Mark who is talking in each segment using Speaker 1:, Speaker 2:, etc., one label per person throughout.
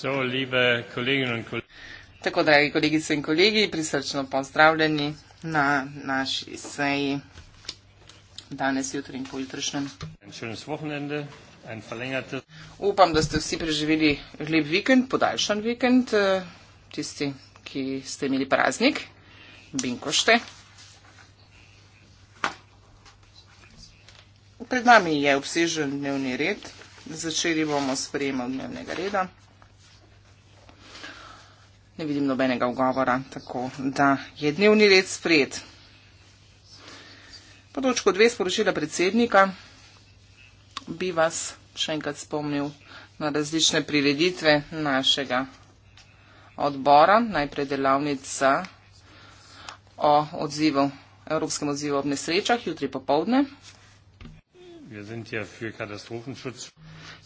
Speaker 1: so, liebe Kolleginnen und Kollegen.
Speaker 2: Tako, dragi kolegice in kolegi, prisrčno pozdravljeni na naši seji danes, jutri in pojutrišnjem. Upam, da ste vsi preživeli lep vikend, podaljšan vikend, eh, tisti, ki ste imeli praznik, binkošte. Pred nami je obsežen dnevni red. Začeli bomo s prejemom dnevnega reda ne vidim nobenega ugovora, tako da je dnevni red spred. Po točko dve sporočila predsednika bi vas še enkrat spomnil na različne prireditve našega odbora, najprej delavnica o odzivu, evropskem odzivu ob nesrečah jutri popovdne.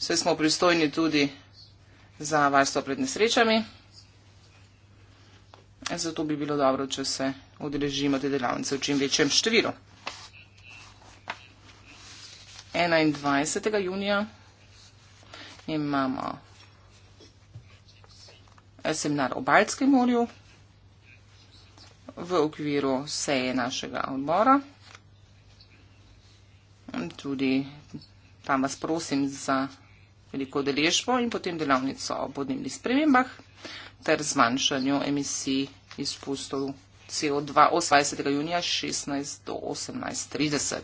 Speaker 2: Vse smo pristojni tudi za varstvo pred nesrečami. In zato bi bilo dobro, če se odrežimo te delavnice v čim večjem številu. 21. junija imamo seminar o Baljskem morju v okviru seje našega odbora. Tudi tam vas prosim za veliko deležbo in potem delavnico o podnebnih spremembah ter zmanjšanju emisij izpustov CO2 28. junija 16 do 18.30.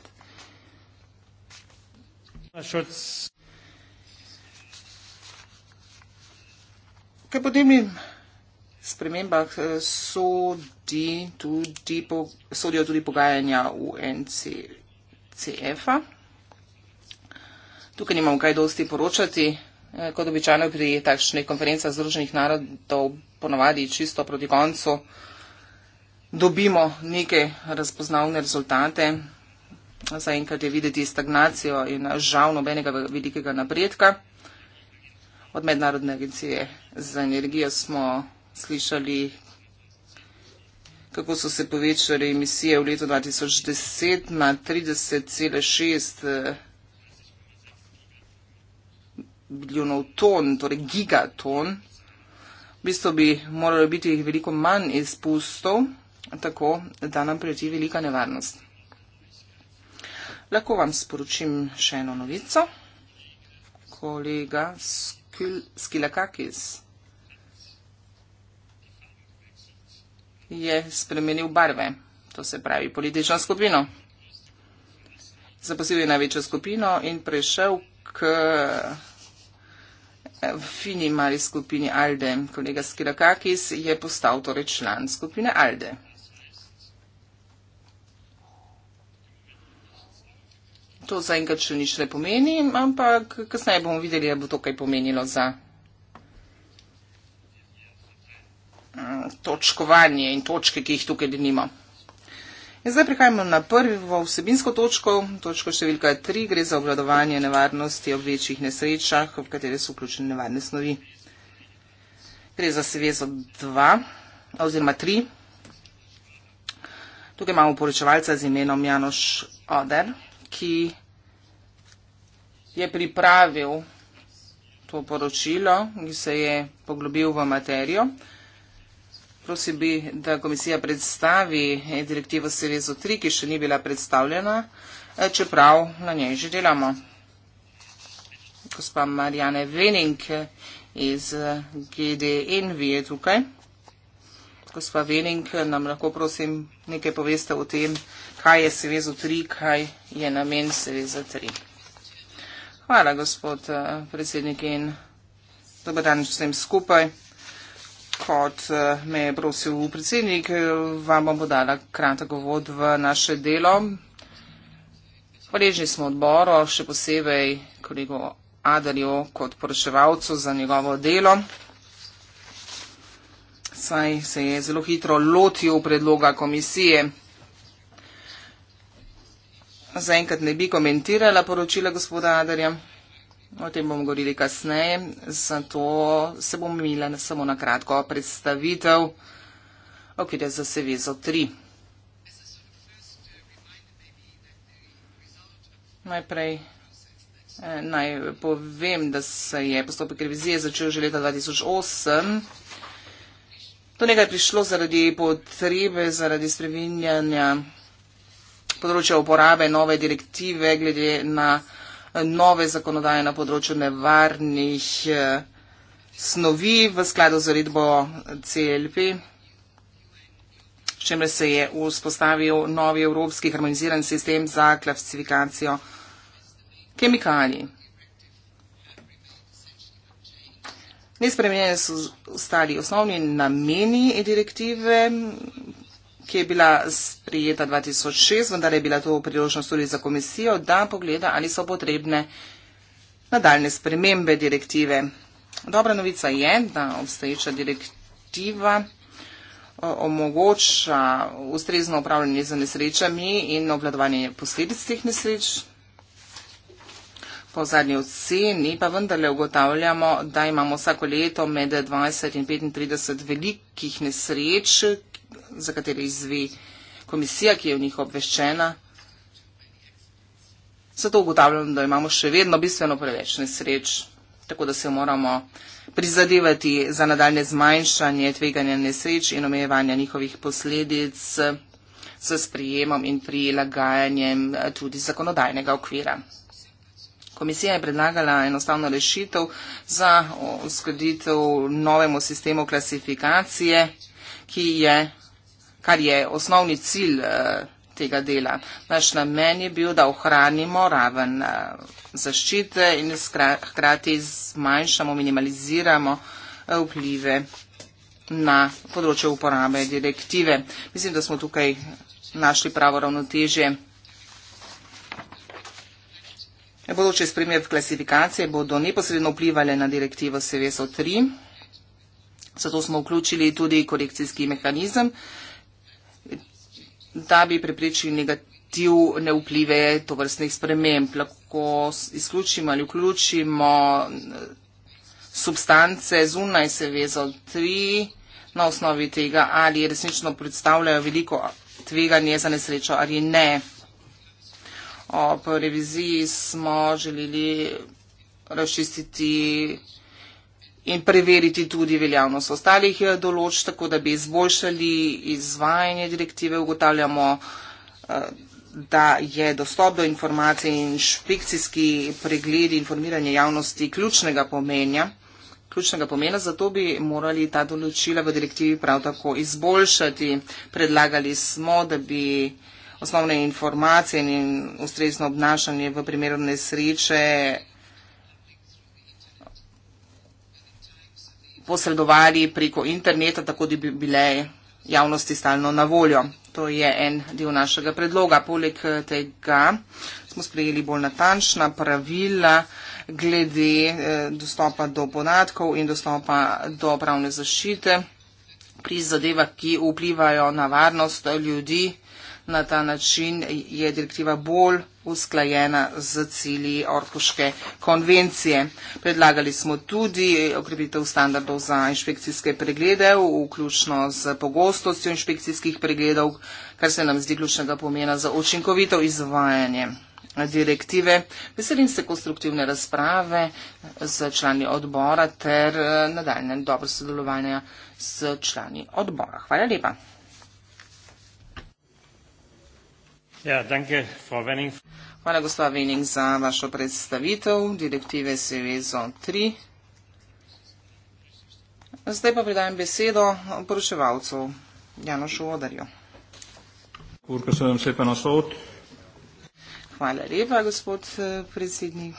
Speaker 2: Kaj podnebnim spremembah eh, sodi tudi po, sodijo tudi pogajanja UNCF-a? Tukaj nimamo kaj dosti poročati. Eh, kot običajno pri takšnih konferencah Združenih narodov, ponovadi čisto proti koncu, dobimo neke razpoznavne rezultate. Zaenkrat je videti stagnacijo in žal nobenega velikega napredka. Od Mednarodne agencije za energijo smo slišali, kako so se povečali emisije v letu 2010 na 30,6 milijonov ton, torej gigaton. V bistvu bi moralo biti veliko manj izpustov, tako da nam preti velika nevarnost. Lahko vam sporočim še eno novico. Kolega Skil, Skilakakis je spremenil barve, to se pravi politično skupino. Zaposlil je največjo skupino in prešel k v fini mali skupini Alde. Kolega Skirakakis je postal torej član skupine Alde. To zaenkrat še nič ne pomeni, ampak kasneje bomo videli, da bo to kaj pomenilo za eh, točkovanje in točke, ki jih tukaj nimamo. In zdaj prihajamo na prvo vsebinsko točko, točko številka 3, gre za obvladovanje nevarnosti ob večjih nesrečah, v katere so vključene nevarne snovi. Gre za svezo 2 oziroma 3. Tukaj imamo poročevalca z imenom Janoš Oder, ki je pripravil to poročilo in se je poglobil v materijo prosil bi, da komisija predstavi direktivo Serezo 3, ki še ni bila predstavljena, eh, čeprav na njej že delamo. Gospa Marjane Vening eh, iz eh, GDN je tukaj. Gospa Vening, nam lahko prosim nekaj poveste o tem, kaj je Serezo 3, kaj je namen Serezo 3. Hvala, gospod predsednik in dober dan vsem skupaj odhod eh, me je prosil predsednik, eh, vam bom podala kratko vod v naše delo. Hvaležni smo odboru, še posebej kolego Adarju kot poročevalcu za njegovo delo. Saj se je zelo hitro lotil predloga komisije. Zaenkrat ne bi komentirala poročila gospoda Adarja. O tem bom govorili kasneje, zato se bom imela samo na kratko predstavitev, okvir je za Sevezo 3. Najprej eh, naj povem, da se je postopek revizije začel že leta 2008. To nekaj je prišlo zaradi potrebe, zaradi spreminjanja področja uporabe nove direktive glede na eh, nove zakonodaje na področju nevarnih eh, snovi v skladu z uredbo CLP, s čimer se je vzpostavil novi evropski harmoniziran sistem za klasifikacijo kemikalij. Nespremenjeni so ostali osnovni nameni direktive, ki je bila sprijeta 2006, vendar je bila to priložnost tudi za komisijo, da pogleda, ali so potrebne nadaljne spremembe direktive. Dobra novica je, da obstoječa direktiva omogoča ustrezno upravljanje za nesrečami in obladovanje posledic teh nesreč. Po zadnji oceni pa vendarle ugotavljamo, da imamo vsako leto med 20 in 35 velikih nesreč, za katere izvi komisija, ki je v njih obveščena. Zato ugotavljam, da imamo še vedno bistveno preveč nesreč, tako da se moramo prizadevati za nadaljne zmanjšanje tveganja nesreč in omejevanja njihovih posledic s sprijemom in prilagajanjem eh, tudi zakonodajnega okvira. Komisija je predlagala enostavno rešitev za uskladitev novemu sistemu klasifikacije ki je, kar je osnovni cilj eh, tega dela. Naš namen je bil, da ohranimo raven eh, zaščite in hkrati zmanjšamo, minimaliziramo eh, vplive na področju uporabe direktive. Mislim, da smo tukaj našli pravo ravnotežje. Bodoče spremljev klasifikacije bodo neposredno vplivali na direktivo SVSO 3. Zato smo vključili tudi korekcijski mehanizem, da bi preprečili negativne vplive tovrstnih sprememb. Lahko izključimo ali vključimo eh, substance zunaj se vezo 3 na osnovi tega, ali resnično predstavljajo veliko tveganje za nesrečo ali ne. Po reviziji smo želeli razčistiti in preveriti tudi veljavnost ostalih eh, določb, tako da bi izboljšali izvajanje direktive. Ugotavljamo, eh, da je dostop do informacij in špekcijski pregled informiranja javnosti ključnega pomenja. Ključnega pomena, zato bi morali ta določila v direktivi prav tako izboljšati. Predlagali smo, da bi osnovne informacije in ustrezno obnašanje v primeru nesreče posredovali preko interneta, tako da bi bile javnosti stalno na voljo. To je en del našega predloga. Poleg eh, tega smo sprejeli bolj natančna pravila glede eh, dostopa do podatkov in dostopa do pravne zašite pri zadevah, ki vplivajo na varnost ljudi. Na ta način je direktiva bolj usklajena z cilji Orkoške konvencije. Predlagali smo tudi okrepitev standardov za inšpekcijske preglede, vključno z pogostostjo inšpekcijskih pregledov, kar se nam zdi ključnega pomena za učinkovito izvajanje direktive. Veselim se konstruktivne razprave z člani odbora ter eh, nadaljne dobro sodelovanja s člani odbora. Hvala lepa. Ja, danke, Frau Wenning. Hvala, gospa Wenning, za vašo predstavitev direktive SEVEZO 3. Zdaj pa predajem besedo poročevalcu Janošu Odarju. Hvala lepa, gospod eh, predsednik.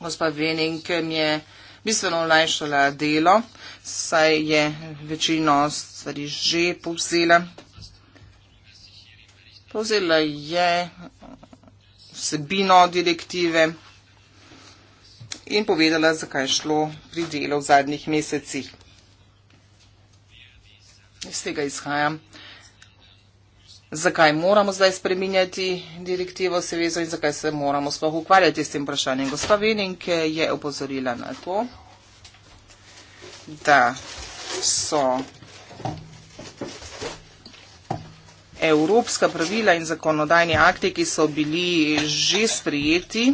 Speaker 2: Gospa Wenning mi je bistveno olajšala delo, saj je večino stvari že povzela povzela je vsebino direktive in povedala, zakaj šlo pri delu v zadnjih mesecih. Iz tega izhajam, zakaj moramo zdaj spreminjati direktivo Sevezo in zakaj se moramo sploh ukvarjati s tem vprašanjem. Gospa Veninke je opozorila na to, da so evropska pravila in zakonodajni akti, ki so bili že sprijeti,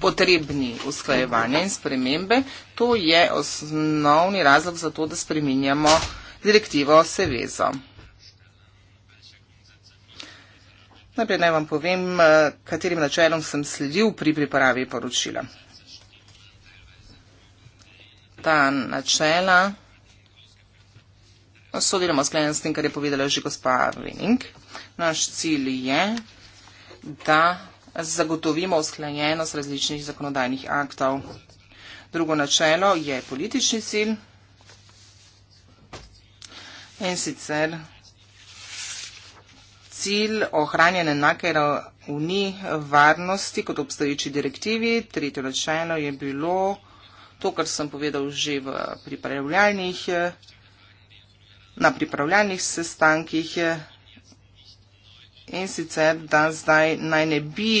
Speaker 2: potrebni usklajevanje in spremembe. To je osnovni razlog za to, da spreminjamo direktivo o Sevezo. Najprej naj vam povem, katerim načelom sem sledil pri pripravi poročila. Ta načela Sodelamo sklenjen s tem, kar je povedala že gospa Rening. Naš cilj je, da zagotovimo sklenjenost različnih zakonodajnih aktov. Drugo načelo je politični cilj in sicer cilj ohranjene nakera uni varnosti kot obstoječi direktivi. Tretje načelo je bilo to, kar sem povedal že v pripravljalnih eh, na pripravljanih sestankih eh, in sicer, da zdaj naj ne bi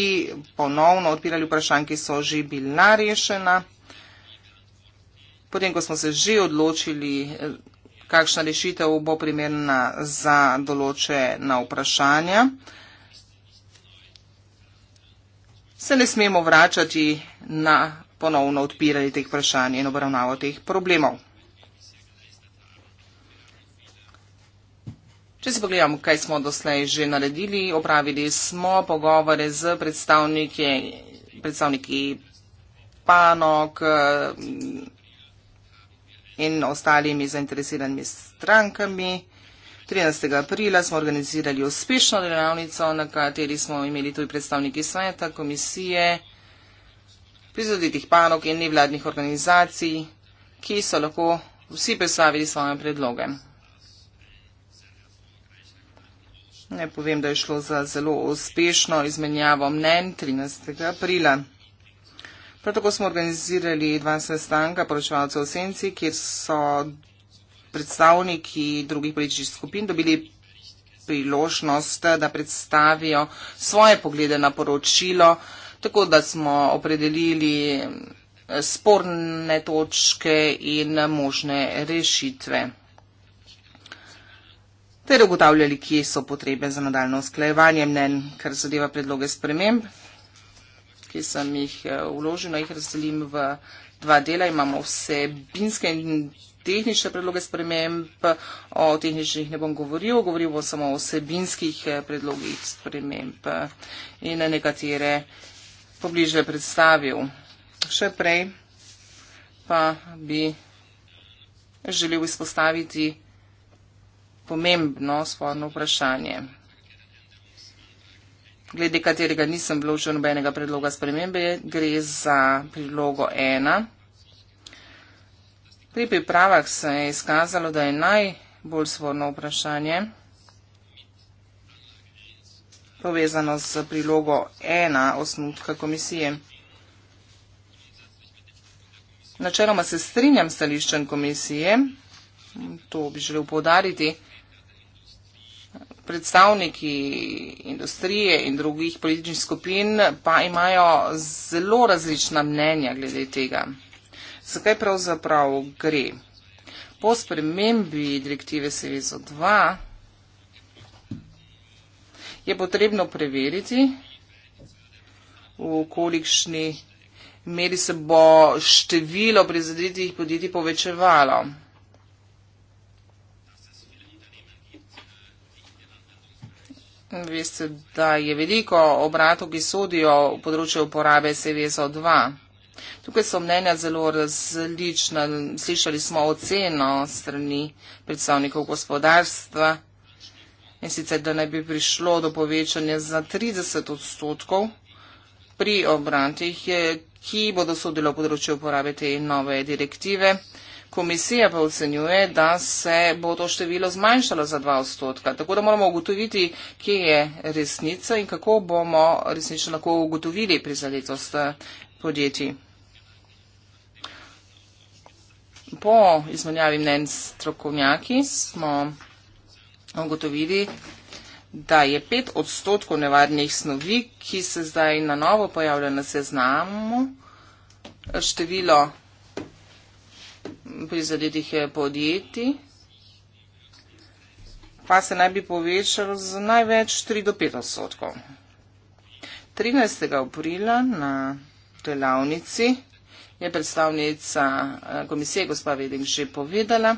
Speaker 2: ponovno odpirali vprašanj, ki so že bila rešena. Potem, ko smo se že odločili, eh, kakšna rešitev bo primerna za določena vprašanja, se ne smemo vračati na ponovno odpiranje teh vprašanj in obravnavo teh problemov. Če si pogledamo, kaj smo doslej že naredili, opravili smo pogovore z predstavniki, predstavniki panok mm, in ostalimi zainteresiranimi strankami. 13. aprila smo organizirali uspešno delavnico, na kateri smo imeli tudi predstavniki sveta, komisije, prizadetih panok in nevladnih organizacij, ki so lahko vsi predstavili svoje predloge. Ne povem, da je šlo za zelo uspešno izmenjavo mnen 13. aprila. Prav tako smo organizirali dva sestanka poročevalcev v Senci, kjer so predstavniki drugih političnih skupin dobili priložnost, da predstavijo svoje poglede na poročilo, tako da smo opredelili eh, sporne točke in možne rešitve ter ugotavljali, kje so potrebe za nadaljno usklajevanje mnen, kar zadeva predloge sprememb, ki sem jih eh, vložila, no, jih razdelim v dva dela. Imamo vse binske in tehnične predloge sprememb, o tehničnih ne bom govoril, govoril bom samo o sebinskih eh, predlogih sprememb in nekatere pobliže predstavil. Še prej pa bi želel izpostaviti pomembno sporno vprašanje, glede katerega nisem vložil nobenega predloga spremembe, gre za prilogo ena. Pri pripravah se je izkazalo, da je najbolj sporno vprašanje povezano z prilogo ena osnutka komisije. Načeloma se strinjam s stališčem komisije, to bi želel povdariti predstavniki industrije in drugih političnih skupin pa imajo zelo različna mnenja glede tega. Zakaj pravzaprav gre? Po spremembi direktive SEVIZO 2 je potrebno preveriti, v kolikšni meri se bo število prizadetih podjetij povečevalo. Veste, da je veliko obratov, ki sodijo v področju uporabe SVSO2. Tukaj so mnenja zelo različna. Slišali smo oceno strani predstavnikov gospodarstva in sicer, da ne bi prišlo do povečanja za 30 odstotkov pri obratih, ki bodo sodili v področju uporabe te nove direktive. Komisija pa ocenjuje, da se bo to število zmanjšalo za dva odstotka. Tako da moramo ugotoviti, kje je resnica in kako bomo resnično lahko ugotovili prizadetost eh, podjetij. Po izmenjavi mnen strokovnjaki smo ugotovili, da je pet odstotkov nevarnih snovi, ki se zdaj na novo pojavlja na seznamu, število prizadetih eh, podjetij, pa se naj bi povečalo z največ 3 do 5 odstotkov. 13. aprila na delavnici je predstavnica eh, komisije gospa Veding že povedala,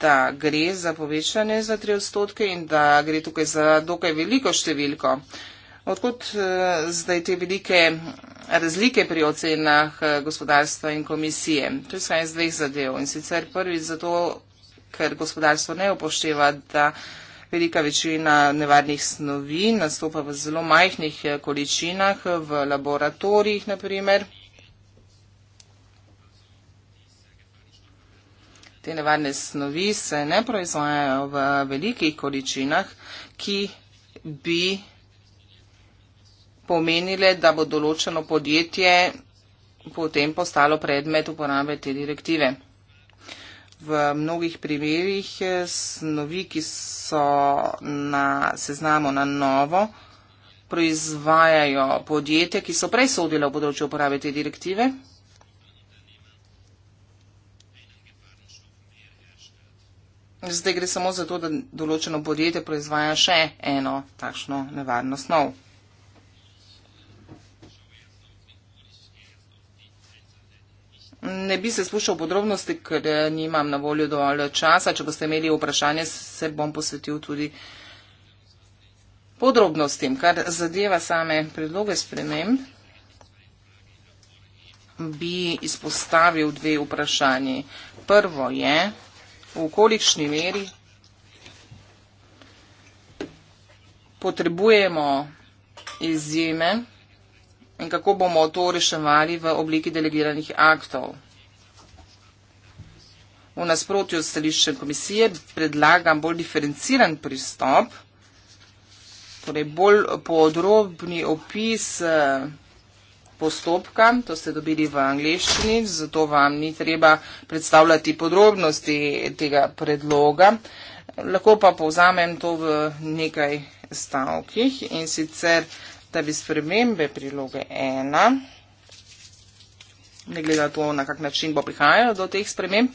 Speaker 2: da gre za povečanje za 3 odstotke in da gre tukaj za dokaj veliko številko. Odkud eh, zdaj te velike razlike pri ocenah eh, gospodarstva in komisije. To je vsaj iz dveh zadev. In sicer prvi zato, ker gospodarstvo ne upošteva, da velika večina nevarnih snovi nastopa v zelo majhnih eh, količinah, eh, v laboratorijih naprimer. Te nevarne snovi se ne proizvajajo v velikih količinah, ki bi pomenile, da bo določeno podjetje potem postalo predmet uporabe te direktive. V mnogih primerjih eh, snovi, ki so na seznamu na novo, proizvajajo podjetje, ki so prej sodile v področju uporabe te direktive. Zdaj gre samo za to, da določeno podjetje proizvaja še eno takšno nevarno snov. Ne bi se spuščal v podrobnosti, ker eh, nimam na voljo dovolj eh, časa. Če boste imeli vprašanje, se bom posvetil tudi podrobnostim, kar zadeva same predloge sprememb bi izpostavil dve vprašanje. Prvo je, v kolikšni meri potrebujemo izjeme, in kako bomo to reševali v obliki delegiranih aktov. V nasprotju s stališčem komisije predlagam bolj diferenciran pristop, torej bolj podrobni opis eh, postopka, to ste dobili v angliščini, zato vam ni treba predstavljati podrobnosti tega predloga. Lahko pa povzamem to v nekaj stavkih in sicer da bi spremembe priloge ena, ne glede na to, na kak način bo prihajalo do teh sprememb,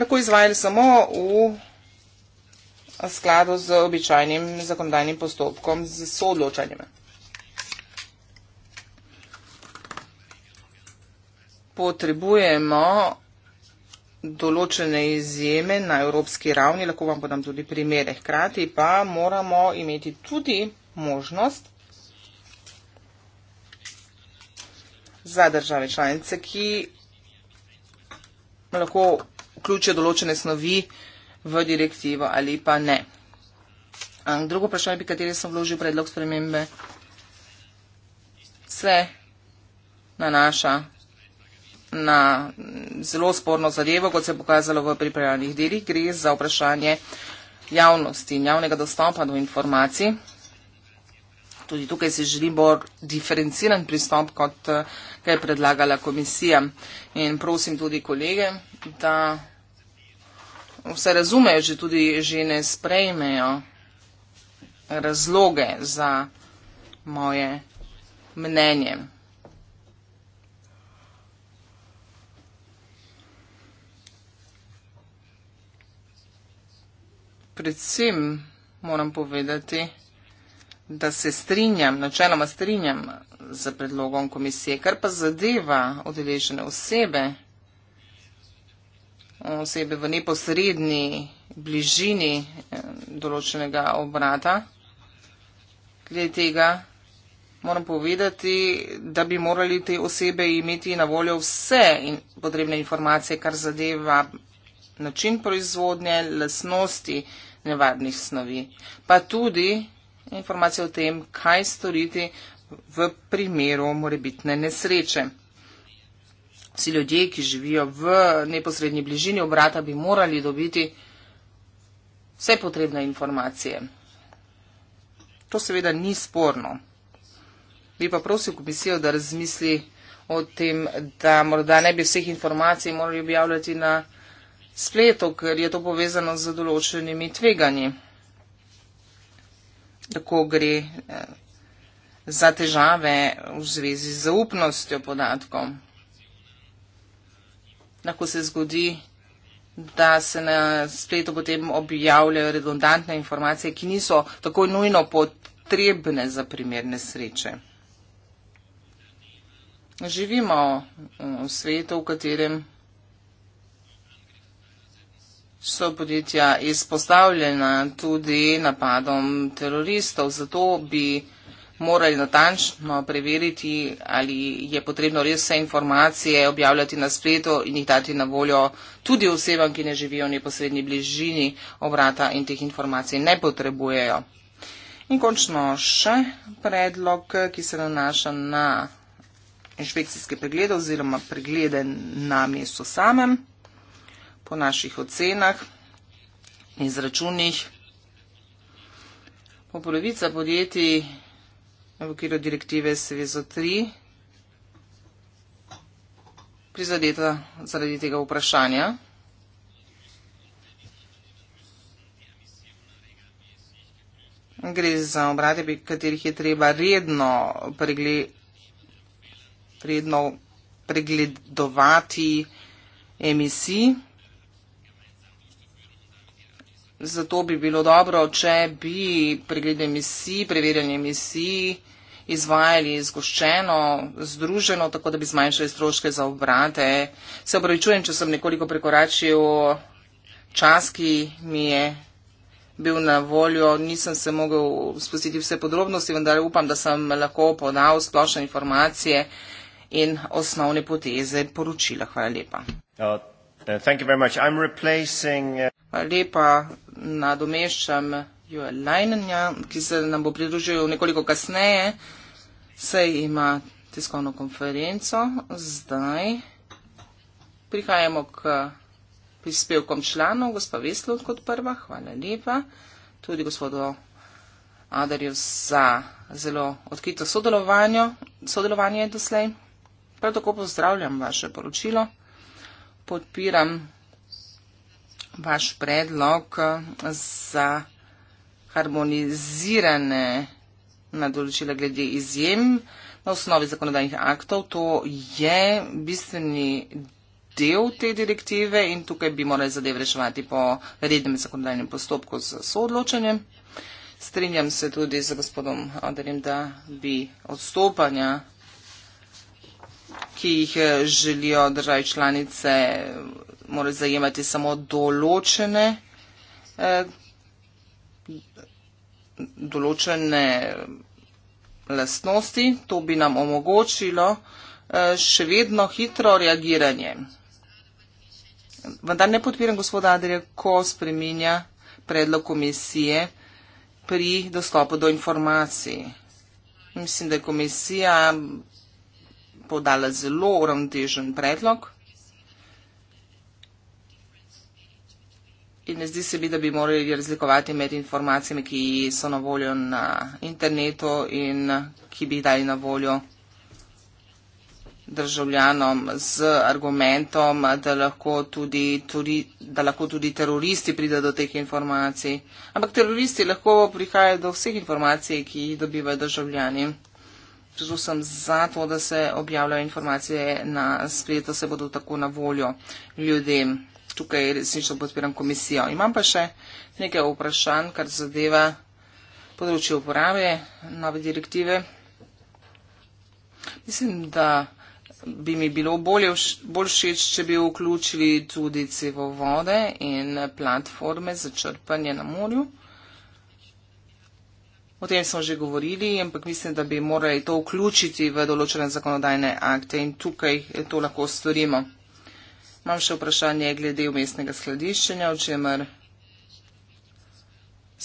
Speaker 2: lahko izvajali samo v skladu z običajnim zakonodajnim postopkom z soodločanjem. Potrebujemo določene izjeme na evropski ravni, lahko vam podam tudi primere. Hkrati pa moramo imeti tudi možnost za države članice, ki lahko vključijo določene snovi v direktivo ali pa ne. Drugo vprašanje, pri kateri sem vložil predlog spremembe, se nanaša na zelo sporno zadevo, kot se je pokazalo v pripravljenih delih. Gre za vprašanje javnosti in javnega dostopa do informacij. Tudi tukaj si želim bolj diferenciran pristop, kot eh, ga je predlagala komisija. In prosim tudi kolege, da vse razumejo, že tudi žene sprejmejo razloge za moje mnenje. predvsem moram povedati, da se strinjam, načeloma strinjam z predlogom komisije, kar pa zadeva odeležene osebe, osebe v neposredni bližini eh, določenega obrata. Glede tega moram povedati, da bi morali te osebe imeti na voljo vse in potrebne informacije, kar zadeva način proizvodnje, lasnosti nevarnih snovi, pa tudi informacije o tem, kaj storiti v primeru morebitne nesreče. Vsi ljudje, ki živijo v neposrednji bližini obrata, bi morali dobiti vse potrebne informacije. To seveda ni sporno. Bi pa prosil komisijo, da razmisli o tem, da morda ne bi vseh informacij morali objavljati na spletu, ker je to povezano z določenimi tveganji. Tako gre eh, za težave v zvezi z zaupnostjo podatkov. Lahko se zgodi, da se na spletu potem objavljajo redundantne informacije, ki niso tako nujno potrebne za primer nesreče. Živimo eh, v svetu, v katerem so podjetja izpostavljena tudi napadom teroristov, zato bi morali natančno preveriti, ali je potrebno res vse informacije objavljati na spletu in jih dati na voljo tudi osebam, ki ne živijo v neposrednji bližini obrata in teh informacij ne potrebujejo. In končno še predlog, ki se nanaša na inšpekcijske preglede oziroma preglede na mestu samem po naših ocenah in izračunih bo polovica podjetij v okviru direktive Svezo 3 prizadeta zaradi tega vprašanja. Gre za obrate, pri katerih je treba redno, pregle, redno pregledovati emisiji zato bi bilo dobro, če bi pregledne misije, preverjanje misije izvajali zgoščeno, združeno, tako da bi zmanjšali stroške za obrate. Se opravičujem, če sem nekoliko prekoračil čas, ki mi je bil na voljo, nisem se mogel spustiti vse podrobnosti, vendar upam, da sem lahko podal splošne informacije in osnovne poteze poročila. Hvala lepa. Uh, uh, uh, Hvala lepa nadomeščam Joe Leinenja, ki se nam bo pridružil nekoliko kasneje. Sej ima tiskovno konferenco. Zdaj prihajamo k prispevkom članov. Gospa Veslo kot prva, hvala lepa. Tudi gospodo Adarju za zelo odkrito sodelovanje, sodelovanje doslej. Prav tako pozdravljam vaše poročilo. Podpiram vaš predlog eh, za harmonizirane nadoločila glede izjem na osnovi zakonodajnih aktov. To je bistveni del te direktive in tukaj bi morali zadeve reševati po rednem zakonodajnem postopku z soodločenjem. Strinjam se tudi z gospodom Adarjem, da bi odstopanja, ki jih eh, želijo države članice mora zajemati samo določene, eh, določene lastnosti, to bi nam omogočilo eh, še vedno hitro reagiranje. Vendar ne podpiram gospoda Adrija, ko spreminja predlog komisije pri dostopu do informacij. Mislim, da je komisija podala zelo uravnotežen predlog. In ne zdi se mi, da bi morali razlikovati med informacijami, ki so na voljo na internetu in ki bi jih dali na voljo državljanom z argumentom, da lahko tudi, tudi, da lahko tudi teroristi pridejo do teh informacij. Ampak teroristi lahko prihajajo do vseh informacij, ki jih dobivajo državljani. Prišel sem za to, da se objavljajo informacije na spletu, da se bodo tako na voljo ljudem tukaj resnično podpiram komisijo. Imam pa še nekaj vprašanj, kar zadeva področje uporabe nove direktive. Mislim, da bi mi bilo bolje, bolj všeč, če bi vključili tudi cevovode in platforme za črpanje na morju. O tem smo že govorili, ampak mislim, da bi morali to vključiti v določene zakonodajne akte in tukaj to lahko storimo. Imam še vprašanje glede umestnega skladiščenja, o čemer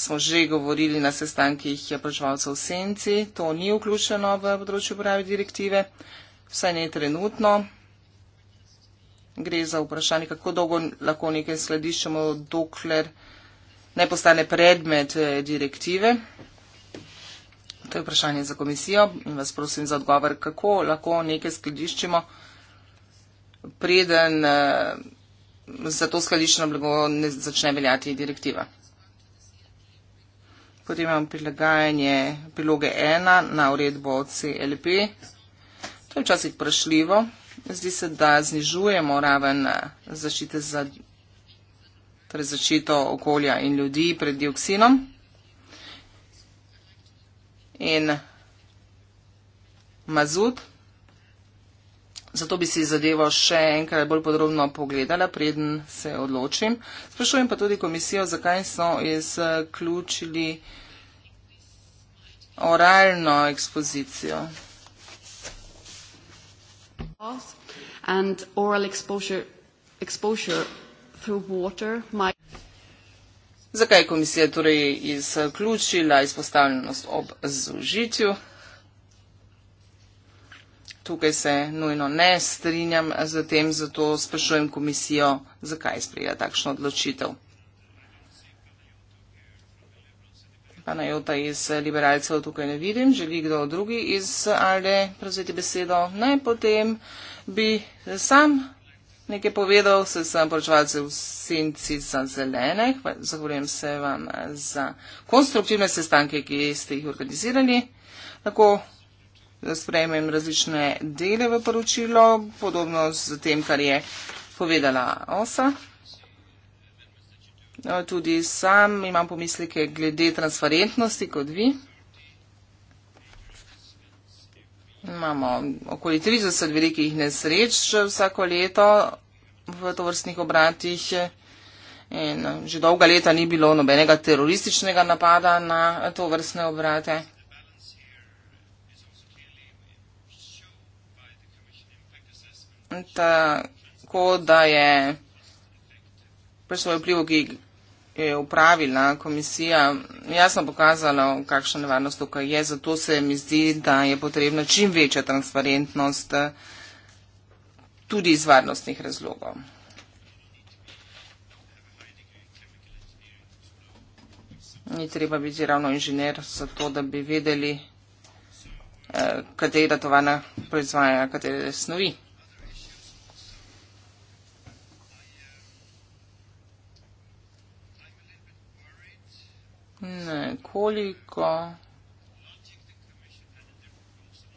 Speaker 2: smo že govorili na sestankih prečevalcev v Senci. To ni vključeno v področju uporabe direktive, vsaj ne trenutno. Gre za vprašanje, kako dolgo lahko nekaj skladiščemo, dokler ne postane predmet eh, direktive. To je vprašanje za komisijo in vas prosim za odgovor, kako lahko nekaj skladiščemo, preden eh, za to skladiščno blago ne začne veljati direktiva. Potem imamo prilagajanje priloge 1 na uredbo CLP. To je včasih vprašljivo. Zdi se, da znižujemo raven eh, zaščite za torej zaščito okolja in ljudi pred dioksinom. In mazut, zato bi si zadevo še enkrat bolj podrobno pogledala, preden se odločim. Sprašujem pa tudi komisijo, zakaj so izključili eh, oralno ekspozicijo. Zakaj je komisija torej izključila eh, izpostavljenost ob zožitju? tukaj se nujno ne strinjam z tem, zato sprašujem komisijo, zakaj sprejela takšno odločitev. Pana Jota iz liberalcev tukaj ne vidim, želi kdo drugi iz Alde prevzeti besedo. Ne, potem bi sam nekaj povedal, se sem poročevalce v senci za zelene. Zahvaljujem se vam za konstruktivne sestanke, ki ste jih organizirali. Tako sprejmem različne dele v poročilo, podobno z tem, kar je povedala Osa. No, tudi sam imam pomisleke glede transparentnosti kot vi. Imamo okoli 30 velikih nesreč vsako leto v tovrstnih obratih in že dolga leta ni bilo nobenega terorističnega napada na tovrstne obrate. tako da je pri svojo vplivu, ki je upravila komisija, jasno pokazala, kakšna nevarnost tukaj je. Zato se mi zdi, da je potrebna čim večja transparentnost tudi iz varnostnih razlogov. Ni treba biti ravno inženir za to, da bi vedeli, eh, katera tovarna proizvaja, katere snovi. Ne, koliko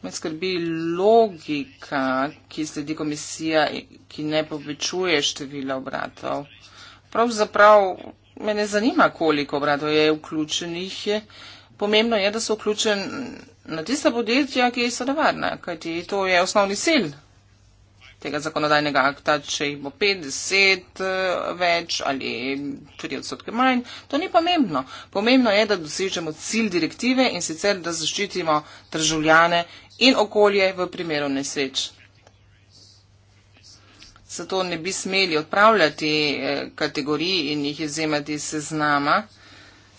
Speaker 2: me skrbi logika, ki sledi komisija, ki ne povečuje števila obratov. Pravzaprav me ne zanima, koliko obratov je vključenih. Pomembno je, da so vključen na tista podjetja, ki so nevarna, kajti to je osnovni sil tega zakonodajnega akta, če jih bo 50 eh, več ali tudi odstotke manj. To ni pomembno. Pomembno je, da dosežemo cilj direktive in sicer, da zaščitimo državljane in okolje v primeru nesreč. Zato ne bi smeli odpravljati eh, kategorij in jih izjemati seznama,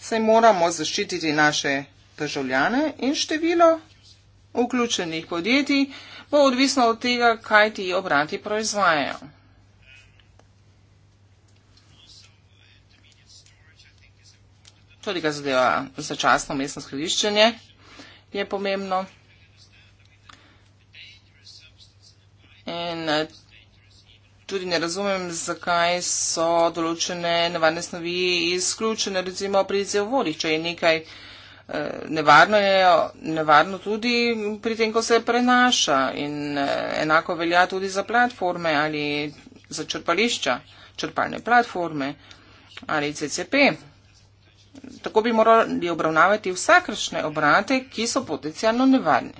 Speaker 2: saj moramo zaščititi naše državljane in število vključenih podjetij, bo odvisno od tega, kaj ti obrati proizvajajo. Tudi ga zadeva začasno mestno skladiščenje, je pomembno. In tudi ne razumem, zakaj so določene nevarne snovi izključene, recimo pri zelvodih, če je nekaj uh, Eh, nevarno je nevarno tudi pri tem, ko se prenaša in eh, enako velja tudi za platforme ali za črpališča, črpalne platforme ali CCP. Tako bi morali obravnavati vsakršne obrate, ki so potencijalno nevarne.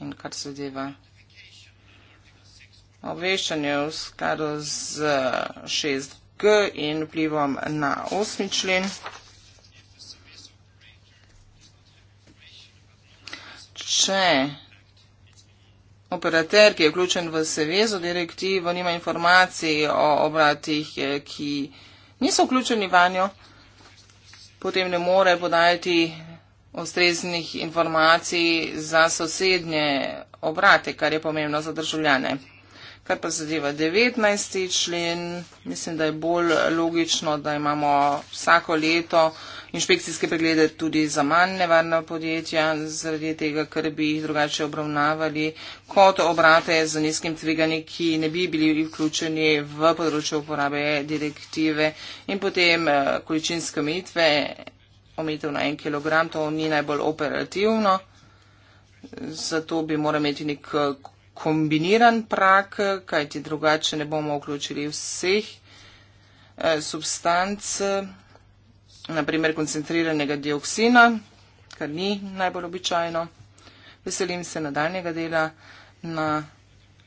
Speaker 2: In kar se deva obveščanje v skladu z 6G in vplivom na 8 člen. nihče, operater, ki je vključen v Sevezo direktivo, nima informacij o obratih, ki niso vključeni vanjo, potem ne more podajati ustreznih informacij za sosednje obrate, kar je pomembno za državljane. Kar pa zadeva 19. člen, mislim, da je bolj logično, da imamo vsako leto inšpekcijske preglede tudi za manj nevarna podjetja, zaradi tega, ker bi jih drugače obravnavali kot obrate z nizkim tveganjem, ki ne bi bili vključeni v področje uporabe direktive in potem eh, količinske omejitve, omejitev na en kilogram, to ni najbolj operativno, zato bi moral imeti nek eh, kombiniran prak, kajti drugače ne bomo vključili vseh eh, substance naprimer koncentriranega dioksina, kar ni najbolj običajno. Veselim se nadaljnjega dela na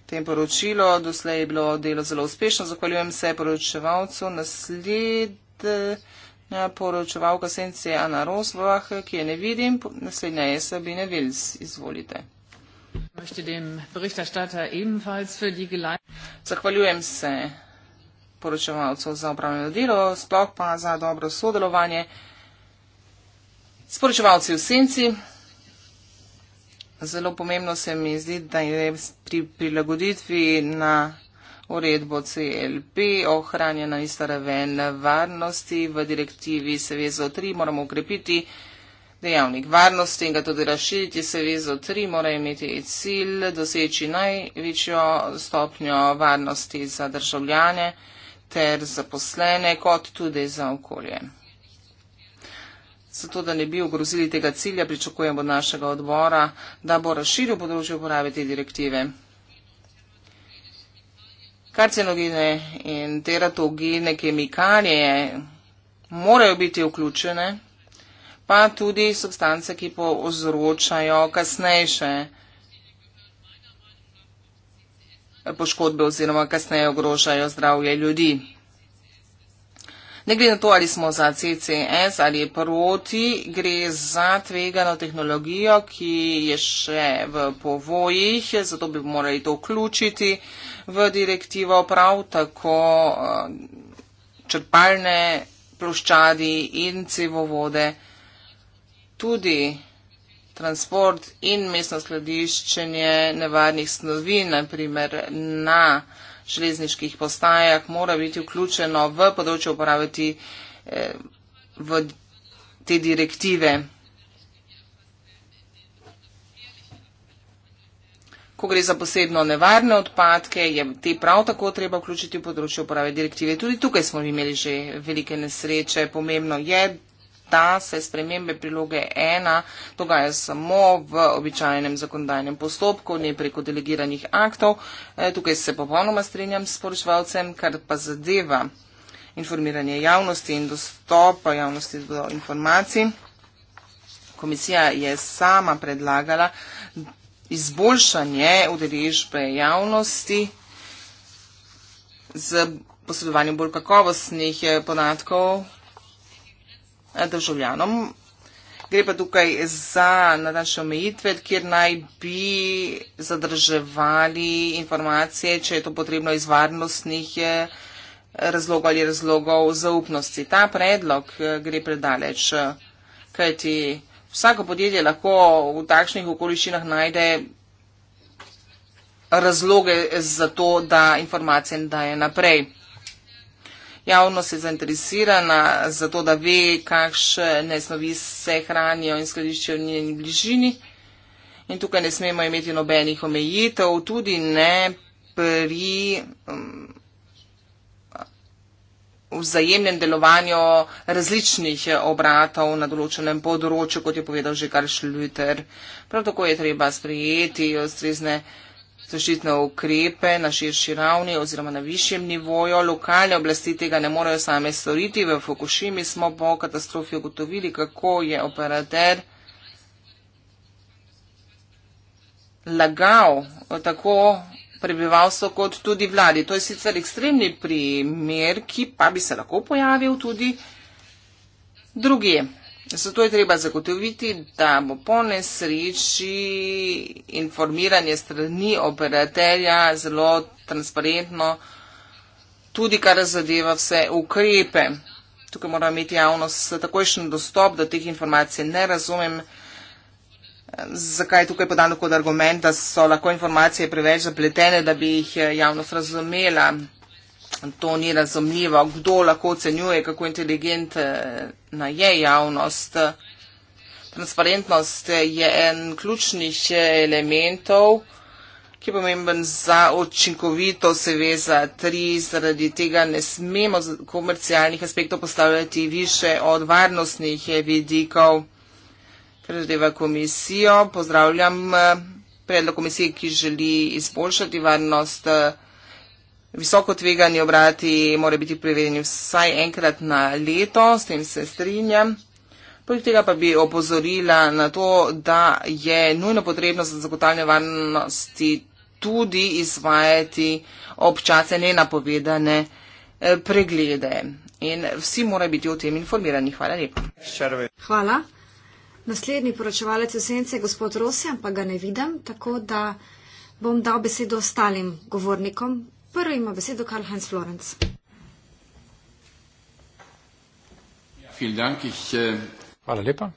Speaker 2: tem poročilu. Doslej je bilo delo zelo uspešno. Zahvaljujem se poročevalcu. Naslednja poročevalka senci je Ana Rosbach, ki je ne vidim. Naslednja je Sabine Vils. Izvolite. Zahvaljujem se poročevalcev za upravljeno delo, sploh pa za dobro sodelovanje. Sporočevalci v senci. Zelo pomembno se mi zdi, da je pri prilagoditvi na uredbo CLP ohranjena ista raven varnosti. V direktivi Sevezo 3 moramo ukrepiti dejavnik varnosti in ga tudi razširiti. Sevezo 3 mora imeti cilj doseči največjo stopnjo varnosti za državljane ter zaposlene, kot tudi za okolje. Zato, da ne bi ogrozili tega cilja, pričakujem od našega odbora, da bo razširil področje uporabe te direktive. Karcinogene in teratogene kemikalije morajo biti vključene, pa tudi substance, ki povzročajo kasnejše poškodbe oziroma kasneje ogrožajo zdravje ljudi. Ne gre na to, ali smo za CCS ali proti, gre za tvegano tehnologijo, ki je še v povojih, zato bi morali to vključiti v direktivo prav tako eh, črpalne ploščadi in cevovode. Tudi transport in mestno skladiščenje nevarnih snovi, naprimer na železniških postajah, mora biti vključeno v področje uporabiti eh, v te direktive. Ko gre za posebno nevarne odpadke, je te prav tako treba vključiti v področje uporabe direktive. Tudi tukaj smo imeli že velike nesreče. Pomembno je, da se spremembe priloge ena dogaja samo v običajnem zakonodajnem postopku, ne preko delegiranih aktov. E, tukaj se popolnoma strinjam s poročevalcem, kar pa zadeva informiranje javnosti in dostopa javnosti do informacij. Komisija je sama predlagala izboljšanje udeležbe javnosti z posredovanjem bolj kakovostnih e, podatkov državljanom. Gre pa tukaj za nadaljše omejitve, kjer naj bi zadrževali informacije, če je to potrebno iz varnostnih eh, razlogov ali razlogov zaupnosti. Ta predlog eh, gre predaleč, eh, kajti vsako podjetje lahko v takšnih okoliščinah najde razloge za to, da informacije daje naprej javnost je zainteresirana za to, da ve, kakšne snovi se hranijo in skladiščijo v njeni bližini. In tukaj ne smemo imeti nobenih omejitev, tudi ne pri um, vzajemnem delovanju različnih obratov na določenem področju, kot je povedal že Karl Schlüter. Prav tako je treba sprejeti ustrezne. Uh, zaščitne ukrepe na širši ravni oziroma na višjem nivoju. Lokalne oblasti tega ne morejo same storiti. V Fukushimi smo po katastrofi ugotovili, kako je operater lagal tako prebivalstvo kot tudi vladi. To je sicer ekstremni primer, ki pa bi se lahko pojavil tudi drugi. Zato je treba zagotoviti, da bo po nesreči informiranje strani operaterja zelo transparentno, tudi kar zadeva vse ukrepe. Tukaj mora imeti javnost takojšen dostop do teh informacij. Ne razumem, zakaj je tukaj podano kot argument, da so lahko informacije preveč zapletene, da bi jih javnost razumela to ni razumljivo. Kdo lahko ocenjuje, kako inteligentna eh, je javnost? Transparentnost eh, je en ključnih eh, elementov, ki je pomemben za očinkovito seveza tri, zaradi tega ne smemo komercialnih aspektov postavljati više od varnostnih vidikov, ker zadeva komisijo. Pozdravljam predlog komisije, ki želi izboljšati varnost visoko tvegani obrati mora biti prevedeni vsaj enkrat na leto, s tem se strinjam. Poleg tega pa bi opozorila na to, da je nujno potrebno za zagotavljanje varnosti tudi izvajati občasne nenapovedane eh, preglede. In vsi morajo biti o tem informirani. Hvala lepa. Hvala.
Speaker 3: Naslednji poročevalec Osence je gospod Rosja, pa ga ne vidim, tako da bom dal besedo ostalim govornikom. Prvi ima besedo Karl Heinz Florenc.
Speaker 4: Äh, Hvala lepa.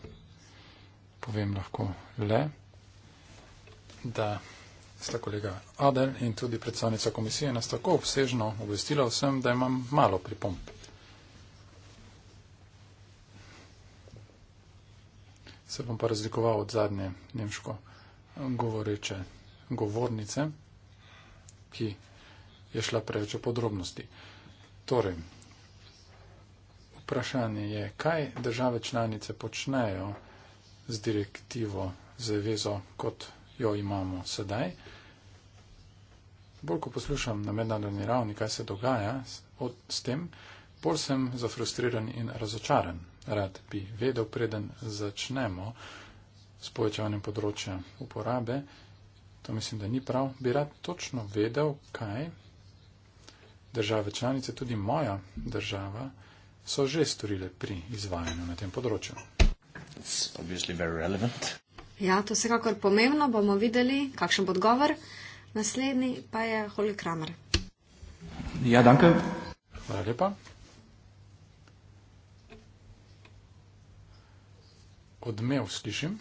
Speaker 4: Povem lahko le, da sta kolega Adel in tudi predstavnica komisije nas tako obsežno obvestila vsem, da imam malo pripomb. Se bom pa razlikoval od zadnje nemško govoreče govornice, ki je šla preveč v podrobnosti. Torej, vprašanje je, kaj države članice počnejo z direktivo, zavezo, kot jo imamo sedaj. Bolj, ko poslušam na mednarodni ravni, kaj se dogaja od, s tem, bolj sem zafrustriran in razočaran. Rad bi vedel, preden začnemo s povečevanjem področja uporabe, to mislim, da ni prav, bi rad točno vedel, kaj države članice, tudi moja država, so že storile pri izvajanju na tem področju.
Speaker 3: Ja, to je vsekakor pomembno. Bomo videli, kakšen bo odgovor. Naslednji pa je Holger Kramer.
Speaker 4: Ja, danke. Hvala lepa. Odmev slišim.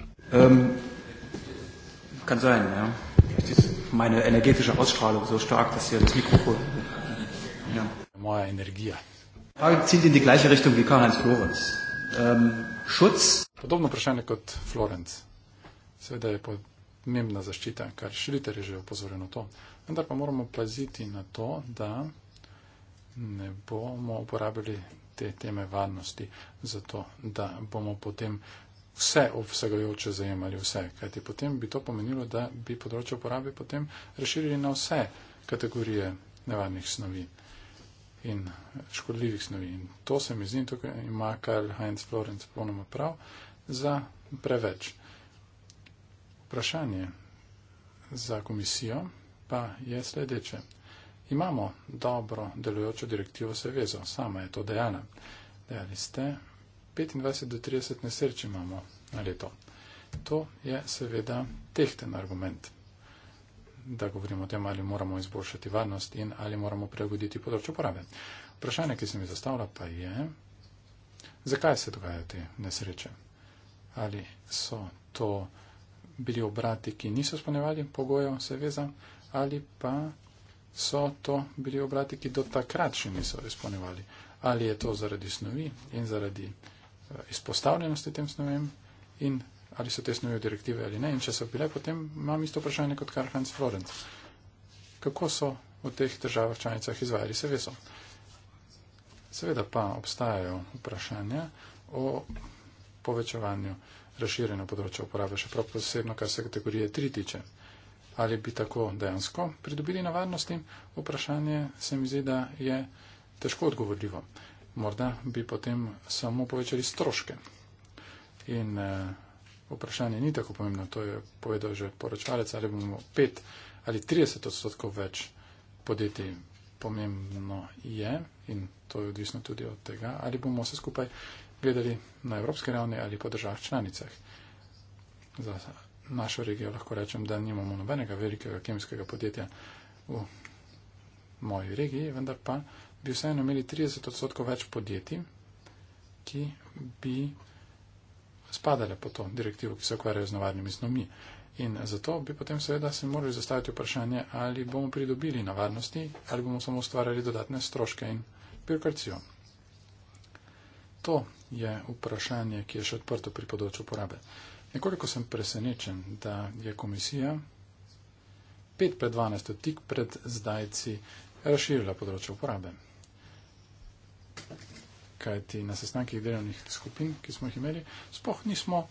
Speaker 4: Um, ehm, kan sein, ja. Meine energetische Ausstrahlung so stark, dass hier das Mikrofon moja energija. Ähm, Podobno vprašanje kot Florenc. Seveda je pomembna zaščita, kar Šriter je že upozoril na to. Vendar pa moramo paziti na to, da ne bomo uporabili te teme varnosti, zato da bomo potem vse obsegajoče zajemali vse. Kajti potem bi to pomenilo, da bi področje uporabe potem razširili na vse kategorije nevarnih snovin in škodljivih snovi. In to se mi zdi, tukaj ima Karl Heinz Florenc ponoma prav, za preveč. Vprašanje za komisijo pa je sledeče. Imamo dobro delujočo direktivo Sevezo, sama je to dejala. Dejali ste, 25 do 30 nesreč imamo na leto. To je seveda tehten argument da govorimo o tem, ali moramo izboljšati varnost in ali moramo prilagoditi področje uporabe. Vprašanje, ki se mi zastavlja, pa je, zakaj se dogajajo te nesreče? Ali so to bili obrati, ki niso spolnevali pogojev, seveda, ali pa so to bili obrati, ki do takrat še niso izpolnevali. Ali je to zaradi snovi in zaradi eh, izpostavljenosti tem snovem in ali se te snujejo direktive ali ne. In če so bile, potem imam isto vprašanje kot kar Hans Florenc. Kako so v teh državah članicah izvajali se veso? Seveda pa obstajajo vprašanja o povečevanju razširjeno področje uporabe, še prav posebno, kar se kategorije 3 tiče. Ali bi tako dejansko pridobili na varnosti? Vprašanje se mi zdi, da je težko odgovorljivo. Morda bi potem samo povečali stroške. In eh, vprašanje ni tako pomembno, to je povedal že poročvalec, ali bomo 5 ali 30 odstotkov več podjetij. Pomembno je, in to je odvisno tudi od tega, ali bomo se skupaj gledali na evropski ravni ali po državah članicah. Za našo regijo lahko rečem, da nimamo nobenega velikega kemijskega podjetja v moji regiji, vendar pa bi vseeno imeli 30 odstotkov več podjetij, ki bi spadale po to direktivo, ki se ukvarjajo z navadnimi snovmi. In zato bi potem seveda se morali zastaviti vprašanje, ali bomo pridobili navarnosti, ali bomo samo ustvarjali dodatne stroške in birokracijo. To je vprašanje, ki je še odprto pri področju uporabe. Nekoliko sem presenečen, da je komisija 5 pred 12, tik pred zdajci, razširila področje uporabe kajti na sestankih delovnih skupin, ki smo jih imeli, spoh nismo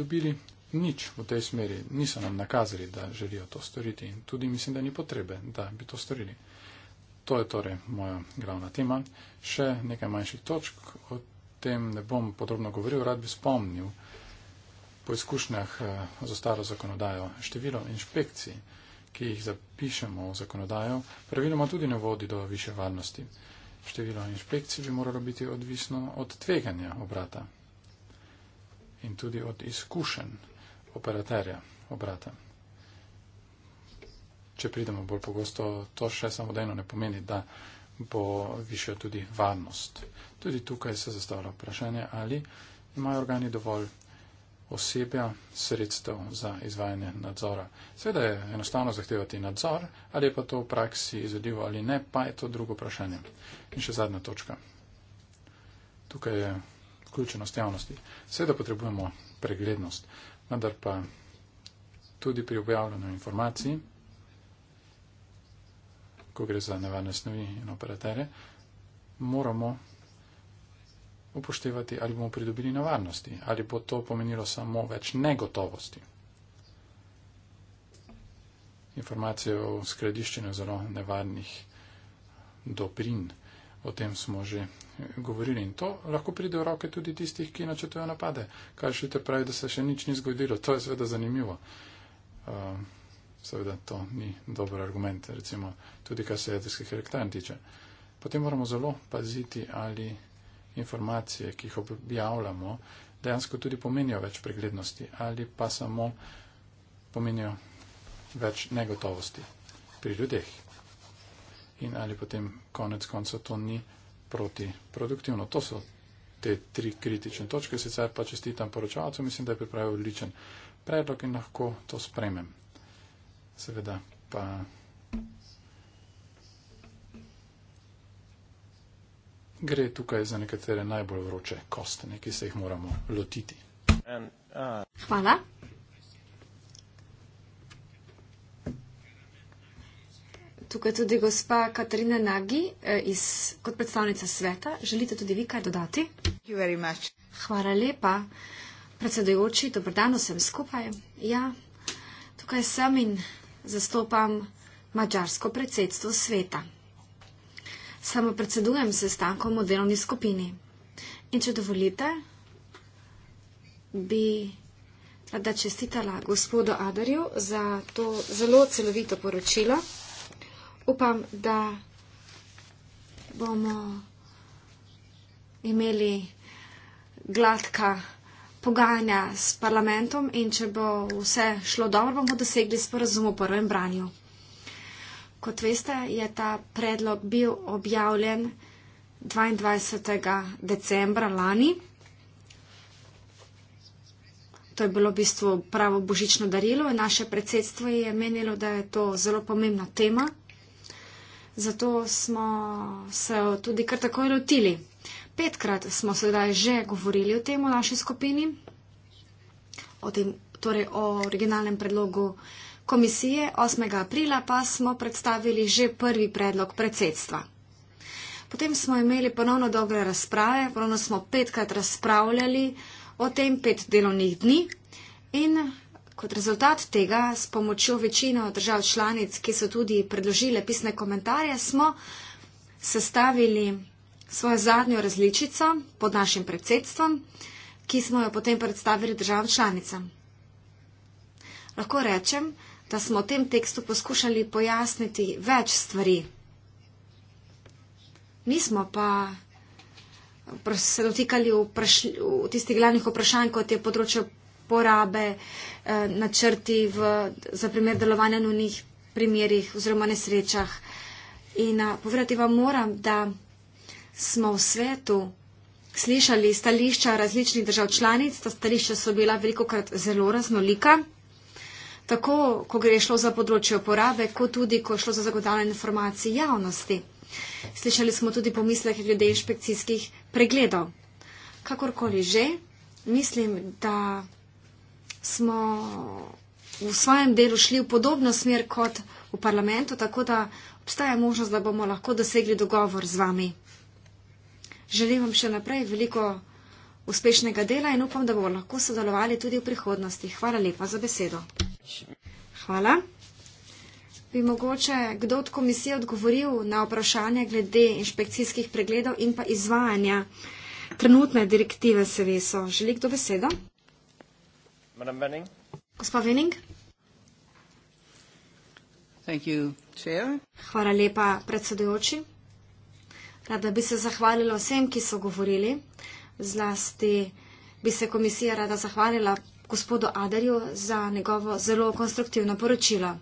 Speaker 4: dobili nič v tej smeri, niso nam nakazali, da želijo to storiti in tudi mislim, da ni potrebe, da bi to storili. To je torej moja glavna tema. Še nekaj manjših točk, o tem ne bom podrobno govoril, rad bi spomnil po izkušnjah eh, za staro zakonodajo število inšpekcij ki jih zapišemo v zakonodajo, praviloma tudi ne vodi do više varnosti. Število inšpekcij bi moralo biti odvisno od tveganja obrata in tudi od izkušenj operaterja obrata. Če pridemo bolj pogosto, to še samodejno ne pomeni, da bo višja tudi varnost. Tudi tukaj se zastavlja vprašanje, ali imajo organi dovolj osebja, sredstev za izvajanje nadzora. Sveda je enostavno zahtevati nadzor, ali je pa to v praksi izvedljivo ali ne, pa je to drugo vprašanje. In še zadnja točka. Tukaj je vključenost javnosti. Sveda potrebujemo preglednost, vendar pa tudi pri objavljanju informacij, ko gre za nevarne snovi in operatere, moramo upoštevati, ali bomo pridobili na varnosti, ali bo to pomenilo samo več negotovosti. Informacije o skladiščenju zelo nevarnih dobrin, o tem smo že govorili in to lahko pride v roke tudi tistih, ki načetujo napade. Kaj še te pravi, da se še nič ni zgodilo, to je seveda zanimivo. Uh, seveda to ni dober argument, recimo tudi kar se jedrskih elektrarn tiče. Potem moramo zelo paziti, ali informacije, ki jih objavljamo, dejansko tudi pomenijo več preglednosti ali pa samo pomenijo več negotovosti pri ljudeh. In ali potem konec konca to ni protiproduktivno. To so te tri kritične točke, sicer pa čestitam poročavcu, mislim, da je pripravil odličen predlog in lahko to spremem. Seveda pa. gre tukaj za nekatere najbolj vroče kostne, ki se jih moramo lotiti.
Speaker 1: Uh,
Speaker 3: Hvala. Tukaj tudi gospa Katarina Nagi eh, iz, kot predstavnica sveta. Želite tudi vi kaj dodati? Hvala lepa. Predsedujoči, dobro dan vsem skupaj. Ja, tukaj sem in zastopam mađarsko predsedstvo sveta samo predsedujem sestankom v delovni skupini. In če dovolite, bi rada čestitala gospodu Adarju za to zelo celovito poročilo. Upam, da bomo imeli gladka pogajanja s parlamentom in če bo vse šlo dobro, bomo dosegli sporazum v prvem branju. Kot veste, je ta predlog bil objavljen 22. decembra lani. To je bilo v bistvu pravo božično darilo in naše predsedstvo je menilo, da je to zelo pomembna tema. Zato smo se tudi kar takoj lotili. Petkrat smo sedaj že govorili o tem v naši skupini, o tem, torej o originalnem predlogu komisije 8. aprila pa smo predstavili že prvi predlog predsedstva. Potem smo imeli ponovno dobre razprave, ponovno smo petkrat razpravljali o tem pet delovnih dni in kot rezultat tega s pomočjo večino držav članic, ki so tudi predložile pisne komentarje, smo sestavili svojo zadnjo različico pod našim predsedstvom, ki smo jo potem predstavili državam članicam. Lahko rečem, da smo v tem tekstu poskušali pojasniti več stvari. Nismo pa se dotikali v, v tistih glavnih vprašanj, kot je področje porabe, eh, načrti v, za primer delovanja v njih primerjih oziroma nesrečah. In eh, povedati vam moram, da smo v svetu slišali stališča različnih držav članic, ta stališča so bila veliko krat zelo raznolika tako, ko gre šlo za področje uporabe, kot tudi, ko šlo za zagotavljanje informacij javnosti. Slišali smo tudi pomisleke glede inšpekcijskih pregledov. Kakorkoli že, mislim, da smo v svojem delu šli v podobno smer kot v parlamentu, tako da obstaja možnost, da bomo lahko dosegli dogovor z vami. Želim vam še naprej veliko uspešnega dela in upam, da bomo lahko sodelovali tudi v prihodnosti. Hvala lepa za besedo. Hvala. Bi mogoče kdo od komisije odgovoril na vprašanje glede inšpekcijskih pregledov in pa izvajanja trenutne direktive SEVESO? Želi kdo besedo? Gospa Vening. Hvala lepa, predsedujoči. Rada bi se zahvalila vsem, ki so govorili. Zlasti bi se komisija rada zahvalila gospodu Adarju za njegovo zelo konstruktivno poročilo.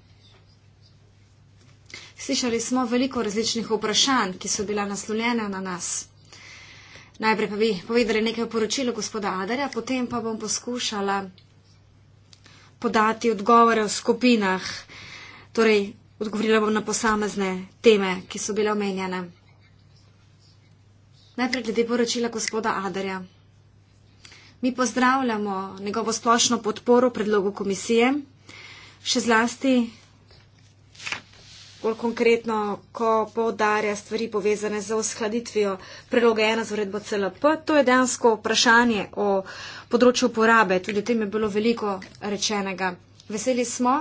Speaker 3: Slišali smo veliko različnih vprašanj, ki so bila naslovljena na nas. Najprej pa bi povedali nekaj o poročilu gospoda Adarja, potem pa bom poskušala podati odgovore v skupinah, torej odgovorila bom na posamezne teme, ki so bile omenjene. Najprej glede poročila gospoda Adarja. Mi pozdravljamo njegovo splošno podporo predlogu komisije, še zlasti bolj konkretno, ko podarja stvari povezane z uskladitvijo predloga ena z uredbo CLP. To je dejansko vprašanje o področju uporabe. Tudi o tem je bilo veliko rečenega. Veseli smo,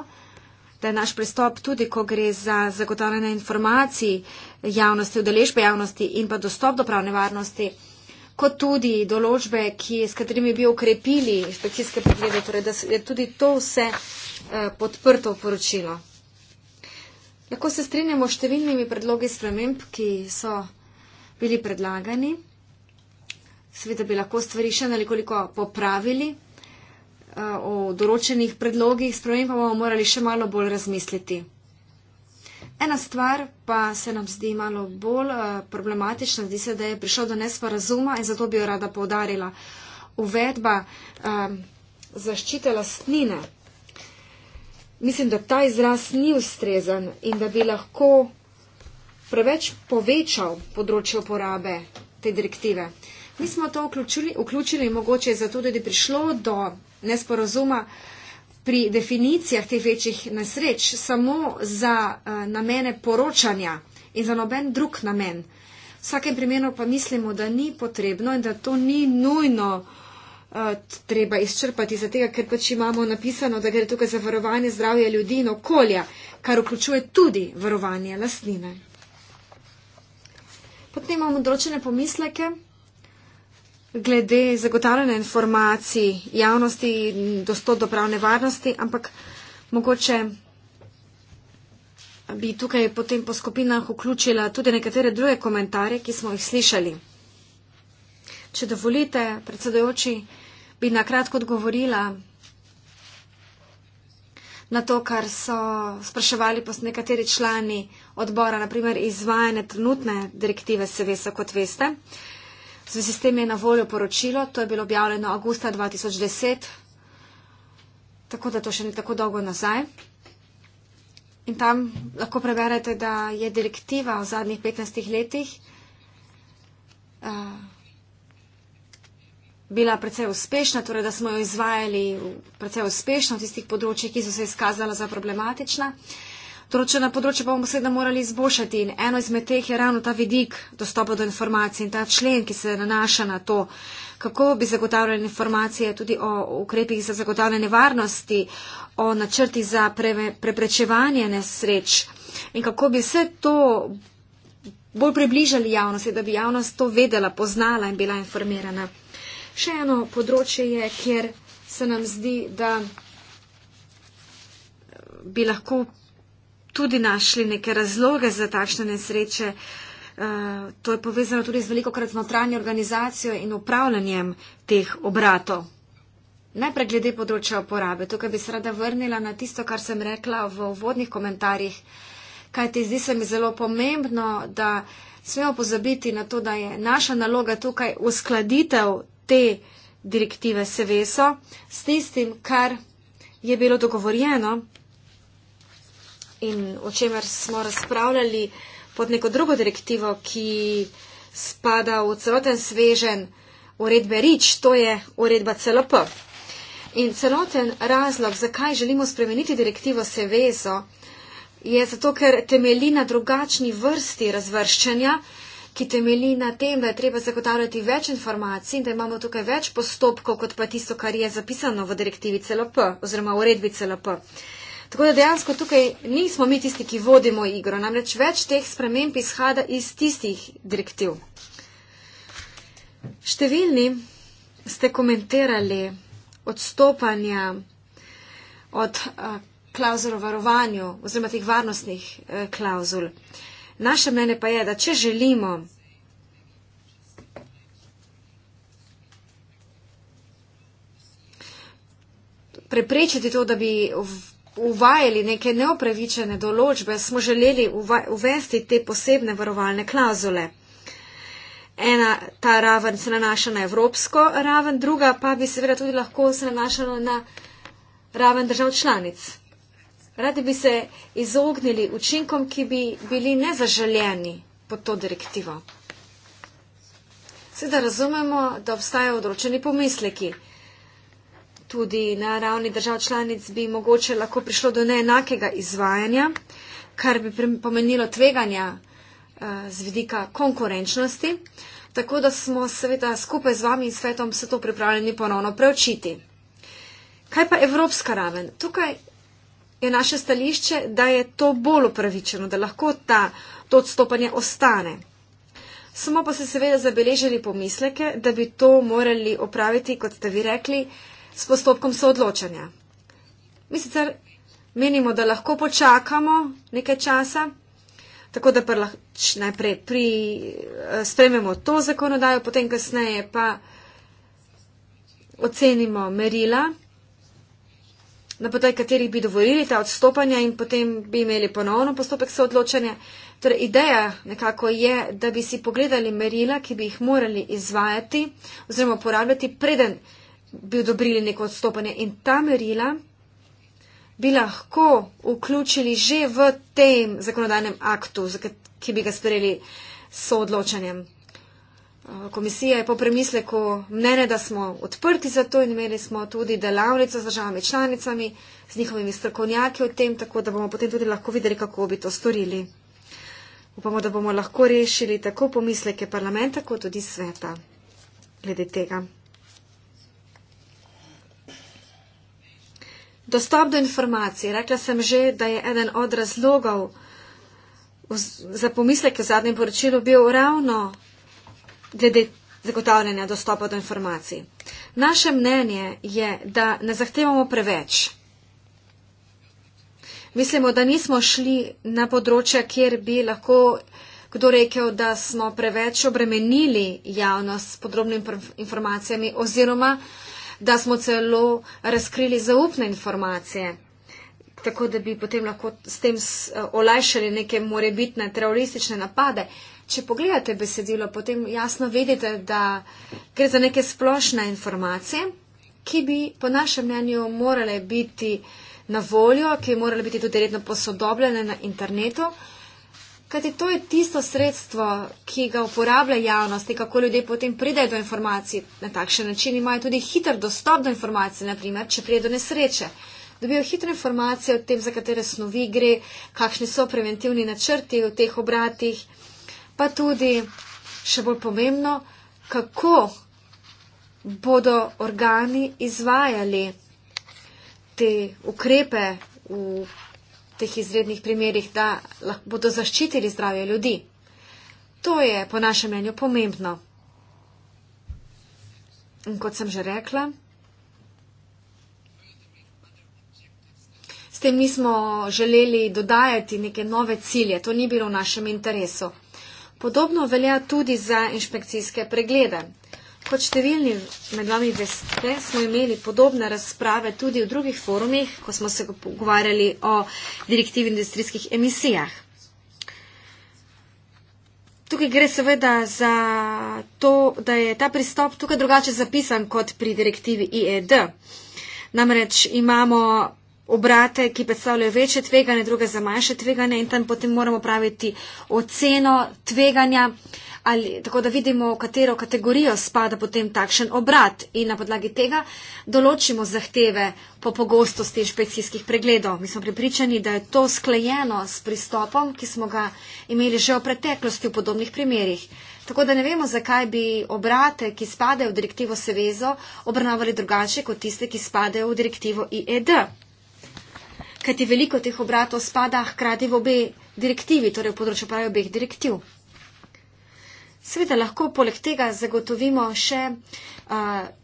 Speaker 3: da je naš pristop tudi, ko gre za zagotavljanje informacij javnosti, udeležbe javnosti in pa dostop do pravne varnosti kot tudi določbe, ki, s katerimi bi okrepili inšpekcijske preglede, torej da je tudi to vse eh, podprto poročilo. Lahko se strinjamo s številnimi predlogi sprememb, ki so bili predlagani. Seveda bi lahko stvari še nekoliko popravili. Eh, o določenih predlogih sprememb bomo morali še malo bolj razmisliti. Ena stvar pa se nam zdi malo bolj eh, problematična, zdi se, da je prišel do nesporazuma in zato bi jo rada povdarila. Uvedba um, zaščite lastnine. Mislim, da ta izraz ni ustrezen in da bi lahko preveč povečal področje uporabe te direktive. Mi smo to vključili, vključili mogoče je zato tudi prišlo do nesporazuma. Uh, pri definicijah teh večjih nesreč samo za eh, namene poročanja in za noben drug namen. V vsakem primeru pa mislimo, da ni potrebno in da to ni nujno eh, treba izčrpati, zato ker pač imamo napisano, da gre tukaj za varovanje zdravja ljudi in okolja, kar vključuje tudi varovanje lastnine. Potem imamo določene pomisleke glede zagotavljanja informacij javnosti in dostop do pravne varnosti, ampak mogoče bi tukaj potem po skupinah vključila tudi nekatere druge komentarje, ki smo jih slišali. Če dovolite, predsedojoči, bi nakratko odgovorila na to, kar so spraševali pa nekateri člani odbora, naprimer izvajanje trenutne direktive SVS, kot veste. Uh, V zvezi s tem je na voljo poročilo, to je bilo objavljeno avgusta 2010, tako da to še ni tako dolgo nazaj. In tam lahko preberete, da je direktiva v zadnjih 15 letih uh, bila precej uspešna, torej da smo jo izvajali precej uspešno v tistih področjih, ki so se izkazala za problematična. Uh, določena področja pa bomo seveda morali izboljšati in eno izmed teh je ravno ta vidik dostopa do informacij in ta člen, ki se nanaša na to, kako bi zagotavljali informacije tudi o ukrepih za zagotavljanje varnosti, o načrti za pre, preprečevanje nesreč in kako bi vse to bolj približali javnosti, da bi javnost to vedela, poznala in bila informirana. Še eno področje je, kjer se nam zdi, da bi lahko tudi našli neke razloge za takšne nesreče. Eh, to je povezano tudi z veliko krat notranjo organizacijo in upravljanjem teh obratov. Najprej glede področja uporabe. Tukaj bi se rada vrnila na tisto, kar sem rekla v uvodnih komentarjih, kajti zdi se mi zelo pomembno, da smemo pozabiti na to, da je naša naloga tukaj uskladitev te direktive SEVESO s tistim, kar je bilo dogovorjeno in o čemer smo razpravljali pod neko drugo direktivo, ki spada v celoten svežen uredbe REACH, to je uredba CLP. In celoten razlog, zakaj želimo spremeniti direktivo Sevezo, je zato, ker temeli na drugačni vrsti razvrščanja, ki temeli na tem, da je treba zagotavljati več informacij in da imamo tukaj več postopkov, kot pa tisto, kar je zapisano v direktivi CLP oziroma uredbi CLP. Uh, Tako da dejansko tukaj nismo mi tisti, ki vodimo igro, namreč več teh sprememb izhaja iz tistih direktiv. Številni ste komentirali odstopanja od eh, klauzul o varovanju oziroma teh varnostnih eh, klauzul. Naše mnenje pa je, da če želimo preprečiti to, da bi uvajali neke neopravičene določbe, smo želeli uvesti te posebne varovalne klauzule. Ena ta raven se nanaša na evropsko raven, druga pa bi seveda tudi lahko se nanašala na raven držav članic. Radi bi se izognili učinkom, ki bi bili nezaželjeni pod to direktivo. Sedaj razumemo, da obstajajo odročeni pomisleki tudi na ravni držav članic bi mogoče lahko prišlo do neenakega izvajanja, kar bi pomenilo tveganja eh, z vidika konkurenčnosti. Tako da smo seveda skupaj z vami in svetom se to pripravljeni ponovno preučiti. Kaj pa evropska raven? Tukaj je naše stališče, da je to bolj upravičeno, da lahko ta, to odstopanje ostane. Smo pa se seveda zabeležili pomisleke, da bi to morali opraviti, kot ste vi rekli, s postopkom soodločanja. Mi sicer menimo, da lahko počakamo nekaj časa, tako da pa najprej pri, eh, sprememo to zakonodajo, potem kasneje pa ocenimo merila, na podaj katerih bi dovolili ta odstopanja in potem bi imeli ponovno postopek soodločanja. Torej, ideja nekako je, da bi si pogledali merila, ki bi jih morali izvajati oziroma uporabljati preden bi odobrili neko odstopanje. In ta merila bi lahko vključili že v tem zakonodajnem aktu, ki bi ga sprejeli s odločanjem. Eh, komisija je po premisleku mnene, da smo odprti za to in imeli smo tudi delavnico z državami članicami, z njihovimi strokovnjaki o tem, tako da bomo potem tudi lahko videli, kako bi to storili. Upamo, da bomo lahko rešili tako pomisleke parlamenta, kot tudi sveta glede tega. Dostop do informacij. Rekla sem že, da je eden od razlogov za pomislek v zadnjem poročilu bil ravno glede zagotavljanja dostopa do informacij. Naše mnenje je, da ne zahtevamo preveč. Mislimo, da nismo šli na področja, kjer bi lahko kdo rekel, da smo preveč obremenili javnost s podrobnimi informacijami oziroma da smo celo razkrili zaupne informacije, tako da bi potem lahko s tem eh, olajšali neke morebitne teroristične napade. Če pogledate besedilo, potem jasno vidite, da gre za neke splošne informacije, ki bi po našem mnenju morale biti na voljo, ki bi morale biti tudi redno posodobljene na internetu. Kajti to je tisto sredstvo, ki ga uporablja javnost in kako ljudje potem pridejo do informacij na takšen način. Imajo tudi hiter dostop do informacij, naprimer, če pride do nesreče. Dobijo hitre informacije o tem, za katere snovi gre, kakšni so preventivni načrti v teh obratih, pa tudi, še bolj pomembno, kako bodo organi izvajali te ukrepe v teh izrednih primerjih, da bodo zaščitili zdravje ljudi. To je po našem mnenju pomembno. In kot sem že rekla, s tem nismo želeli dodajati neke nove cilje, to ni bilo v našem interesu. Podobno velja tudi za inšpekcijske preglede. Uh, Kot številni med vami veste, smo imeli podobne razprave tudi v drugih forumih, ko smo se pogovarjali o direktivi industrijskih emisijah. Tukaj gre seveda za to, da je ta pristop tukaj drugače zapisan kot pri direktivi IED. Namreč imamo obrate, ki predstavljajo večje tvegane, druge za manjše tvegane in tam potem moramo praviti oceno tveganja ali, tako da vidimo, v katero kategorijo spada potem takšen obrat in na podlagi tega določimo zahteve po pogostosti inšpekcijskih pregledov. Mi smo pripričani, da je to sklejeno s pristopom, ki smo ga imeli že v preteklosti v podobnih primerjih. Tako da ne vemo, zakaj bi obrate, ki spadajo v direktivo Sevezo, obravnavali drugače kot tiste, ki spadajo v direktivo IED. Kajti veliko teh obratov spada hkrati v obe direktivi, torej v področju pravi obeh direktiv. Sveda lahko poleg tega zagotovimo še uh,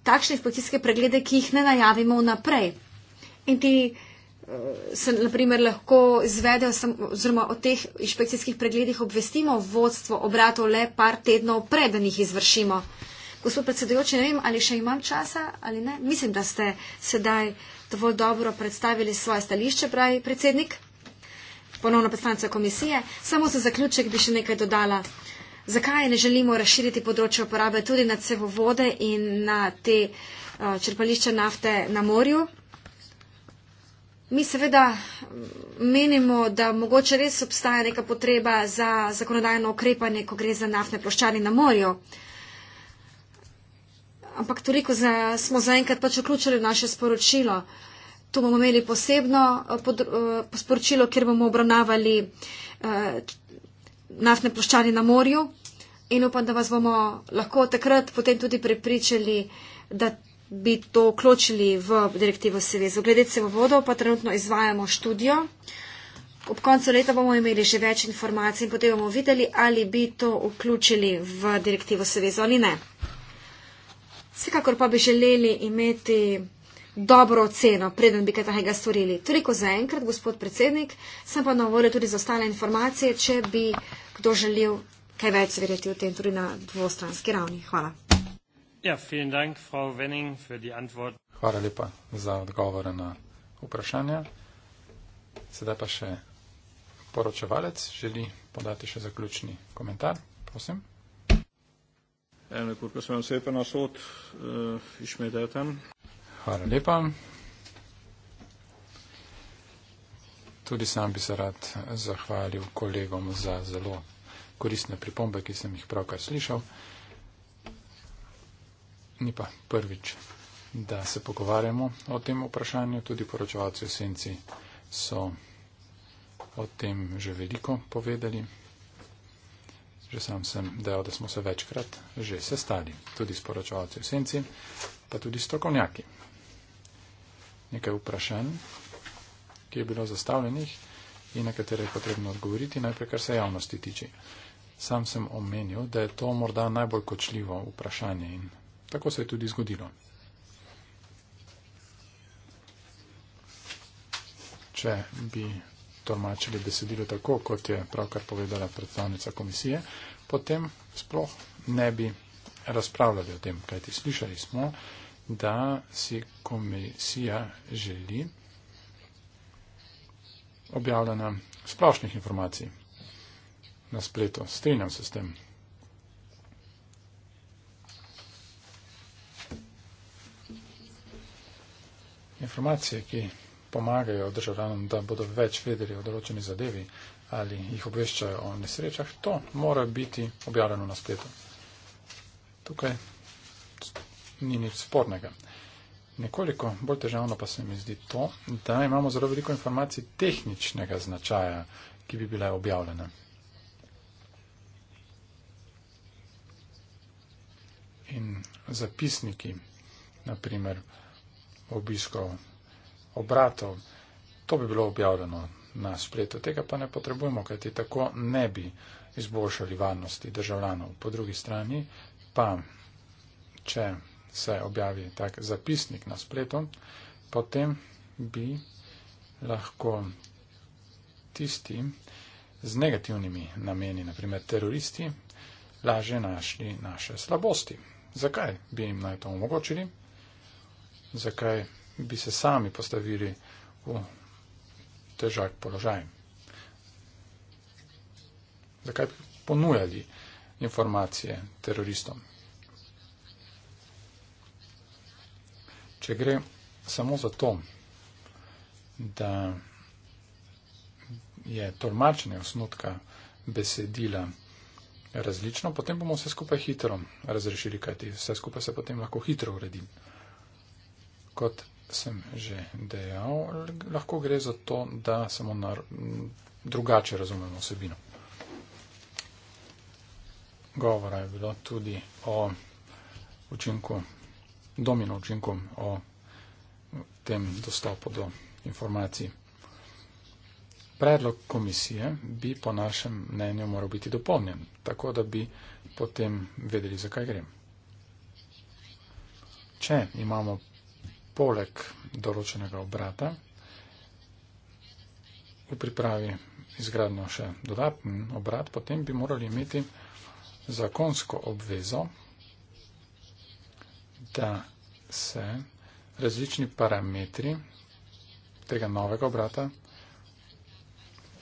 Speaker 3: takšne inspekcijske preglede, ki jih ne najavimo vnaprej. In ti uh, se naprimer lahko izvedejo, oziroma o teh inšpekcijskih pregledih obvestimo vodstvo obratov le par tednov pred, da jih izvršimo. Gospod predsedujoči, ne vem, ali še imam časa ali ne. Mislim, da ste sedaj dovolj dobro predstavili svoje stališče, pravi predsednik, ponovno predstavnica komisije. Samo za zaključek bi še nekaj dodala zakaj ne želimo razširiti področje uporabe tudi na cevovode in na te eh, črpališče nafte na morju. Mi seveda menimo, da mogoče res obstaja neka potreba za zakonodajno okrepanje, ko gre za naftne ploščadi na morju. Ampak toliko za, smo zaenkrat pač vključili v naše sporočilo. Tu bomo imeli posebno eh, pod, uh, sporočilo, kjer bomo obravnavali uh, naftne ploščadi na morju in upam, da vas bomo lahko takrat potem tudi prepričali, da bi to vključili v direktivo SEVEZ. Glede se v vodo pa trenutno izvajamo študijo. Ob koncu leta bomo imeli še več informacij in potem bomo videli, ali bi to vključili v direktivo SEVEZ ali ne. Vsekakor pa bi želeli imeti dobro oceno, preden bi kaj takega storili. Toliko za enkrat, gospod predsednik, sem pa na voljo tudi za ostale informacije, če bi kdo želel kaj več verjeti o tem, tudi na dvostranski ravni. Hvala.
Speaker 1: Ja, dank, Wenning,
Speaker 4: Hvala lepa za odgovore na vprašanja. Sedaj pa še poročevalec želi podati še zaključni komentar. Prosim.
Speaker 1: Ja, nekur, ko sem vam sepen na sod, uh, išmedetem.
Speaker 4: Hvala lepa. Tudi sam bi se rad zahvalil kolegom za zelo koristne pripombe, ki sem jih pravkar slišal. Ni pa prvič, da se pogovarjamo o tem vprašanju. Tudi poročevalci v Senci so o tem že veliko povedali. Že sam sem dejal, da smo se večkrat že sestali, tudi s poročevalci v Senci, pa tudi strokovnjaki nekaj vprašanj, ki je bilo zastavljenih in na katere je potrebno odgovoriti, najprej kar se javnosti tiče. Sam sem omenil, da je to morda najbolj kočljivo vprašanje in tako se je tudi zgodilo. Če bi tolmačili besedilo tako, kot je pravkar povedala predstavnica komisije, potem sploh ne bi razpravljali o tem, kajti slišali smo, da si komisija želi objavljanja splošnih informacij na spletu. Strenjam se s tem. Informacije, ki pomagajo državljanom, da bodo več vedeli o določeni zadevi ali jih obveščajo o nesrečah, to mora biti objavljeno na spletu. Tukaj ni nič spornega. Nekoliko bolj težavno pa se mi zdi to, da imamo zelo veliko informacij tehničnega značaja, ki bi bile objavljene. In zapisniki, naprimer obiskov, obratov, to bi bilo objavljeno na spletu. Tega pa ne potrebujemo, kajti tako ne bi izboljšali varnosti državljanov. Po drugi strani pa, če se objavi tak zapisnik na spletu, potem bi lahko tisti z negativnimi nameni, naprimer teroristi, lažje našli naše slabosti. Zakaj bi jim naj to omogočili? Zakaj bi se sami postavili v težak položaj? Zakaj bi ponujali informacije teroristom? če gre samo za to, da je tolmačenje osnutka besedila različno, potem bomo vse skupaj hitro razrešili, kajti vse skupaj se potem lahko hitro uredi. Kot sem že dejal, lahko gre za to, da samo na, drugače razumemo osebino. Govora je bilo tudi o učinku domino učinkom o tem dostopu do informacij. Predlog komisije bi po našem mnenju moral biti dopolnjen, tako da bi potem vedeli, zakaj gre. Če imamo poleg določenega obrata v pripravi izgradno še dodatni obrat, potem bi morali imeti zakonsko obvezo da se različni parametri tega novega obrata,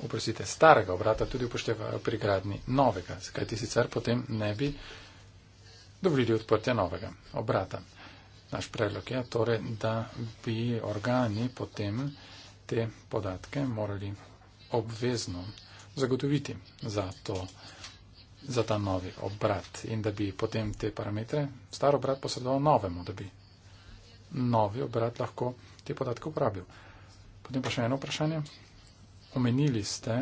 Speaker 4: oprostite, starega obrata tudi upoštevajo pri gradni novega, kaj ti sicer potem ne bi dovolili odprtja novega obrata. Naš predlog je torej, da bi organi potem te podatke morali obvezno zagotoviti za to za ta novi obrat in da bi potem te parametre star obrat posredoval novemu, da bi novi obrat lahko te podatke uporabil. Potem pa še eno vprašanje. Omenili ste,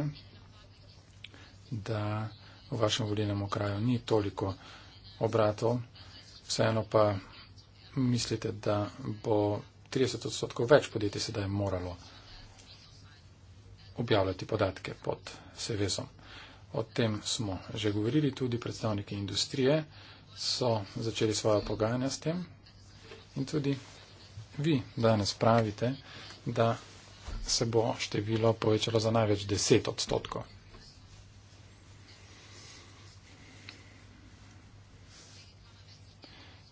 Speaker 4: da v vašem volilnem okraju ni toliko obratov, vseeno pa mislite, da bo 30 odstotkov več podjetij sedaj moralo objavljati podatke pod SVZ-om. O tem smo že govorili, tudi predstavniki industrije so začeli svoje pogajanja s tem. In tudi vi danes pravite, da se bo število povečalo za največ 10 odstotkov.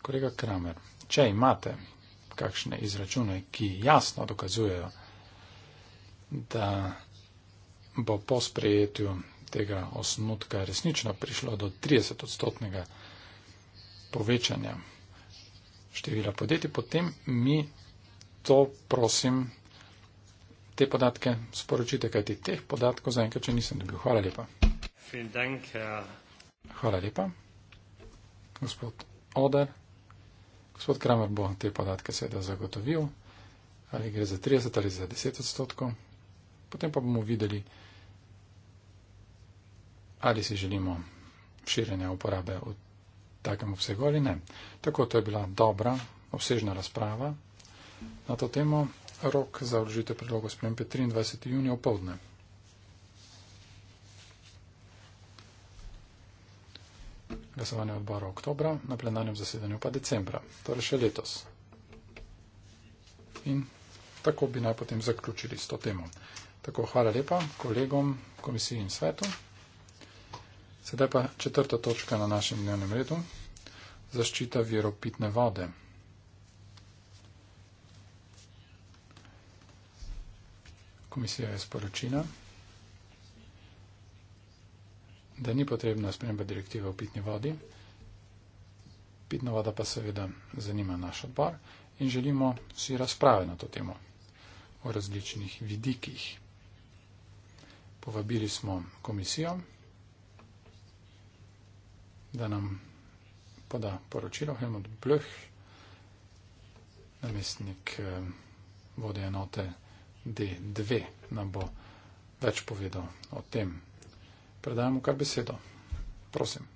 Speaker 4: Kolega Kramer, če imate kakšne izračune, ki jasno dokazujejo, da bo po sprejetju tega osnutka resnično prišlo do 30 odstotnega povečanja števila podjetij, potem mi to prosim, te podatke sporočite, kajti teh podatkov zaenkrat še nisem dobil. Hvala lepa. Hvala lepa. Gospod Oder, gospod Kramer bo te podatke seveda zagotovil, ali gre za 30 ali za 10 odstotkov, potem pa bomo videli, ali si želimo širjenja uporabe v takem obsegu ali ne. Tako to je bila dobra, obsežna razprava na to temo. Rok za vložitev predlogov spremembe 23. junija v povdne. Glasovanje odbora oktobra, na plenarnem zasedanju pa decembra, torej še letos. In tako bi naj potem zaključili s to temo. Tako hvala lepa kolegom komisiji in svetu. Sedaj pa četrta točka na našem dnevnem redu. Zaščita veropitne vode. Komisija je sporočila, da ni potrebna sprememba direktive o pitni vodi. Pitna voda pa seveda zanima naš odbor in želimo si razprave na to temo o različnih vidikih. Povabili smo komisijo da nam poda poročilo Helmut Blöch, namestnik eh, vode enote D2, nam bo več povedal o tem. Predajamo kar besedo. Prosim.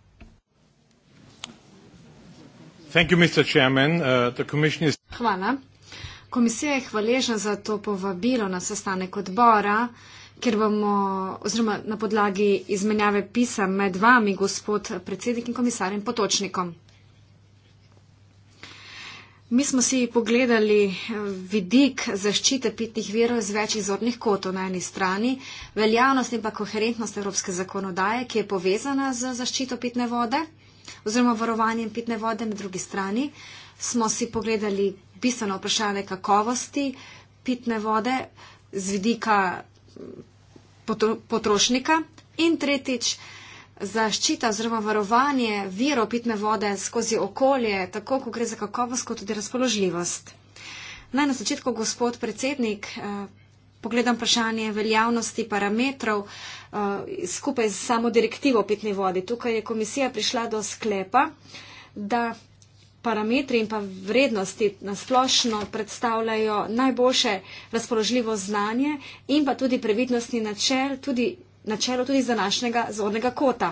Speaker 4: Thank you, Mr. Chairman. Uh, the commission is...
Speaker 3: Hvala. Komisija je hvaležna za to povabilo na sestanek odbora ker bomo, oziroma na podlagi izmenjave pisa med vami, gospod predsednik in komisarjem Potočnikom. Mi smo si pogledali eh, vidik zaščite pitnih virov z več izornih kotov na eni strani, veljavnost in pa koherentnost evropske zakonodaje, ki je povezana z zaščito pitne vode oziroma varovanjem pitne vode na drugi strani. Smo si pogledali bistveno vprašanje kakovosti pitne vode z vidika potrošnika in tretjič zaščita oziroma varovanje virov pitne vode skozi okolje, tako ko gre za kakovost, kot tudi razpoložljivost. Naj na začetku, gospod predsednik, eh, pogledam vprašanje veljavnosti parametrov eh, skupaj z samo direktivo o pitni vodi. Tukaj je komisija prišla do sklepa, da parametri in pa vrednosti nasplošno predstavljajo najboljše razpoložljivo znanje in pa tudi previdnostni načel, tudi načelo tudi za našega zornega kota.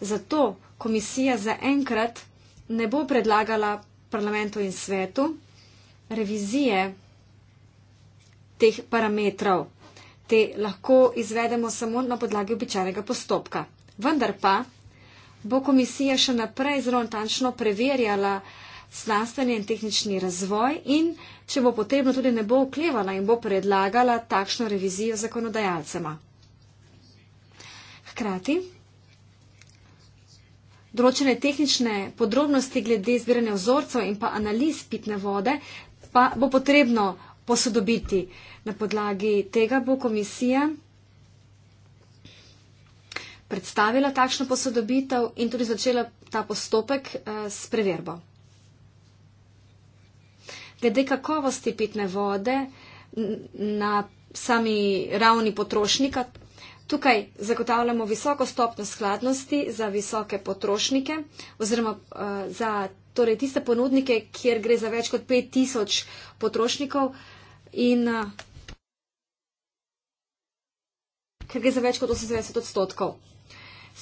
Speaker 3: Zato komisija zaenkrat ne bo predlagala parlamentu in svetu revizije teh parametrov. Te lahko izvedemo samo na podlagi običajnega postopka. Vendar pa bo komisija še naprej zelo natančno preverjala, znanstveni in tehnični razvoj in, če bo potrebno, tudi ne bo vklevala in bo predlagala takšno revizijo zakonodajalcema. Hkrati, določene tehnične podrobnosti glede zbiranja vzorcev in pa analiz pitne vode pa bo potrebno posodobiti. Na podlagi tega bo komisija predstavila takšno posodobitev in tudi začela ta postopek eh, s preverbo. Glede kakovosti pitne vode na sami ravni potrošnika, tukaj zagotavljamo visoko stopno skladnosti za visoke potrošnike oziroma uh, za torej, tiste ponudnike, kjer gre za več kot 5000 potrošnikov. In, uh, eh, ker gre za več kot 80 odstotkov.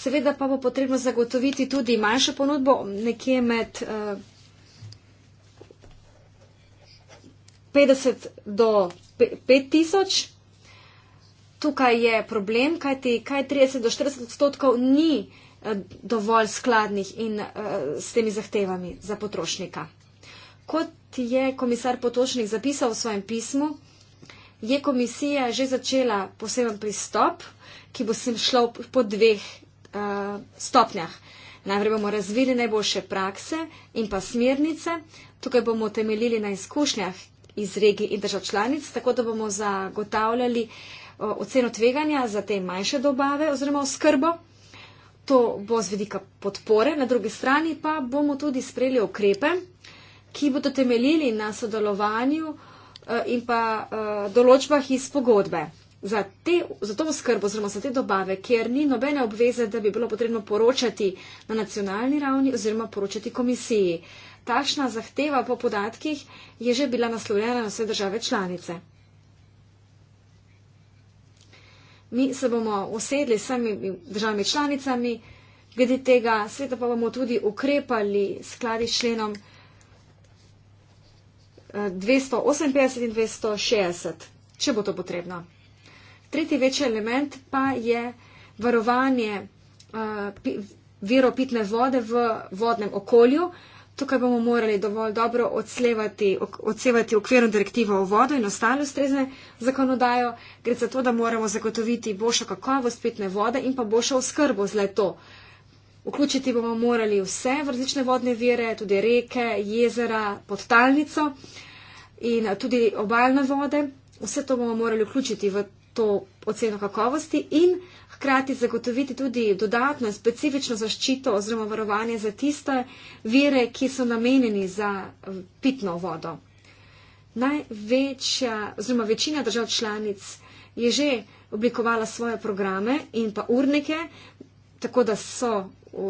Speaker 3: Seveda pa bo potrebno zagotoviti tudi manjšo ponudbo, nekje med eh, 50 do 5000. Tukaj je problem, kajti kaj 30 do 40 odstotkov ni eh, dovolj skladnih in eh, s temi zahtevami za potrošnika. Kot je komisar Potočnik zapisal v svojem pismu, je komisija že začela poseben pristop, ki bo se šlo po dveh uh, stopnjah. Najprej bomo razvili najboljše prakse in pa smernice. Tukaj bomo temeljili na izkušnjah, iz regij in držav članic, tako da bomo zagotavljali oceno tveganja za te manjše dobave oziroma oskrbo. To bo z vedika podpore, na drugi strani pa bomo tudi sprejeli ukrepe, ki bodo temeljili na sodelovanju e, in pa e, določbah iz pogodbe. Za, te, za to oskrbo oziroma za te dobave, kjer ni nobene obveze, da bi bilo potrebno poročati na nacionalni ravni oziroma poročati komisiji. Uh, Takšna zahteva po podatkih je že bila naslovljena na vse države članice. Mi se bomo usedli s vsemi državami članicami, glede tega sveta pa bomo tudi ukrepali skladi členom 258 eh, in 260, če bo to potrebno. Tretji večji element pa je varovanje uh, virov pitne vode v vodnem okolju. Uh, Tukaj bomo morali dovolj dobro odsevati okvirno direktivo o vodo in ostale ustrezne zakonodajo. Gre za to, da moramo zagotoviti boljšo kakovost pitne vode in pa boljšo oskrbo z leto. Vključiti bomo morali vse različne vodne vire, tudi reke, jezera, podtalnico in tudi obaljne vode. Vse to bomo morali vključiti v to oceno kakovosti in hkrati zagotoviti tudi dodatno specifično zaščito oziroma varovanje za tiste vire, ki so namenjeni za eh, pitno vodo. Največja oziroma večina držav članic je že oblikovala svoje programe in pa urnike, tako da so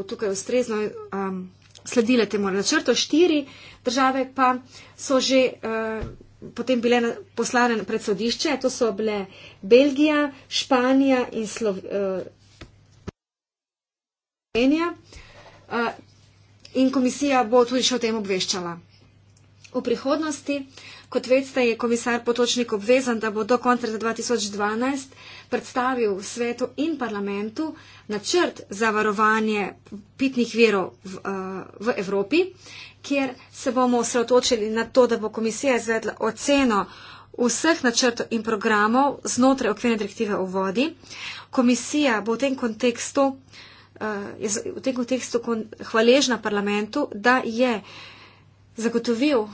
Speaker 3: tukaj ustrezno um, sledile temu načrtu. Štiri države pa so že. Uh, potem bile poslane pred sodišče, to so bile Belgija, Španija in eh, Slovenija. Eh, in komisija bo tudi še o tem obveščala. V prihodnosti, kot veste, je komisar Potočnik obvezan, da bo do konca 2012 predstavil svetu in parlamentu načrt za varovanje pitnih virov v, eh, v Evropi kjer se bomo osredotočili na to, da bo komisija izvedla oceno vseh načrtov in programov znotraj okvirne direktive o vodi. Komisija bo v tem kontekstu, eh, v tem kontekstu hvaležna parlamentu, da je zagotovil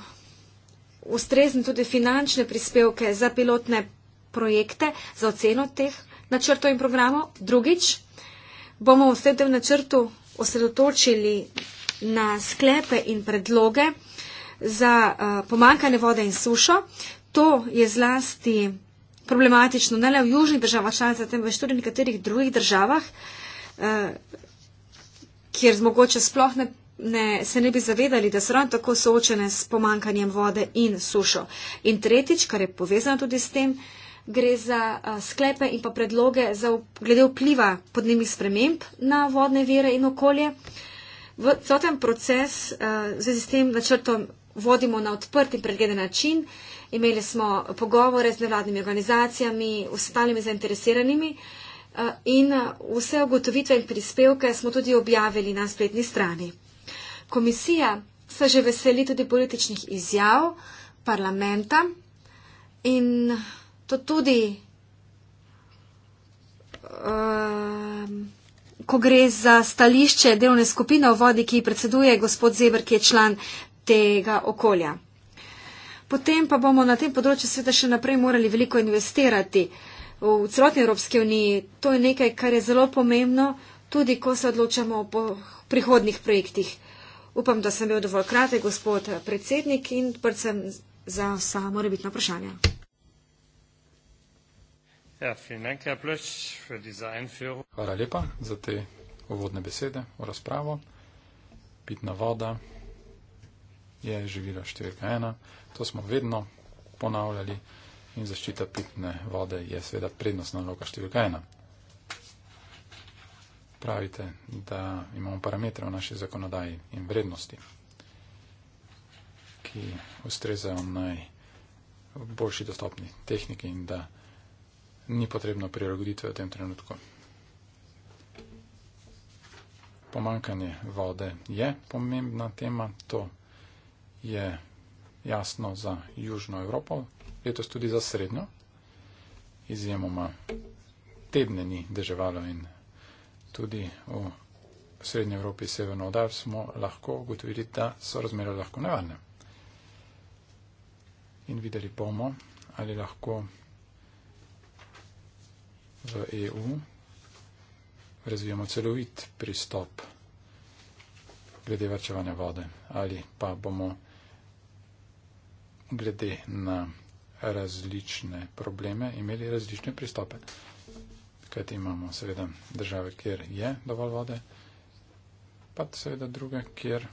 Speaker 3: ustrezni tudi finančne prispevke za pilotne projekte za oceno teh načrtov in programov. Drugič, bomo v tem načrtu osredotočili na sklepe in predloge za eh, pomankanje vode in sušo. To je zlasti problematično ne le v južnih državah članicah, temveč tudi v nekaterih drugih državah, eh, kjer mogoče sploh ne. Ne, se ne bi zavedali, da so ravno tako soočene s pomankanjem vode in sušo. In tretjič, kar je povezano tudi s tem, gre za uh, sklepe in pa predloge za, glede vpliva podnebnih sprememb na vodne vire in okolje. Uh, v celoten proces eh, v zvezi s tem načrtom vodimo na odprt in pregleden način. Imeli smo pogovore z nevladnimi organizacijami, ostalimi zainteresiranimi eh, in eh, vse ugotovitve in prispevke smo tudi objavili na spletni strani. Komisija se že veseli tudi političnih izjav parlamenta in to tudi. Uh, ko gre za stališče delovne skupine o vodi, ki predseduje gospod Zebr, ki je član tega okolja. Potem pa bomo na tem področju sveda še naprej morali veliko investirati v celotni Evropski uniji. To je nekaj, kar je zelo pomembno, tudi ko se odločamo o prihodnih projektih. Upam, da sem bil dovolj kratek, gospod predsednik, in predvsem za vsa morebitna vprašanja.
Speaker 1: Ja, vielen Dank, Herr Plötz, für diese Einführung.
Speaker 4: Hvala lepa za te uvodne besede v razpravo. Pitna voda je živila številka ena. To smo vedno ponavljali in zaščita pitne vode je seveda prednostna naloga številka ena. Pravite, da imamo parametre v naši zakonodaji in vrednosti, ki ustrezajo naj boljši dostopni tehniki in da ni potrebno prilagoditve v tem trenutku. Pomankanje vode je pomembna tema, to je jasno za Južno Evropo, letos tudi za Srednjo. Izjemoma tedne ni deževalo in tudi v Srednji Evropi in Severno odar smo lahko ugotovili, da so razmere lahko nevarne. In videli bomo, ali lahko v EU razvijamo celovit pristop glede varčevanja vode ali pa bomo glede na različne probleme imeli različne pristope. Kajti imamo seveda države, kjer je dovolj vode, pa seveda druge, kjer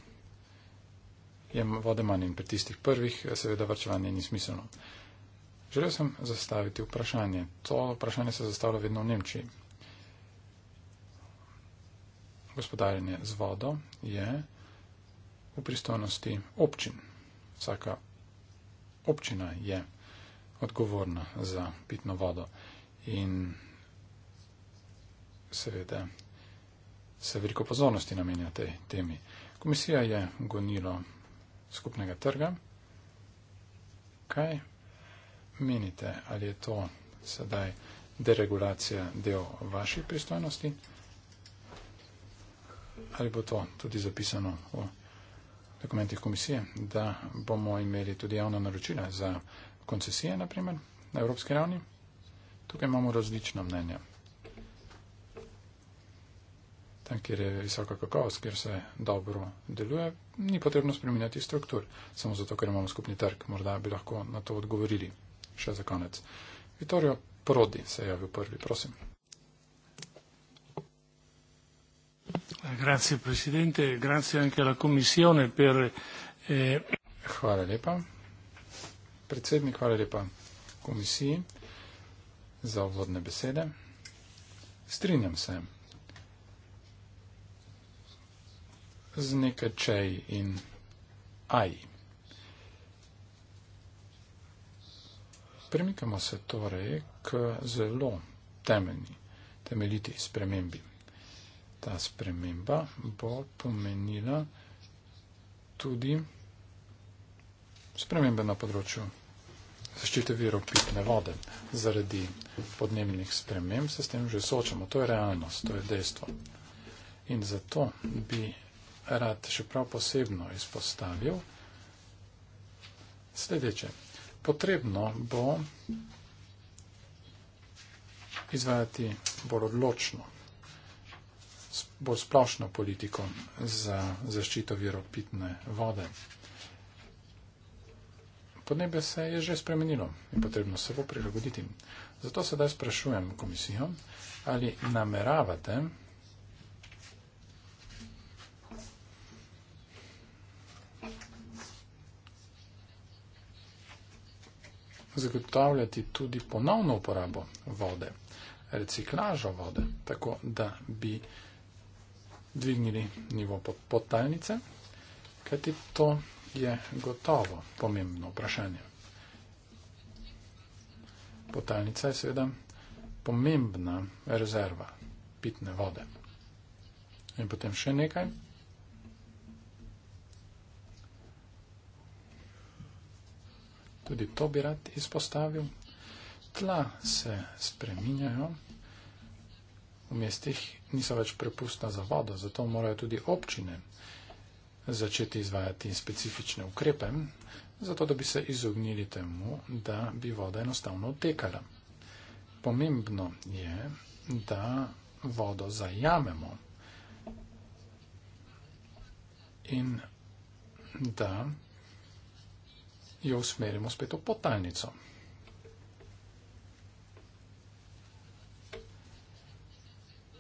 Speaker 4: je vode manj in pri tistih prvih seveda varčevanje ni smiselno. Želel sem zastaviti vprašanje. To vprašanje se zastavlja vedno v Nemčiji. Gospodarjenje z vodo je v pristojnosti občin. Vsaka občina je odgovorna za pitno vodo in seveda se veliko pozornosti namenja tej temi. Komisija je gonilo skupnega trga. Kaj menite, ali je to sedaj deregulacija del vaših pristojnosti? Ali bo to tudi zapisano v dokumentih komisije, da bomo imeli tudi javna naročila za koncesije, naprimer, na evropski ravni? Tukaj imamo različna mnenja. Tam, kjer je visoka kakovost, kjer se dobro deluje, ni potrebno spreminjati struktur, samo zato, ker imamo skupni trg. Morda bi lahko na to odgovorili še za konec. Vitorijo Prodi se je javil prvi, prosim. Grazie, presidente, grazie anche la komisione per. Eh... Hvala lepa. Predsednik, hvala lepa komisiji za uvodne besede. Strinjam se z nekaj čej in aji. Premikamo se torej k zelo temeljni, temeljiti spremembi. Ta sprememba bo pomenila tudi spremembe na področju zaščite virov pitne vode. Zaradi podnebnih sprememb se s tem že soočamo. To je realnost, to je dejstvo. In zato bi rad še prav posebno izpostavil sledeče potrebno bo izvajati bolj odločno, bolj splošno politiko za zaščito viropitne vode. Podnebje se je že spremenilo in potrebno se bo prilagoditi. Zato sedaj sprašujem komisijo, ali nameravate zagotavljati tudi ponovno uporabo vode, reciklažo vode, tako da bi dvignili nivo podtalnice, kajti to je gotovo pomembno vprašanje. Potalnica je seveda pomembna rezerva pitne vode. In potem še nekaj. tudi to bi rad izpostavil. Tla se spreminjajo, v mestih niso več prepustna za vodo, zato morajo tudi občine začeti izvajati specifične ukrepe, zato da bi se izognili temu, da bi voda enostavno odtekala. Pomembno je, da vodo zajamemo in da jo usmerimo spet v potalnico.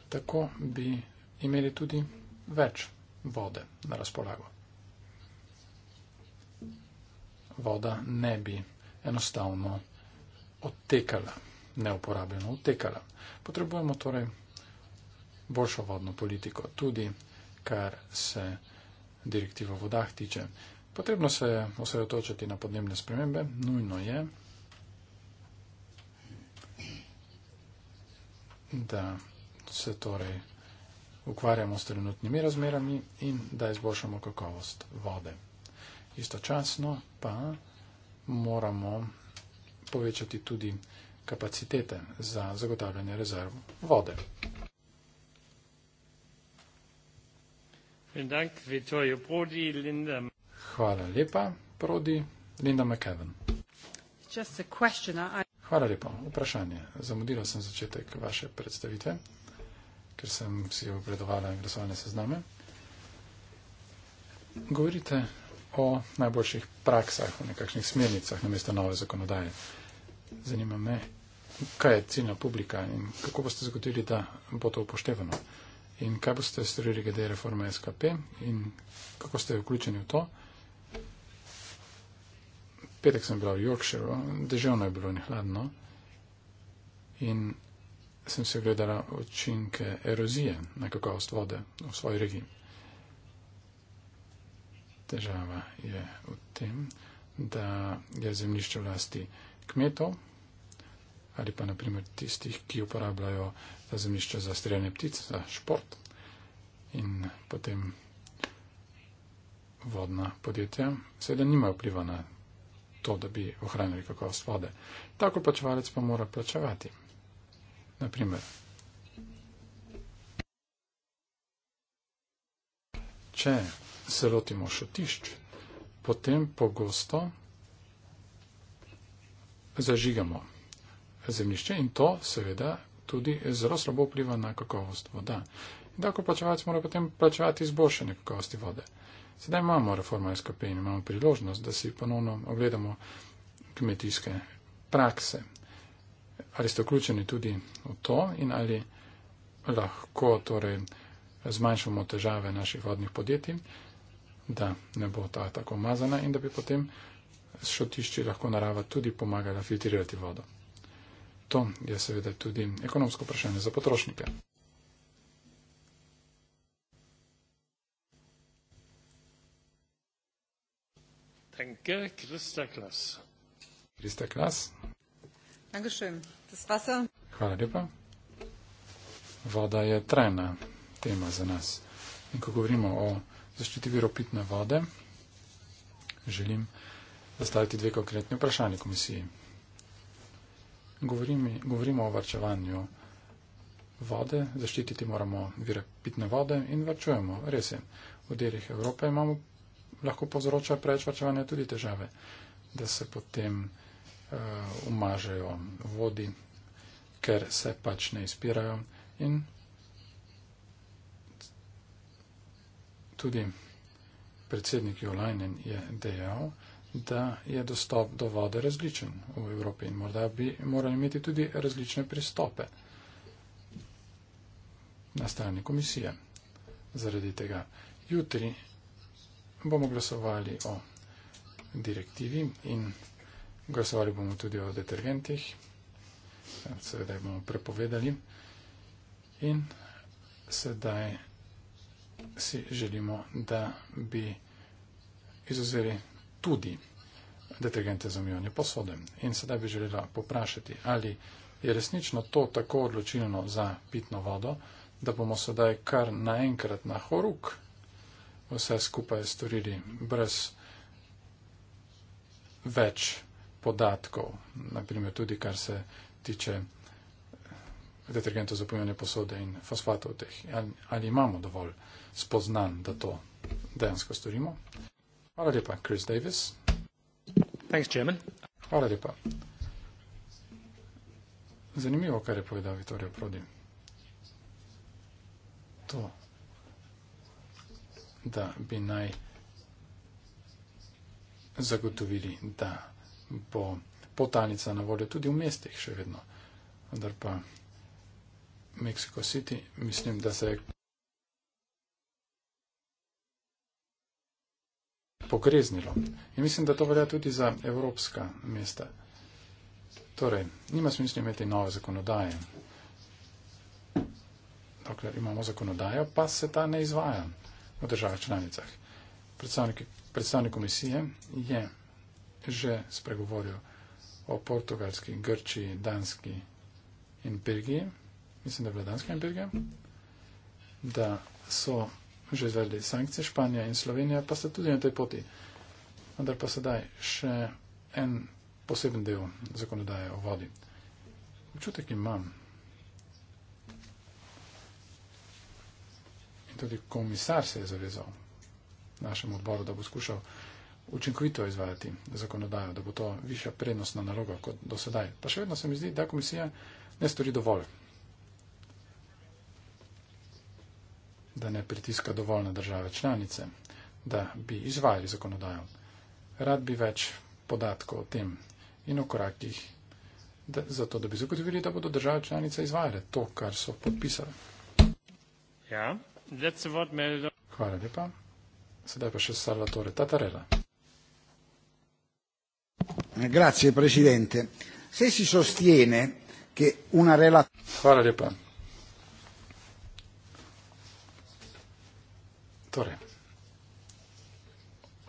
Speaker 4: Tako bi imeli tudi več vode na razpolago. Voda ne bi enostavno odtekala, neuporabljeno odtekala. Potrebujemo torej boljšo vodno politiko, tudi kar se direktiva o vodah tiče. Potrebno se je osredotočiti na podnebne spremembe, nujno je, da se torej ukvarjamo s trenutnimi razmerami in da izboljšamo kakovost vode. Istočasno pa moramo povečati tudi kapacitete za zagotavljanje rezerv vode.
Speaker 1: Vielen Dank, Vittorio Prodi, Linda.
Speaker 4: Hvala lepa, Prodi. Linda McKevin. Hvala lepa. Vprašanje. Zamudila sem začetek vaše predstavitve, ker sem si ogledovala glasovne sezname. Govorite o najboljših praksah, o nekakšnih smernicah na mesto nove zakonodaje. Zanima me, kaj je ciljna publika in kako boste zagotovili, da bo to upoštevano. In kaj boste storili glede reforme SKP in kako ste vključeni v to petek sem bila v Yorkshireu, deževno je bilo in hladno. In sem se gledala učinke erozije na kakovost vode v svoji regiji. Težava je v tem, da je zemljišče v lasti kmetov ali pa naprimer tistih, ki uporabljajo ta zemljišča za streljanje ptic, za šport in potem vodna podjetja, seveda nimajo vpliva na to, da bi ohranili kakovost vode. Tako plačevalec pa mora plačevati. Naprimer, če se lotimo šotišč, potem pogosto zažigamo zemlišče in to seveda tudi zelo slabo vpliva na kakovost voda. In tako plačevalec mora potem plačevati izboljšanje kakovosti vode. Uh, Sedaj imamo reforma SKP in imamo priložnost, da si ponovno ogledamo kmetijske prakse. Ali ste vključeni tudi v to in ali lahko torej zmanjšamo težave naših vodnih podjetij, da ne bo ta tako umazana in da bi potem s šotišči lahko narava tudi pomagala filtrirati vodo. To je seveda tudi ekonomsko vprašanje za potrošnike.
Speaker 1: Danke, Christa Klaas.
Speaker 4: Christa Klaas.
Speaker 2: Dankeschön.
Speaker 3: Das Wasser.
Speaker 4: Hvala lepa. Voda je trajna tema za nas. In ko govorimo o zaščiti viropitne vode, želim zastaviti dve konkretne vprašanje komisiji. Govorim, govorimo o varčevanju vode, zaščititi moramo vire pitne vode in varčujemo. Res je, v delih Evrope imamo lahko povzroča prečvrčevanje tudi težave, da se potem uh, umažejo vodi, ker se pač ne izpirajo in tudi predsednik Jolajnen je dejal, da je dostop do vode različen v Evropi in morda bi morali imeti tudi različne pristope na strani komisije zaradi tega. Jutri bomo glasovali o direktivi in glasovali bomo tudi o detergentih. Seveda jih bomo prepovedali. In sedaj si želimo, da bi izuzeli tudi detergente za mijanje posode. In sedaj bi želela poprašati, ali je resnično to tako odločilno za pitno vodo, da bomo sedaj kar naenkrat na horuk vse skupaj storili brez več podatkov, naprimer tudi kar se tiče detergentov za pomivanje posode in fosfatov teh. Ali, ali imamo dovolj spoznan, da to dejansko storimo? Hvala lepa, Chris Davis. Thanks, Hvala lepa. Zanimivo, kar je povedal Vittorio Prodi. To da bi naj zagotovili, da bo potanica na voljo tudi v mestih še vedno. Vendar pa Mexico City, mislim, da se je pokreznilo. In mislim, da to velja tudi za evropska mesta. Torej, nima smisla imeti nove zakonodaje. Dokler imamo zakonodajo, pa se ta ne izvaja v državah članicah. Predstavnik, predstavnik komisije je že spregovoril o portugalski, grči, danski in Belgiji. Mislim, da je bila danska in Belgija. Da so že izvedli sankcije Španija in Slovenija, pa so tudi na tej poti. Vendar pa sedaj še en poseben del zakonodaje o vodi. Občutek imam, tudi komisar se je zavezal našemu odboru, da bo skušal učinkovito izvajati zakonodajo, da bo to višja prednostna naloga kot do sedaj. Pa še vedno se mi zdi, da komisija ne stori dovolj, da ne pritiska dovolj na države članice, da bi izvajali zakonodajo. Rad bi več podatkov o tem in o korakih, da, zato da bi zagotovili, da bodo države članice izvajale to, kar so podpisali. Ja letzte Wortmeldung. Hvala lepa. Sedaj pa še Salvatore Tatarella. Grazie Presidente. Se si sostiene che una relazione. Hvala lepa. Torej,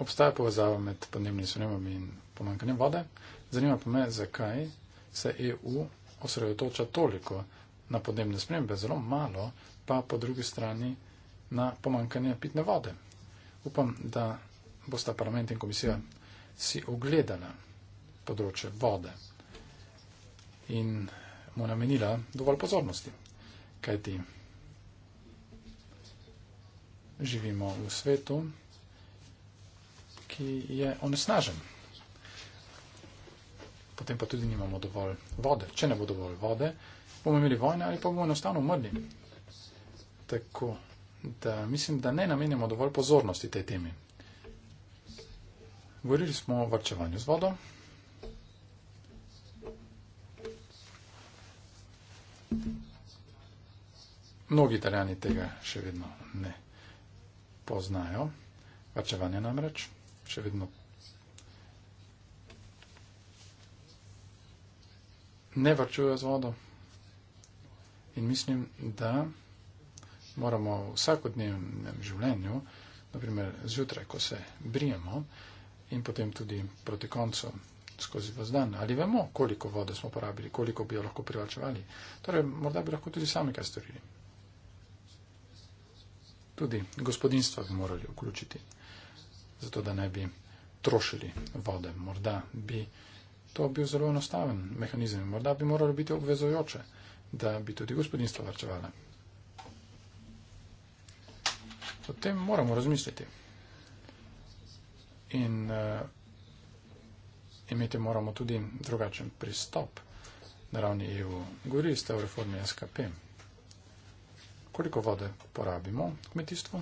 Speaker 4: obstaja povezava med podnebnimi spremembami in pomankanjem vode. Zanima pa me, zakaj se EU osredotoča toliko na podnebne spremembe, zelo malo pa po drugi strani na pomankanje pitne vode. Upam, da bosta parlament in komisija si ogledala področje vode in mu namenila dovolj pozornosti, kajti živimo v svetu, ki je onesnažen. Potem pa tudi nimamo dovolj vode. Če ne bo dovolj vode, bomo imeli vojne ali pa bomo enostavno umrli. Tako da mislim, da ne namenjamo dovolj pozornosti tej temi. Govorili smo o varčevanju z vodo. Mnogi italijani tega še vedno ne poznajo. Varčevanje namreč še vedno ne varčuje z vodo. In mislim, da moramo v vsakodnevnem življenju, naprimer zjutraj, ko se brijemo in potem tudi proti koncu skozi vas dan, ali vemo, koliko vode smo porabili, koliko bi jo lahko privlačevali. Torej, morda bi lahko tudi sami kaj storili. Tudi gospodinstva bi morali vključiti, zato da ne bi trošili vode. Morda bi to bil zelo enostaven mehanizem, morda bi moralo biti obvezojoče, da bi tudi gospodinstva varčevala o tem moramo razmisliti. In uh, imeti moramo tudi drugačen pristop na ravni EU. Govorili ste o reformi SKP. Koliko vode porabimo v kmetijstvu?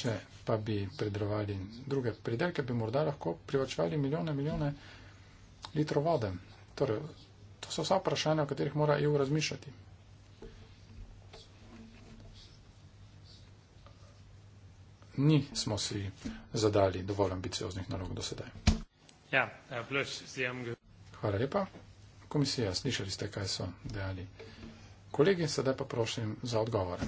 Speaker 4: Če pa bi predrovali druge pridelke, bi morda lahko privačevali milijone, milijone litrov vode. Torej, To so vsa vprašanja, o katerih mora EU razmišljati. Ni smo si zadali dovolj ambicioznih nalog do sedaj.
Speaker 1: Ja, pljuč, eh,
Speaker 4: Hvala lepa. Komisija, slišali ste, kaj so dejali kolegi, sedaj pa prosim za odgovore.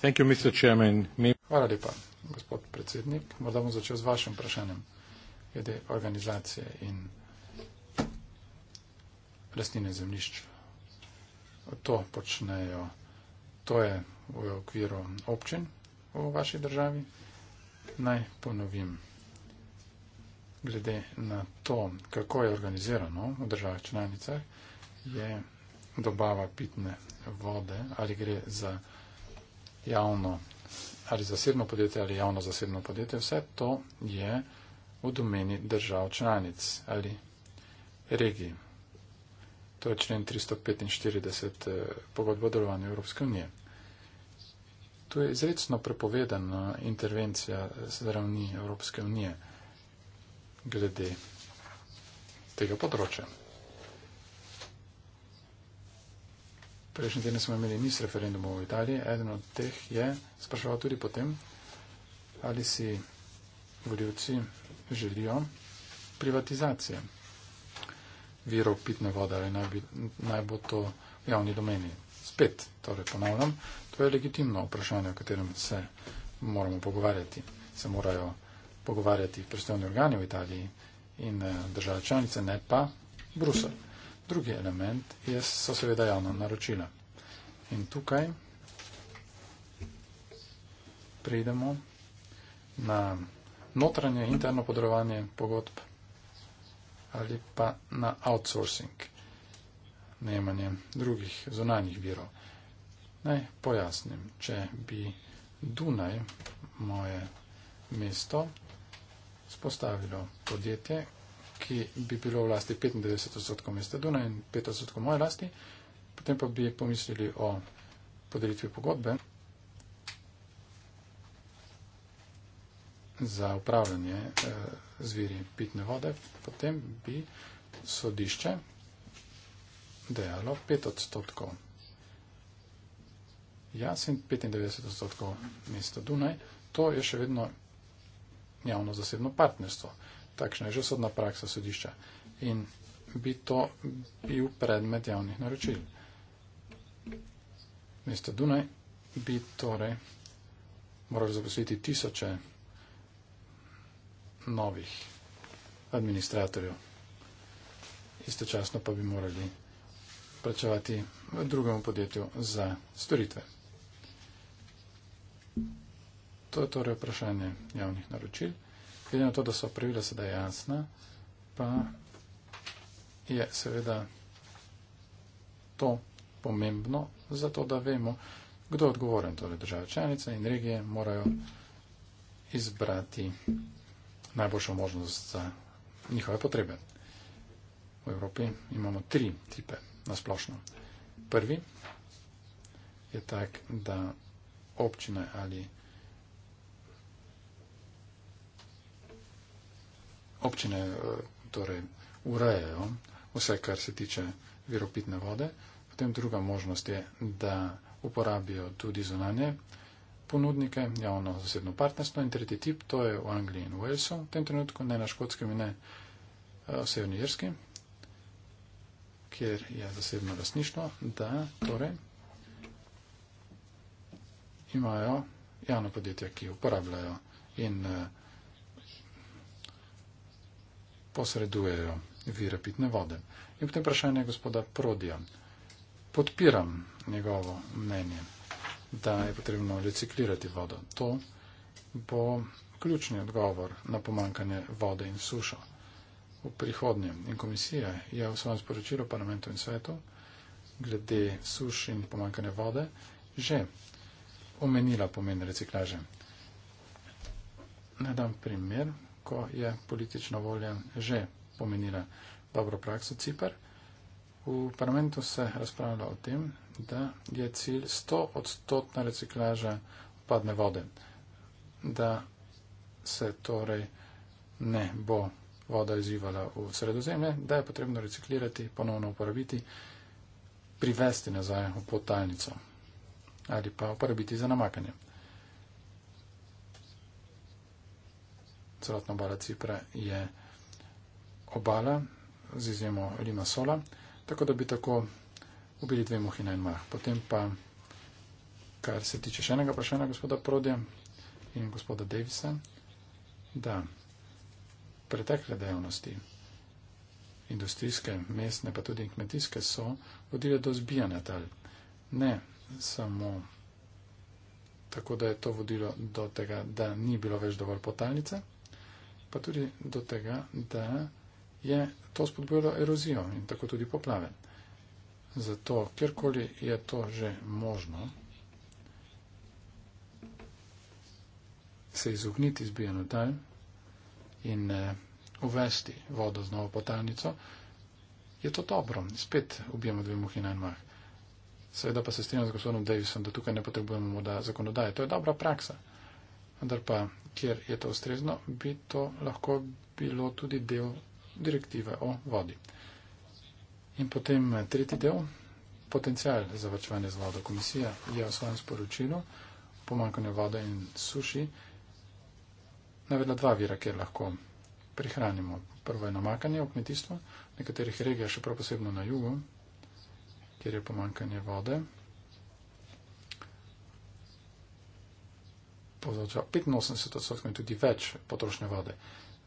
Speaker 4: Thank you, Mr. Chairman. Hvala lepa, gospod predsednik. Morda bom začel z vašim vprašanjem glede organizacije in lastnine zemljišč. To počnejo, to je v okviru občin v vaši državi. Naj ponovim, glede na to, kako je organizirano v državah članicah, je dobava pitne vode ali gre za javno ali zasebno podjetje ali javno zasebno podjetje, vse to je v domeni držav članic ali regij. To je člen 345 eh, pogodbe o delovanju Evropske unije. Tu je izredno prepovedana intervencija zravni Evropske unije glede tega področja. Prejšnji teden smo imeli niz referendumov v Italiji. Eden od teh je spraševal tudi potem, ali si voljivci želijo privatizacije virov pitne vode ali naj, bi, naj bo to v javni domeni. Spet, torej ponavljam, to je legitimno vprašanje, o katerem se moramo pogovarjati. Se morajo pogovarjati pristojni organi v Italiji in eh, države članice, ne pa Brusel. Drugi element je, so seveda javna naročila. In tukaj pridemo na notranje interno podrovanje pogodb ali pa na outsourcing, najemanje drugih zonanih virov. Naj pojasnim, če bi Dunaj, moje mesto, spostavilo podjetje, ki bi bilo v lasti 95% mesta Dunaj in 5% moje lasti, potem pa bi pomislili o podelitvi pogodbe za upravljanje eh, z viri pitne vode, potem bi sodišče dejalo 5 odstotkov jaz in 95 odstotkov mesta Dunaj. To je še vedno javno-zasebno partnerstvo. Takšna je že sodna praksa sodišča. In bi to bil predmet javnih naročil. Mesto Dunaj bi torej moralo zaposliti tisoče novih administratorjev. Istočasno pa bi morali plačevati drugemu podjetju za storitve. To je torej vprašanje javnih naročil. Glede na to, da so pravila sedaj jasna, pa je seveda to pomembno, zato da vemo, kdo je odgovoren. Torej, država članica in regije morajo izbrati najboljšo možnost za njihove potrebe. V Evropi imamo tri tipe na splošno. Prvi je tak, da občine ali občine eh, torej, urejejo vse, kar se tiče viropitne vode. Potem druga možnost je, da uporabijo tudi zunanje ponudnike, javno zasebno partnerstvo in tretji tip, to je v Angliji in Walesu v tem trenutku, ne na škotskem in ne eh, v Severni Irski, kjer je zasebno lasništvo, da torej imajo javno podjetje, ki uporabljajo in eh, posredujejo vire pitne vode. In potem vprašanje gospoda Prodija. Podpiram njegovo mnenje da je potrebno reciklirati vodo. To bo ključni odgovor na pomankanje vode in sušo v prihodnjem. In komisija je v svojem sporočilu parlamentu in svetu glede suš in pomankanja vode že omenila pomen reciklaže. Naj dam primer, ko je politična volja že pomenila dobro prakso Cipr. V parlamentu se razpravlja o tem, da je cilj 100 odstotna reciklaža odpadne vode, da se torej ne bo voda izzivala v sredozemlje, da je potrebno reciklirati, ponovno uporabiti, privesti nazaj v potalnico ali pa uporabiti za namakanje. Celotna obala Cipra je obala z izjemo Lima Sola, tako da bi tako ubili dve muhi na en mah. Potem pa, kar se tiče še enega vprašanja gospoda Prodja in gospoda Davisa, da pretekle dejavnosti, industrijske, mestne, pa tudi kmetijske, so vodile do zbijanja tal. Ne samo tako, da je to vodilo do tega, da ni bilo več dovolj potalnice, pa tudi do tega, da je to spodbujalo erozijo in tako tudi poplave. Zato, kjerkoli je to že možno, se izogniti zbijanju tal in eh, uvesti vodo z novo potalnico, je to dobro. Spet ubijemo dve muhi na en mah. Seveda pa se strinjam z gospodom Davisom, da tukaj ne potrebujemo morda zakonodaje. To je dobra praksa. Vendar pa, kjer je to ustrezno, bi to lahko bilo tudi del direktive o vodi. In potem eh, tretji del, potencijal za vrčevanje z vodo. Komisija je v svojem sporočilu pomankanje vode in suši navedla dva vira, kjer lahko prihranimo. Prvo je namakanje v kmetijstvo, v nekaterih regijah, še prav posebno na jugu, kjer je pomankanje vode. povzroča 85 odstotkov in tudi več potrošnje vode.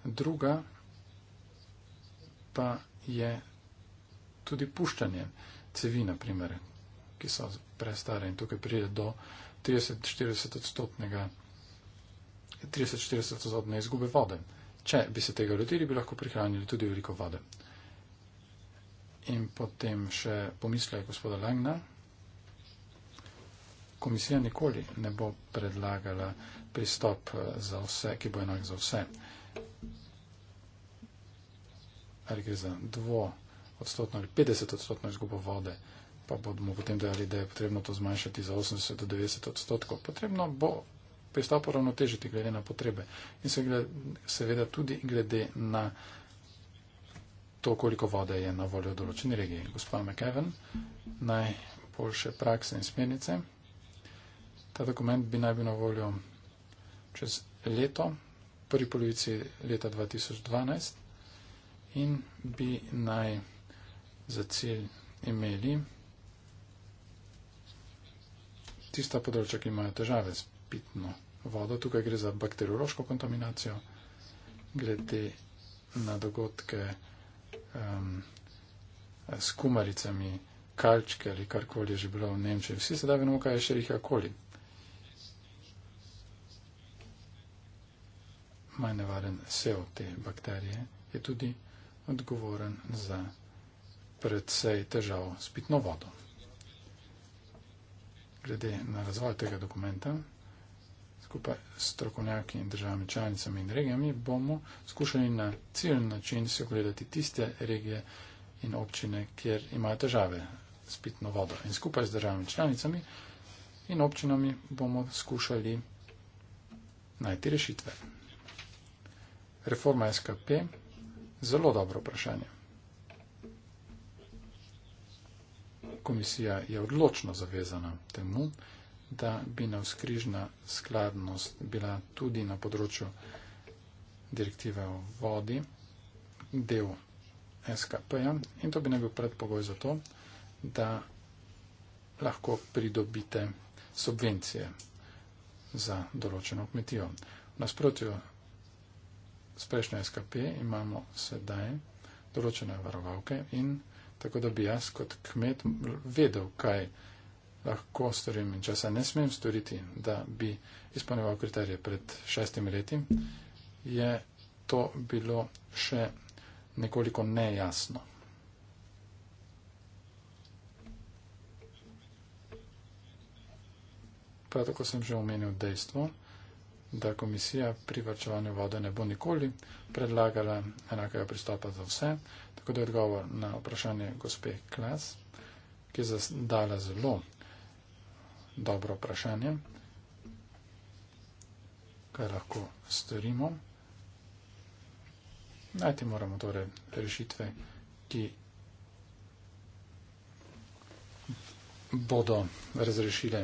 Speaker 4: Druga pa je tudi puščanjem cevi, naprimer, ki so prestare in tukaj pride do 30-40 odstotnega 30-40 odstotne izgube vode. Če bi se tega lotili, bi lahko prihranili tudi veliko vode. In potem še pomisla je gospoda Langna. Komisija nikoli ne bo predlagala pristop eh, za vse, ki bo enak za vse. Ali gre za dvo odstotno ali 50 odstotno izgubo vode, pa bomo potem dejali, da je potrebno to zmanjšati za 80 do 90 odstotkov. Potrebno bo pristop ravnotežiti glede na potrebe in se glede, seveda tudi glede na to, koliko vode je na voljo v določeni regiji. Gospod McEwen, najboljše prakse in smernice. Ta dokument bi naj bil na voljo čez leto, prvi polovici leta 2012 in bi naj za cilj imeli tista področja, ki imajo težave s pitno vodo. Tukaj gre za bakteriološko kontaminacijo, glede na dogodke um, s kumaricami, kalčke ali karkoli je že bilo v Nemčiji. Vsi sedaj vemo, kaj je še jih okoli. Manj nevaren sev te bakterije je tudi odgovoren za predvsej težav s pitno vodo. Glede na razvoj tega dokumenta, skupaj s strokovnjaki in državami članicami in regijami, bomo skušali na ciljni način se ogledati tiste regije in občine, kjer imajo težave s pitno vodo. In skupaj s državami članicami in občinami bomo skušali najti rešitve. Reforma SKP, zelo dobro vprašanje. komisija je odločno zavezana temu, da bi navskrižna skladnost bila tudi na področju direktive o vodi del SKP-ja in to bi naj bil predpogoj za to, da lahko pridobite subvencije za določeno kmetijo. V nasprotju s prejšnjo SKP imamo sedaj določene varovalke in tako da bi jaz kot kmet vedel, kaj lahko storim in česa ne smem storiti, da bi izpolnjeval kriterije pred šestimi leti, je to bilo še nekoliko nejasno. Prav tako sem že omenil dejstvo, da komisija pri vrčevanju vode ne bo nikoli predlagala enakega pristopa za vse, Tako da je odgovor na vprašanje gospe Klas, ki je zadala zelo dobro vprašanje, kaj lahko storimo. Najti moramo torej rešitve, ki bodo razrešile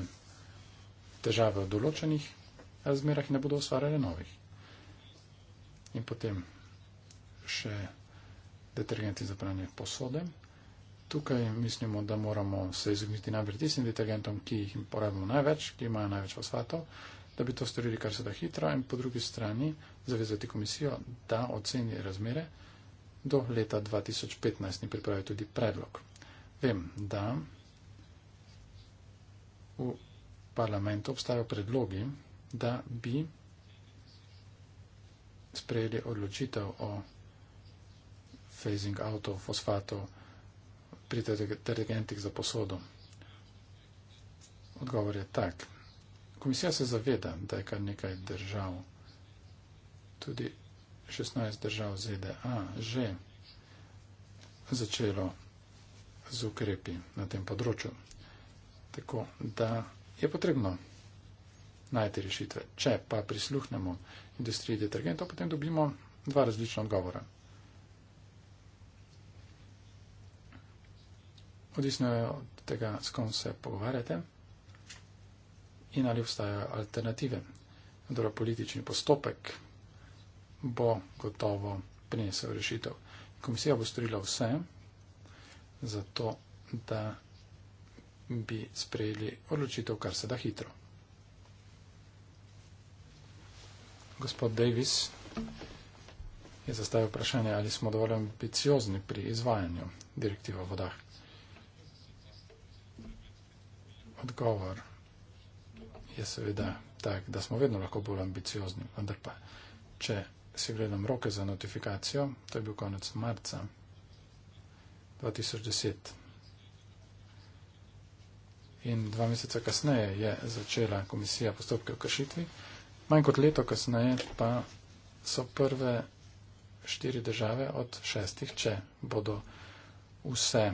Speaker 4: težave v določenih razmerah in ne bodo ustvarjale novih. In potem še detergenti za pranje posode. Tukaj mislimo, da moramo se izogniti najbolj tistim detergentom, ki jih porabimo največ, ki imajo največ fosfatov, da bi to storili kar se da hitro in po drugi strani zavezati komisijo, da oceni razmere do leta 2015 in pripravi tudi predlog. Vem, da v parlamentu obstajajo predlogi, da bi sprejeli odločitev o phasing outov fosfatov pri detergentih za posodo? Odgovor je tak. Komisija se zaveda, da je kar nekaj držav, tudi 16 držav ZDA, že začelo z ukrepi na tem področju. Tako da je potrebno najti rešitve. Če pa prisluhnemo industriji detergentov, potem dobimo dva različna odgovora. odvisno je od tega, s kom se pogovarjate in ali obstajajo alternative. Dobro, torej, politični postopek bo gotovo prinesel rešitev. Komisija bo storila vse za to, da bi sprejeli odločitev, kar se da hitro. Gospod Davis je zastavil vprašanje, ali smo dovolj ambiciozni pri izvajanju direktiva o vodah. odgovor je seveda tak, da smo vedno lahko bolj ambiciozni. Vendar pa, če si gledam roke za notifikacijo, to je bil konec marca 2010. In dva meseca kasneje je začela komisija postopke o kršitvi, manj kot leto kasneje pa so prve štiri države od šestih, če bodo vse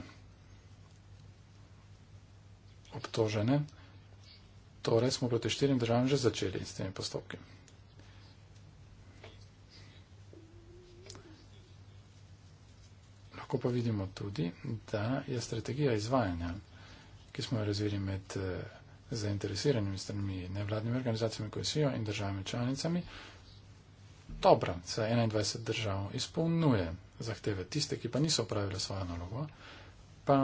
Speaker 4: obtožene. Torej smo proti štirim državam že začeli s temi postopki. Lahko pa vidimo tudi, da je strategija izvajanja, ki smo jo razvili med eh, zainteresiranimi stranmi, nevladnimi organizacijami, komisijo in državami članicami, dobra, se 21 držav izpolnjuje zahteve tiste, ki pa niso upravile svojo nalogo, pa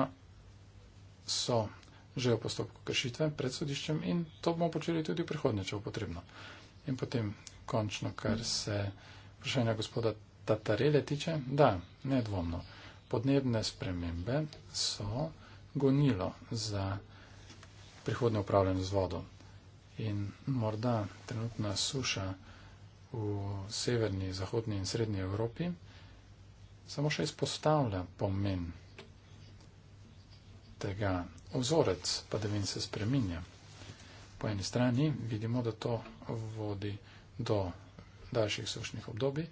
Speaker 4: so že v postopku kršitve pred sodiščem in to bomo počeli tudi v prihodnje, če bo potrebno. In potem končno, kar se vprašanja gospoda Tatarele tiče, da, nedvomno, podnebne spremembe so gonilo za prihodnje upravljanje z vodo. In morda trenutna suša v severni, zahodni in srednji Evropi samo še izpostavlja pomen tega vzorec padavin se spreminja. Po eni strani vidimo, da to vodi do daljših sušnih obdobij,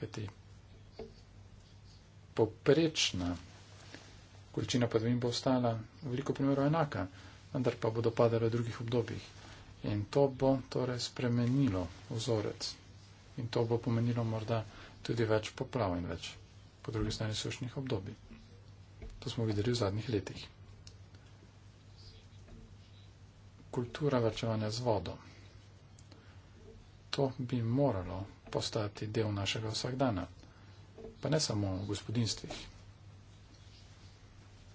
Speaker 4: kajti poprečna količina padavin bo ostala v veliko primeru enaka, vendar pa bodo padale v drugih obdobjih. In to bo torej spremenilo vzorec. In to bo pomenilo morda tudi več poplav in več po drugi strani sušnih obdobij. To smo videli v zadnjih letih. kultura varčevanja z vodo. To bi moralo postati del našega vsakdana, pa ne samo v gospodinstvih.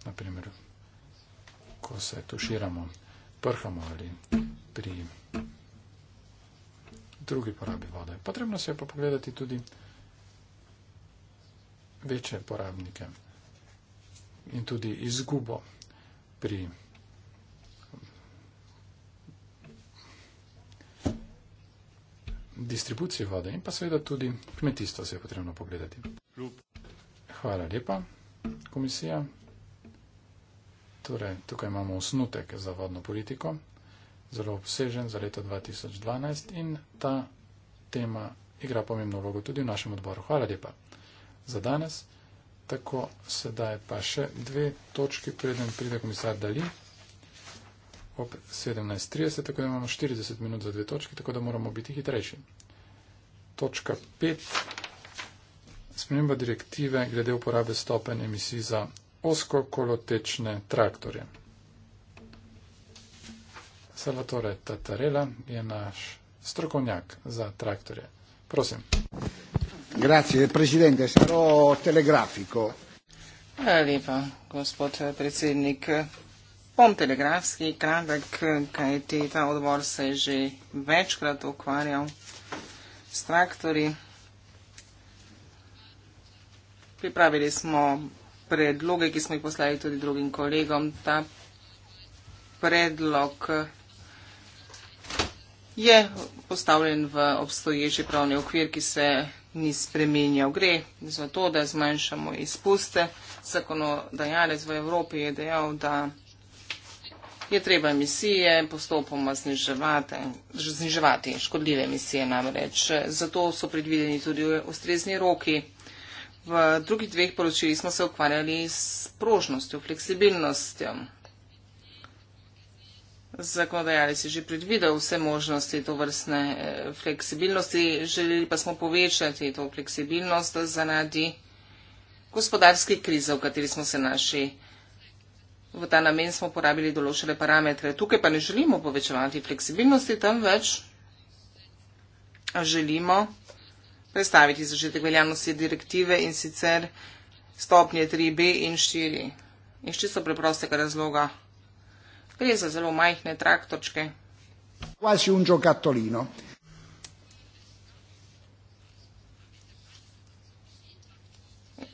Speaker 4: Naprimer, ko se tuširamo, prhamo ali pri drugi porabi vode. Potrebno se je pa pogledati tudi večje porabnike in tudi izgubo pri distribucije vode in pa seveda tudi kmetijstvo se je potrebno pogledati. Hvala lepa, komisija. Torej, tukaj imamo osnutek za vodno politiko, zelo obsežen za leto 2012 in ta tema igra pomembno vlogo tudi v našem odboru. Hvala lepa za danes. Tako sedaj pa še dve točki, preden pride komisar Dali ob 17.30, tako da imamo 40 minut za dve točke, tako da moramo biti hitrejši. Točka 5. Sprememba direktive glede uporabe stopen emisij za oskokolotečne traktorje. Salvatore Tatarela je naš strokovnjak za traktorje. Prosim. Grazie, presidente, sarò telegrafico.
Speaker 2: Hvala lepa, gospod predsednik. Bom telegrafski, kratek, kajti ta odbor se je že večkrat ukvarjal s traktori. Pripravili smo predloge, ki smo jih poslali tudi drugim kolegom. Ta predlog je postavljen v obstoječi pravni okvir, ki se ni spremenjal. Gre za to, da zmanjšamo izpuste. Zakonodajalec v Evropi je dejal, da je treba emisije postopoma zniževati, zniževati škodljive emisije namreč. Zato so predvideni tudi ustrezni roki. V drugih dveh poročilih smo se ukvarjali s prožnostjo, fleksibilnostjo. Zakonodajalec je že predvidel vse možnosti to vrstne eh, fleksibilnosti, želeli pa smo povečati to fleksibilnost zaradi gospodarske krize, v kateri smo se našli. V ta namen smo uporabili določene parametre. Tukaj pa ne želimo povečevati fleksibilnosti, temveč želimo predstaviti začetek veljavnosti direktive in sicer stopnje 3b in 4. In še so preprostega razloga. Gre za zelo majhne traktorčke.
Speaker 3: Quasi un
Speaker 4: giocattolino.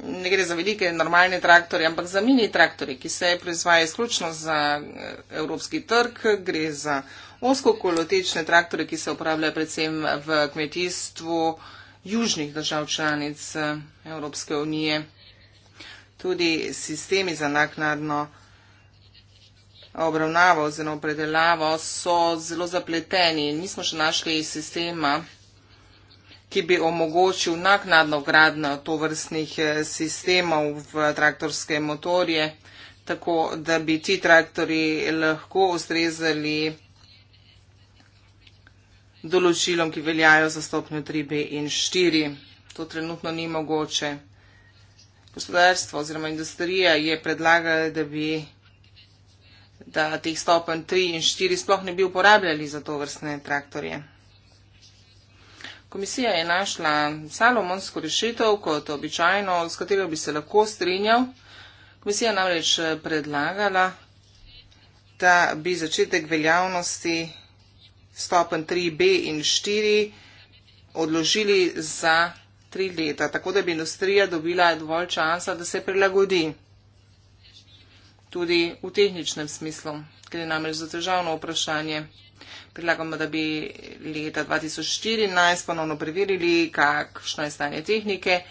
Speaker 2: ne gre za velike normalne traktorje, ampak za mini traktorje, ki se proizvaja izključno za eh, evropski trg, gre za oskokolotečne traktorje, ki se uporabljajo predvsem v kmetijstvu južnih držav članic eh, Evropske unije. Tudi sistemi za naknadno obravnavo oziroma predelavo so zelo zapleteni. Nismo še našli sistema ki bi omogočil naknadno gradno tovrstnih eh, sistemov v traktorske motorje, tako da bi ti traktori lahko ustrezali določilom, ki veljajo za stopnjo 3B in 4. To trenutno ni mogoče. Gospodarstvo oziroma industrija je predlagala, da bi da teh stopenj 3 in 4 sploh ne bi uporabljali za to vrstne traktorje. Komisija je našla salomonsko rešitev, kot običajno, s katero bi se lahko strinjal. Komisija namreč eh, predlagala, da bi začetek veljavnosti stopen 3b in 4 odložili za tri leta, tako da bi industrija dobila dovolj časa, da se prilagodi tudi v tehničnem smislu, ker je namreč zatežavno vprašanje. Predlagamo, da bi leta 2014 ponovno preverili, kakšno je stanje tehnike.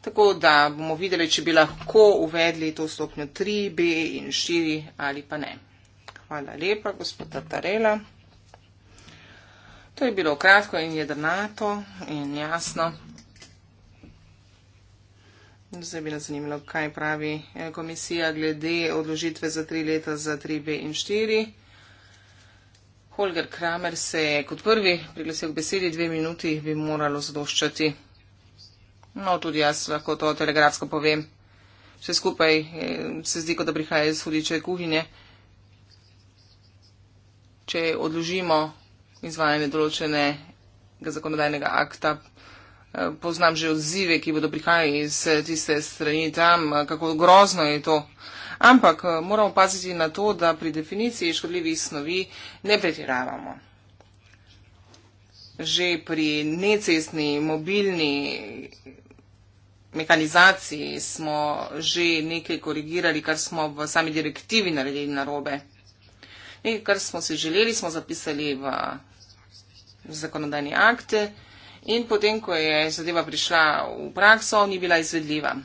Speaker 2: Tako da bomo videli, če bi lahko uvedli to stopnjo 3B in 4 ali pa ne. Hvala lepa, gospod Tarela. To je bilo kratko in jedrnato in jasno. Zdaj bi nas zanimalo, kaj pravi eh, komisija glede odložitve za 3 leta za 3B in 4. Holger Kramer se je kot prvi priglasil k besedi, dve minuti bi moralo zadoščati. No, tudi jaz lahko to telegrafsko povem. Vse skupaj eh, se zdi, kot da prihaja iz hudiče kuhinje. Če odložimo izvajanje določenega zakonodajnega akta, eh, poznam že odzive, ki bodo prihajali iz eh, tiste strani tam, kako grozno je to ampak eh, moramo paziti na to, da pri definiciji škodljivih snovi ne pretiravamo. Že pri necestni mobilni mehanizaciji smo že nekaj korigirali, kar smo v sami direktivi naredili narobe. Nekaj, kar smo si želeli, smo zapisali v zakonodajni akte in potem, ko je zadeva prišla v prakso, ni bila izvedljiva.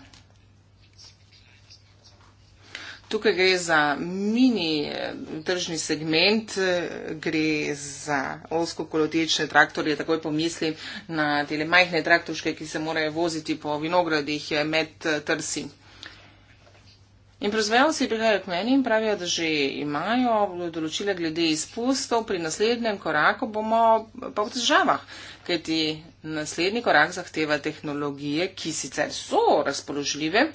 Speaker 2: Tukaj gre za mini eh, tržni segment, eh, gre za oskokolotečne traktorje, takoj pomislim na tele majhne traktorške, ki se morajo voziti po vinogradih eh, med trsi. In proizvajalci prihajajo k meni in pravijo, da že imajo določile glede izpustov, pri naslednjem koraku bomo pa v težavah, ker ti naslednji korak zahteva tehnologije, ki sicer so razpoložljive,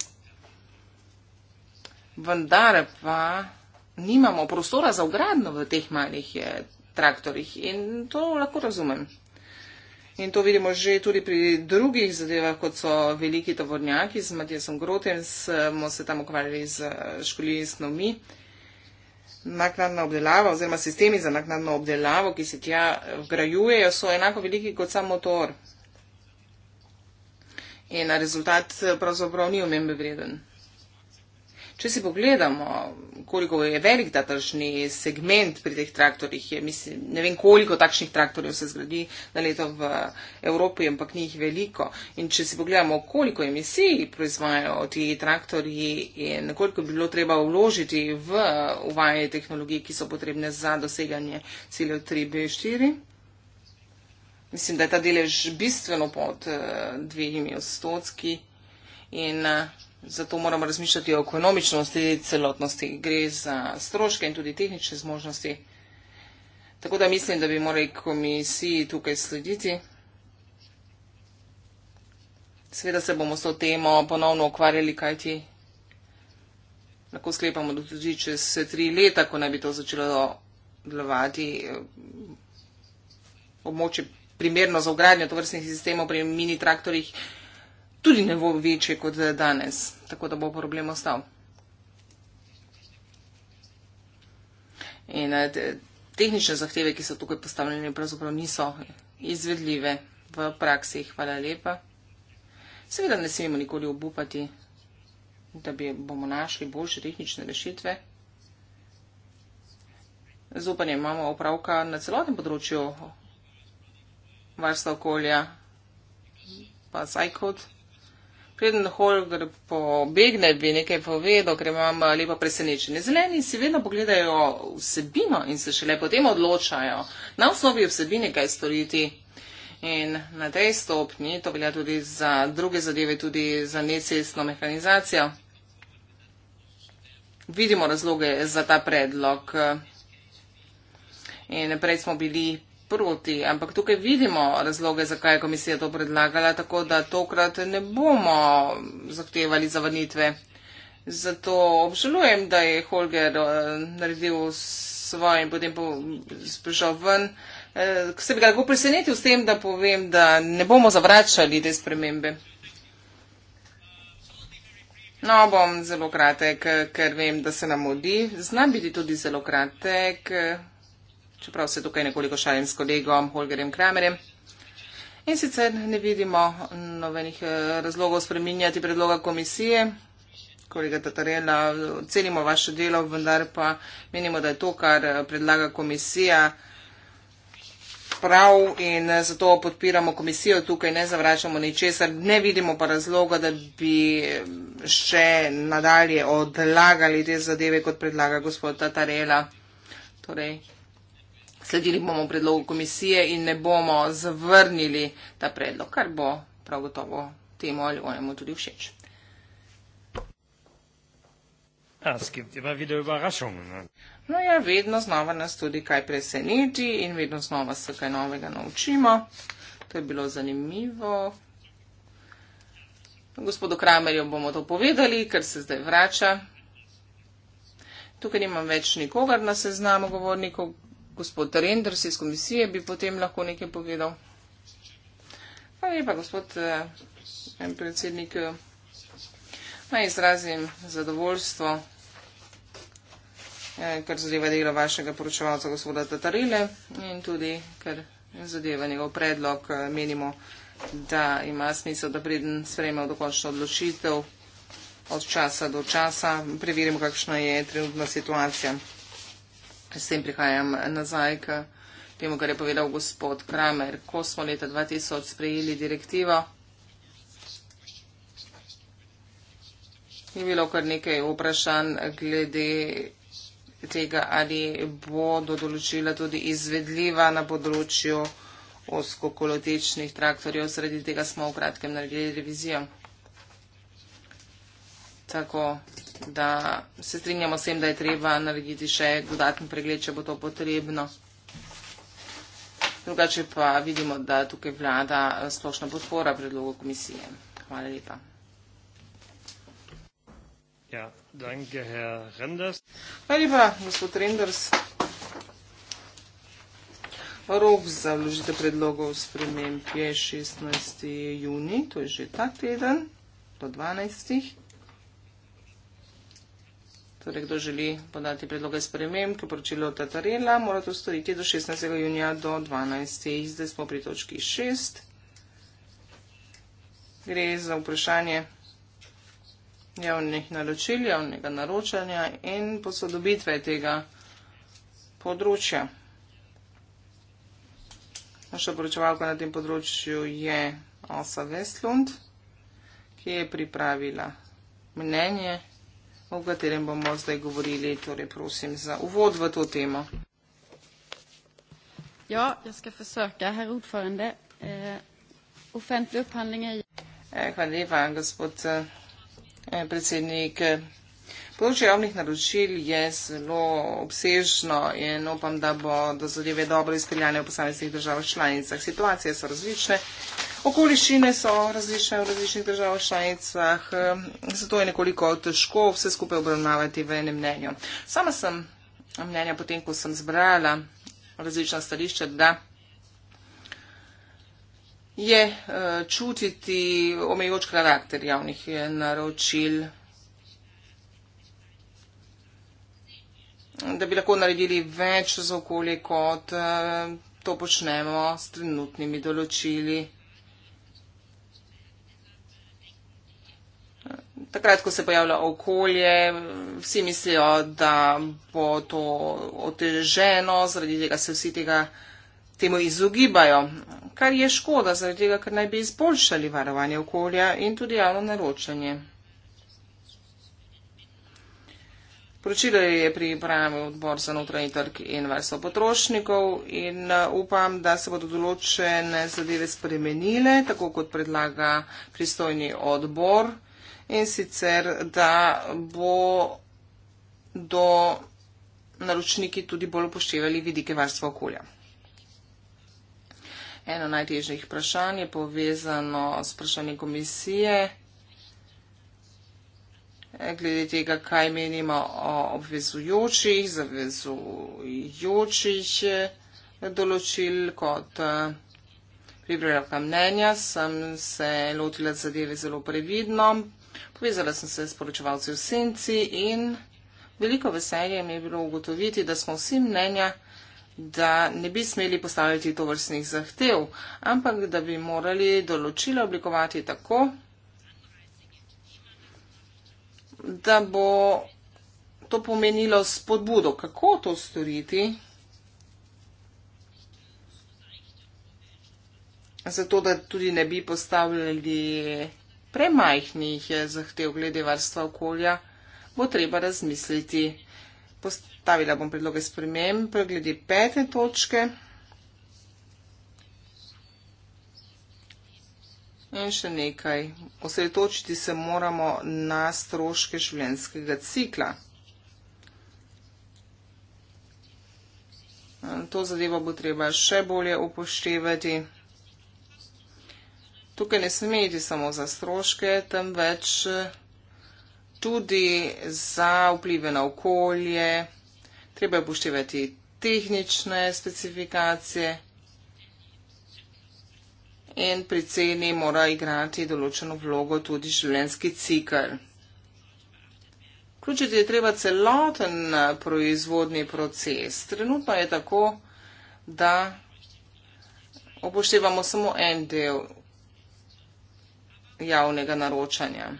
Speaker 2: vendar pa nimamo prostora za ugradno v teh malih eh, traktorjih in to lahko razumem. In to vidimo že tudi pri drugih zadevah, kot so veliki tovornjaki z Matijasom Grotem, smo se tam ukvarjali z eh, školili snovmi. Naknadna obdelava oziroma sistemi za naknadno obdelavo, ki se tja eh, vgrajujejo, so enako veliki kot sam motor. In rezultat pravzaprav ni omembe vreden če si pogledamo, koliko je velik ta tržni segment pri teh traktorjih, je, mislim, ne vem, koliko takšnih traktorjev se zgradi na leto v Evropi, ampak ni jih veliko. In če si pogledamo, koliko emisij proizvajajo ti traktorji in koliko bi bilo treba vložiti v uvajanje tehnologij, ki so potrebne za doseganje ciljev 3B4. Mislim, da je ta delež bistveno pod uh, dvemi odstotki in uh, Zato moramo razmišljati o ekonomičnosti celotnosti. Gre za stroške in tudi tehnične zmožnosti. Tako da mislim, da bi morali komisiji tukaj slediti. Sveda se bomo s to temo ponovno ukvarjali, kaj ti lahko sklepamo, da tudi čez tri leta, ko naj bi to začelo delovati eh, območje primerno za ugradnjo tovrstnih sistemov pri mini traktorjih tudi ne bo večji kot danes, tako da bo problem ostal. In eh, tehnične zahteve, ki so tukaj postavljene, pravzaprav niso izvedljive v praksi. Hvala lepa. Seveda ne smemo nikoli obupati, da bi bomo našli boljše tehnične rešitve. Z upanjem imamo opravka na celotnem področju varstva okolja, pa zajkot preden Holger pobegne, bi nekaj povedal, ker imam eh, lepo presenečenje. Zeleni si vedno pogledajo vsebino in se šele potem odločajo na osnovi vsebine, kaj storiti. In na tej stopni, to velja tudi za druge zadeve, tudi za necestno mehanizacijo, vidimo razloge za ta predlog. In prej smo bili proti, ampak tukaj vidimo razloge, zakaj je komisija to predlagala, tako da tokrat ne bomo zahtevali zavrnitve. Zato obžalujem, da je Holger uh, naredil svoje in potem po, sprižal ven. Uh, se bi ga lahko presenetil s tem, da povem, da ne bomo zavračali te spremembe. No, bom zelo kratek, ker vem, da se nam odi. Znam biti tudi zelo kratek. Uh, čeprav se tukaj nekoliko šalim s kolegom Holgerjem Kramerjem. In sicer ne vidimo nobenih eh, razlogov spreminjati predloga komisije. Kolega Tatarela, cenimo vaše delo, vendar pa menimo, da je to, kar eh, predlaga komisija, prav in eh, zato podpiramo komisijo tukaj, ne zavračamo ničesar. Ne vidimo pa razloga, da bi še nadalje odlagali te zadeve, kot predlaga gospod Tatarela. Torej, sledili bomo predlogu komisije in ne bomo zavrnili ta predlog, kar bo prav gotovo temu ali onemu tudi všeč. Ja, no ja, vedno znova nas tudi kaj preseneti in vedno znova se kaj novega naučimo. To je bilo zanimivo. Gospodu Kramerju bomo to povedali, ker se zdaj vrača. Tukaj nimam več nikogar na seznamu govornikov, gospod Renders iz komisije bi potem lahko nekaj povedal. Hvala lepa, gospod eh, predsednik. Eh. Naj izrazim zadovoljstvo, eh, kar zadeva delo vašega poročevalca gospoda Tatarile in tudi, ker zadeva njegov predlog, eh, menimo, da ima smisel, da preden sprejme dokončno odločitev od časa do časa, preverimo, kakšna je trenutna situacija. S tem prihajam nazaj k temu, kar je povedal gospod Kramer. Ko smo leta 2000 sprejeli direktivo, je bilo kar nekaj vprašanj glede tega, ali bodo določila tudi izvedljiva na področju oskokolotečnih traktorjev. Sredi tega smo v kratkem naredili revizijo. Tako da se strinjamo s tem, da je treba narediti še dodatni pregled, če bo to potrebno. Drugače pa vidimo, da tukaj vlada splošna podpora predlogu komisije. Hvala lepa.
Speaker 1: Ja, danke, herr Renders.
Speaker 2: Hvala lepa, gospod Renders. Rok za vložitev predlogov sprememb je 16. juni, to je že ta teden, do 12. Torej, kdo želi podati predloge sprememb, ki poročilo Tatarela, mora to storiti do 16. junija do 12. Zdaj smo pri točki 6. Gre za vprašanje javnih naročil, javnega naročanja in posodobitve tega področja. Naša poročevalka na tem področju je Osa Vestlund, ki je pripravila mnenje o katerem bomo zdaj govorili. Torej, prosim za uvod v to temo. Ja, jaz skal
Speaker 1: forsøke, her ordførende. Eh, offentlige upphandlinger...
Speaker 2: Eh, hvala lepa, gospod eh, predsednik. Eh, Področje javnih naročil je zelo obsežno in upam, da bo do zadeve dobro izpeljane v posameznih državah članicah. Situacije so različne, okoliščine so različne v različnih državah članicah, ehm, zato je nekoliko težko vse skupaj obravnavati v enem mnenju. Sama sem mnenja potem, ko sem zbrala različna stališča, da je eh, čutiti omejoč karakter javnih eh, naročil. da bi lahko naredili več za okolje, kot eh, to počnemo s trenutnimi določili. Takrat, ko se pojavlja okolje, vsi mislijo, da bo to oteženo, zaradi tega se vsi tega, temu izogibajo, kar je škoda, zaradi tega, ker naj bi izboljšali varovanje okolja in tudi javno naročanje. Poročilo je pripravil odbor za notranji trg in varstvo potrošnikov in uh, upam, da se bodo določene zadeve spremenile, tako kot predlaga pristojni odbor in sicer, da bo do naročniki tudi bolj upoštevali vidike varstva okolja. Eno najtežjih vprašanj je povezano s vprašanjem komisije glede tega, kaj menimo o obvezujočih, zavezujočih eh, določil kot eh, pripravljaka mnenja. Sem se lotila zadeve zelo previdno. Povezala sem se s poročevalci v senci in veliko veselje mi je bilo ugotoviti, da smo vsi mnenja, da ne bi smeli postavljati tovrstnih zahtev, ampak da bi morali določila oblikovati tako, da bo to pomenilo spodbudo, kako to storiti. Zato, da tudi ne bi postavljali premajhnih zahtev glede varstva okolja, bo treba razmisliti. Postavila bom predloge sprememb glede pete točke. In eh, še nekaj. Osredotočiti se moramo na stroške življenjskega cikla. Eh, to zadevo bo treba še bolje upoštevati. Tukaj ne smeti samo za stroške, temveč eh, tudi za vplive na okolje. Treba upoštevati tehnične specifikacije in pri ceni mora igrati določeno vlogo tudi življenjski cikl. Vključiti je treba celoten eh, proizvodni proces. Trenutno je tako, da upoštevamo samo en del javnega naročanja.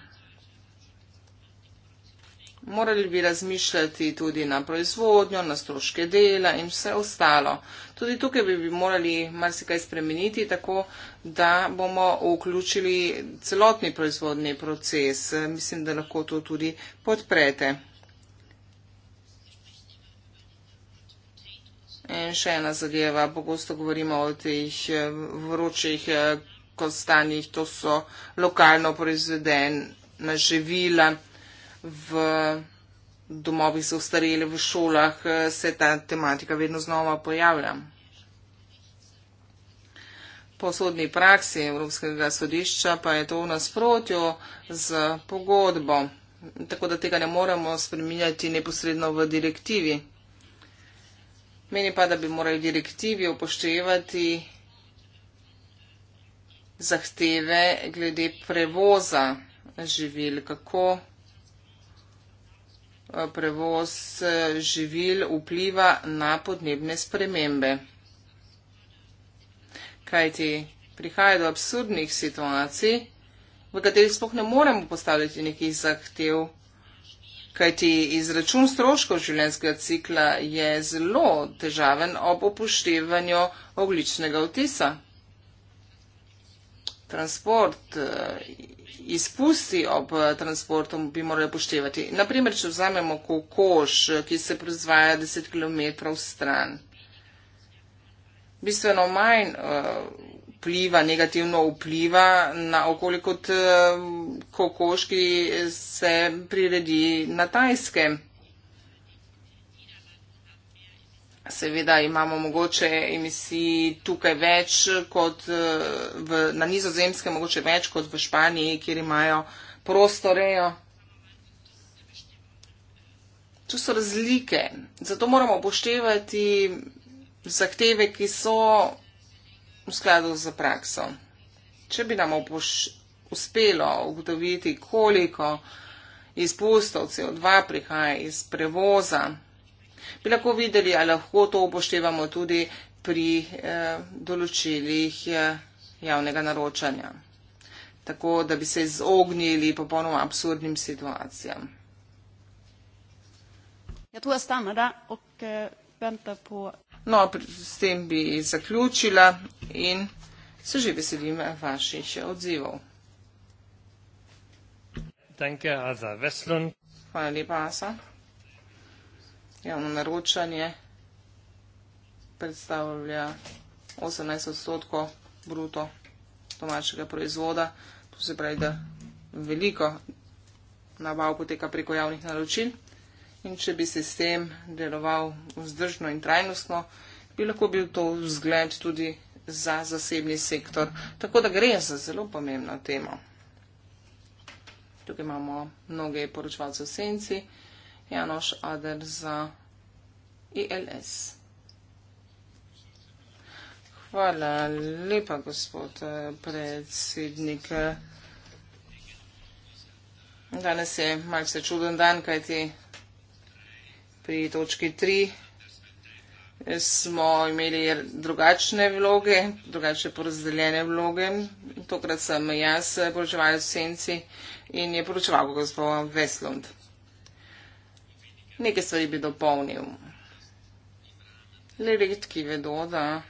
Speaker 2: Morali bi razmišljati tudi na proizvodnjo, na stroške dela in vse ostalo. Tudi tukaj bi morali marsikaj spremeniti, tako da bomo vključili celotni proizvodni proces. Mislim, da lahko to tudi podprete. In še ena zadeva, pogosto govorimo o teh eh, vročih eh, kostanjih, to so lokalno proizvedena živila v domovih za ustarele, v šolah eh, se ta tematika vedno znova pojavlja. Po sodni praksi Evropskega sodišča pa je to v nasprotju z pogodbo, tako da tega ne moremo spreminjati neposredno v direktivi. Meni pa, da bi morali direktivi upoštevati zahteve glede prevoza živil, kako Eh, prevoz eh, živil vpliva na podnebne spremembe. Kajti prihaja do absurdnih situacij, v katerih sploh ne moremo postavljati nekih zahtev, kajti izračun stroškov življenjskega cikla je zelo težaven ob upoštevanju ogličnega vtisa. Transport eh, izpusti ob eh, transportu bi morali upoštevati. Naprimer, če vzamemo kokoš, eh, ki se proizvaja 10 km stran, bistveno manj eh, vpliva, negativno vpliva na okolje kot kokoš, ki se priredi na tajskem. seveda imamo mogoče emisij tukaj več kot eh, v, na nizozemskem, mogoče več kot v Španiji, kjer imajo prostorejo. Tu so razlike, zato moramo upoštevati zahteve, ki so v skladu z prakso. Če bi nam uspelo ugotoviti, koliko izpustov CO2 prihaja iz prevoza, bi lahko videli, ali lahko to upoštevamo tudi pri eh, določilih eh, javnega naročanja. Tako, da bi se izognili popolnoma absurdnim situacijam.
Speaker 3: Ja, jaz tu ostanem, da, ok, venta po.
Speaker 2: No, s tem bi zaključila in se že veselim eh, vaših eh, odzivov. Danke, Hvala lepa, Asa javno naročanje predstavlja 18 odstotkov bruto domačega proizvoda. To se pravi, da veliko nabav poteka preko javnih naročil. In če bi sistem deloval vzdržno in trajnostno, bi lahko bil to vzgled tudi za zasebni sektor. Tako da gre za zelo pomembno temo. Tukaj imamo mnoge poročevalce v senci. Janoš Adel za ILS. Hvala lepa, gospod eh, predsednik. Danes je malce čuden dan, kajti pri točki 3 smo imeli drugačne vloge, drugače porazdeljene vloge. Tokrat sem jaz poročeval v senci in je poročeval gospod Veslund nekaj stvari bi dopolnil. Le redki vedo, da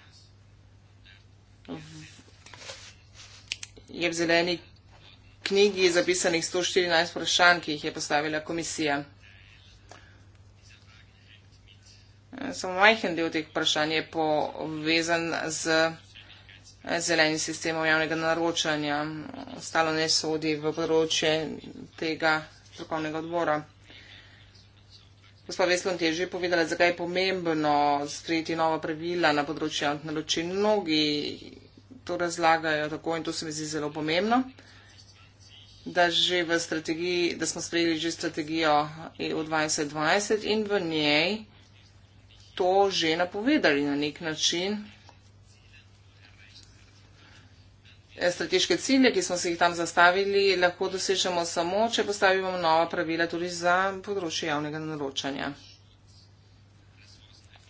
Speaker 2: je v zeleni knjigi zapisanih 114 vprašanj, ki jih je postavila komisija. Samo majhen del teh vprašanj je povezan z zelenim sistemom javnega naročanja. Ostalo ne sodi v področje tega strokovnega odbora. Gospa Veslon ti je že povedala, zakaj je pomembno sprejeti nova pravila na področju javnih naročil. Mnogi to razlagajo tako in to se mi zdi zelo pomembno, da, v da smo sprejeli že strategijo EU 2020 in v njej to že napovedali na nek način, Eh, strateške cilje, ki smo se jih tam zastavili, lahko dosežemo samo, če postavimo nova pravila tudi za področje javnega naročanja.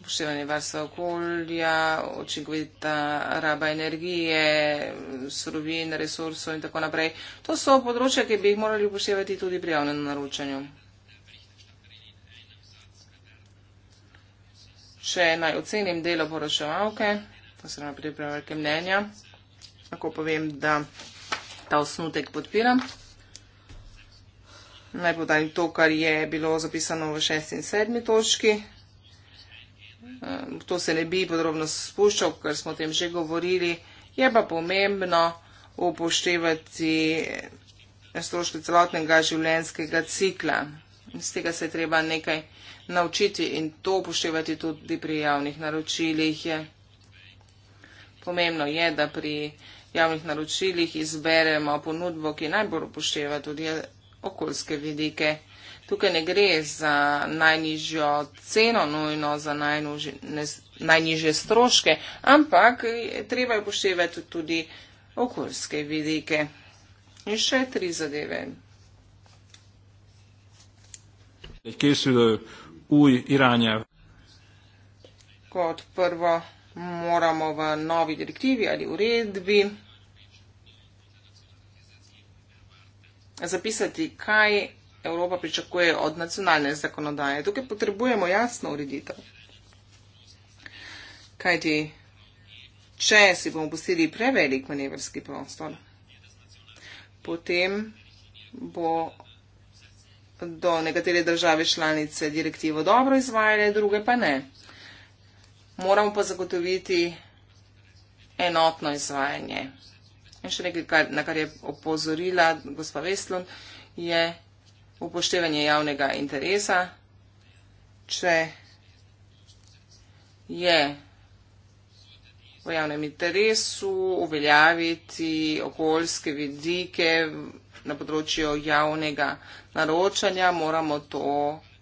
Speaker 2: Poštevanje varstva okolja, očigovita raba energije, surovin, resursov in tako naprej. To so področja, ki bi jih morali upoštevati tudi pri javnem naročanju. Še naj ocenim delo poročevalke, posebno pripravljalke mnenja lahko povem, da ta osnutek podpiram. Naj podajem to, kar je bilo zapisano v 6. in 7. točki. To se ne bi podrobno spuščal, ker smo o tem že govorili. Je pa pomembno upoštevati stroške celotnega življenjskega cikla. Z tega se je treba nekaj naučiti in to upoštevati tudi pri javnih naročilih. Pomembno je, da pri javnih naročilih izberemo ponudbo, ki najbolj upošteva tudi okoljske vidike. Tukaj ne gre za najnižjo ceno, nujno za najnižje stroške, ampak treba je upoštevati tudi okoljske vidike. In še tri zadeve.
Speaker 1: Kje so eh, uj Iranja?
Speaker 2: Kot prvo moramo v novi direktivi ali uredbi zapisati, kaj Evropa pričakuje od nacionalne zakonodaje. Tukaj potrebujemo jasno ureditev. Kajti, če si bomo pustili prevelik manevrski prostor, potem bo do nekatere države članice direktivo dobro izvajale, druge pa ne moramo pa zagotoviti enotno izvajanje. In še nekaj, kar, na kar je opozorila gospa Veslun, je upoštevanje javnega interesa. Če je v javnem interesu uveljaviti okoljske vidike na področju javnega naročanja, moramo to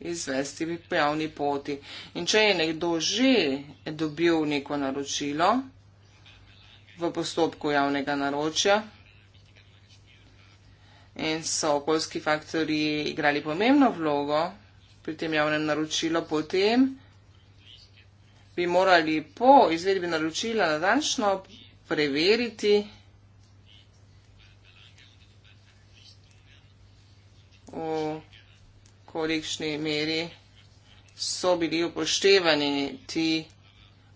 Speaker 2: izvesti v pravni poti. In če je nekdo že dobil neko naročilo v postopku javnega naročja in so okoljski faktori igrali pomembno vlogo pri tem javnem naročilu, potem bi morali po izvedbi naročila natančno preveriti v kolikšni meri so bili upoštevani ti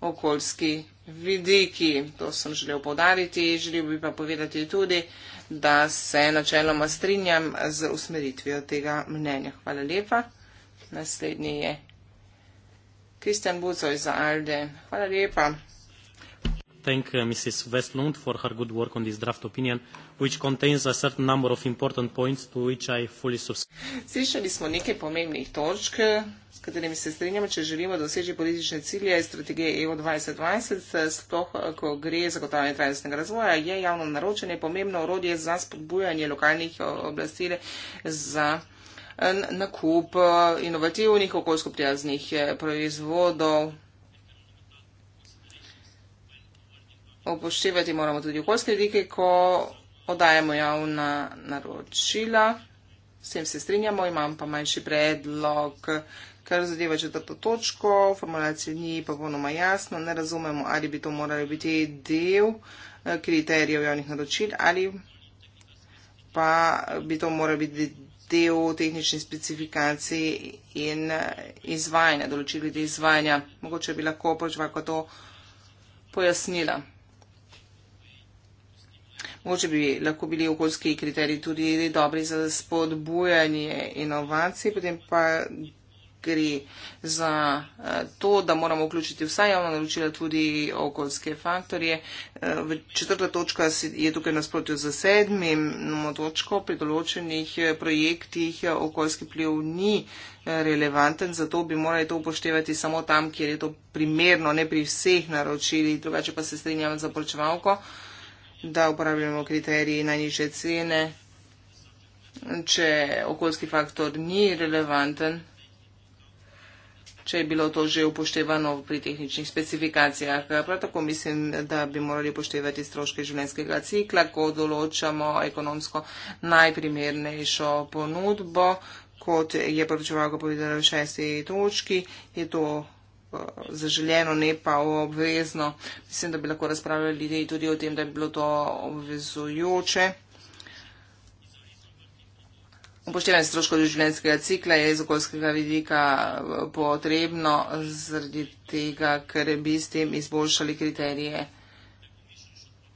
Speaker 2: okoljski vidiki. To sem želel podariti. Želel bi pa povedati tudi, da se načeloma strinjam z usmeritvijo tega mnenja. Hvala lepa. Naslednji je Kristjan Bucoj za Alden. Hvala lepa
Speaker 1: thank uh, Mrs. Westlund for her good work on this draft opinion, which contains a certain number of important points to which I fully subscribe.
Speaker 2: Slišali smo neke pomembnih točk, s katerimi se strinjamo, če želimo doseči politične cilje iz strategije EU 2020, sploh ko gre za gotovanje trajnostnega razvoja, je javno naročanje pomembno orodje za spodbujanje lokalnih oblasti za nakup uh, inovativnih okoljsko prijaznih eh, proizvodov upoštevati moramo tudi okoljske vidike, ko oddajemo javna naročila. S tem se strinjamo, imam pa manjši predlog, kar zadeva četrto točko, formulacija ni popolnoma jasna, ne razumemo, ali bi to morali biti del eh, kriterijev javnih naročil ali pa bi to moral biti del tehnične specifikacije in eh, izvajanja, določili glede izvajanja. Mogoče bi lahko počvako to pojasnila. Mogoče bi lahko bili okoljski kriteriji tudi dobri za spodbujanje inovacij, potem pa gre za eh, to, da moramo vključiti vsa javna naročila tudi okoljske faktorje. Eh, četrta točka je tukaj nasprotjo za sedmim točko. Pri določenih eh, projektih okoljski pliv ni relevanten, zato bi morali to upoštevati samo tam, kjer je to primerno, ne pri vseh naročili, drugače pa se strinjam za poročevalko da uporabljamo kriterije najnižje cene, če okoljski faktor ni relevanten, če je bilo to že upoštevano pri tehničnih specifikacijah. Prav tako mislim, da bi morali upoštevati stroške življenjskega cikla, ko določamo ekonomsko najprimernejšo ponudbo, kot je poročevalko povedala v šesti točki, je to Eh, zaželjeno, ne pa obvezno. Mislim, da bi lahko razpravljali tudi o tem, da bi bilo to obvezujoče. Upoštevanje stroškov življenjskega cikla je iz okoljskega vidika eh, potrebno zaradi tega, ker bi s tem izboljšali kriterije.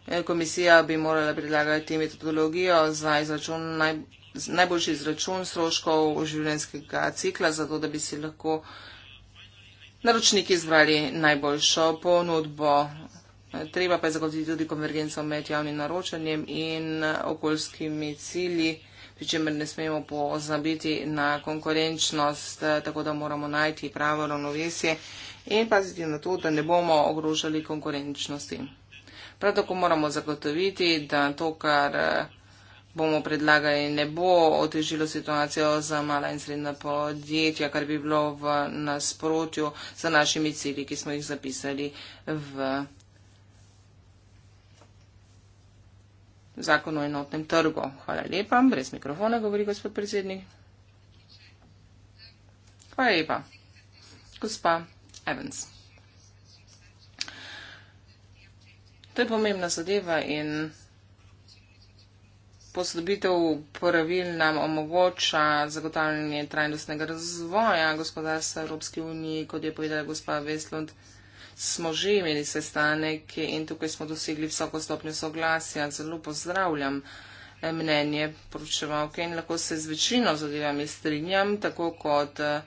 Speaker 2: Eh, komisija bi morala predlagati metodologijo za izračun naj, najboljši izračun stroškov življenjskega cikla, zato da bi si lahko naročniki izbrali najboljšo ponudbo. Treba pa je zagotoviti tudi konvergenco med javnim naročanjem in okoljskimi cilji, pri čemer ne smemo pozabiti na konkurenčnost, tako da moramo najti pravo ravnovesje in paziti na to, da ne bomo ogrožali konkurenčnosti. Prav tako moramo zagotoviti, da to, kar bomo predlagali, ne bo otežilo situacijo za mala in srednja podjetja, kar bi bilo v nasprotju z našimi cilji, ki smo jih zapisali v zakonu o enotnem trgu. Hvala lepa. Brez mikrofona govori gospod predsednik. Hvala lepa. Gospa Evans. To je pomembna zadeva in posodobitev pravil nam omogoča zagotavljanje trajnostnega razvoja gospodarstva Evropske unije, kot je povedala gospa Veslund. Smo že imeli sestanek in tukaj smo dosegli visoko stopnjo soglasja. Zelo pozdravljam eh, mnenje poročevalke in lahko se z večino zadevami strinjam, tako kot eh,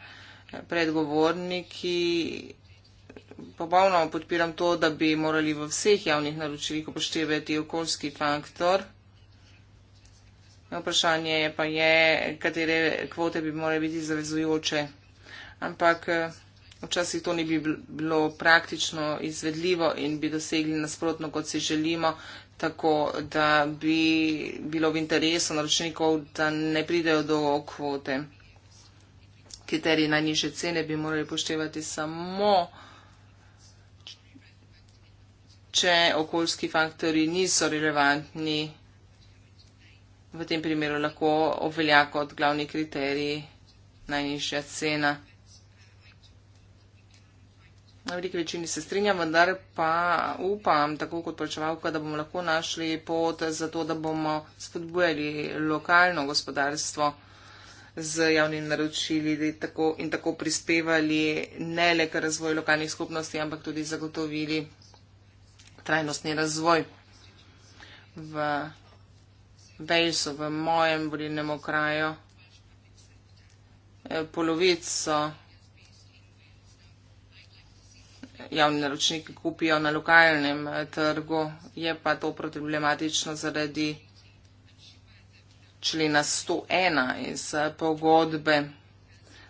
Speaker 2: predgovorniki. Popolnoma podpiram to, da bi morali v vseh javnih naročilih upoštevati okoljski faktor. Vprašanje pa je, katere kvote bi morali biti zavezujoče. Ampak eh, včasih to ni bi bilo praktično izvedljivo in bi dosegli nasprotno, kot si želimo, tako da bi bilo v interesu naročnikov, da ne pridejo do kvote. Kriteriji najnižje cene bi morali poštevati samo, če okoljski faktori niso relevantni v tem primeru lahko obvelja kot glavni kriterij najnižja cena. Na veliki večini se strinjam, vendar pa upam, tako kot plačevalka, da bomo lahko našli pot za to, da bomo spodbujali lokalno gospodarstvo z javnimi naročili tako in tako prispevali ne le k razvoju lokalnih skupnosti, ampak tudi zagotovili trajnostni razvoj v Belso v mojem volilnem okraju. Eh, polovico javni naročniki kupijo na lokalnem eh, trgu, je pa to problematično zaradi člena 101 iz eh, pogodbe.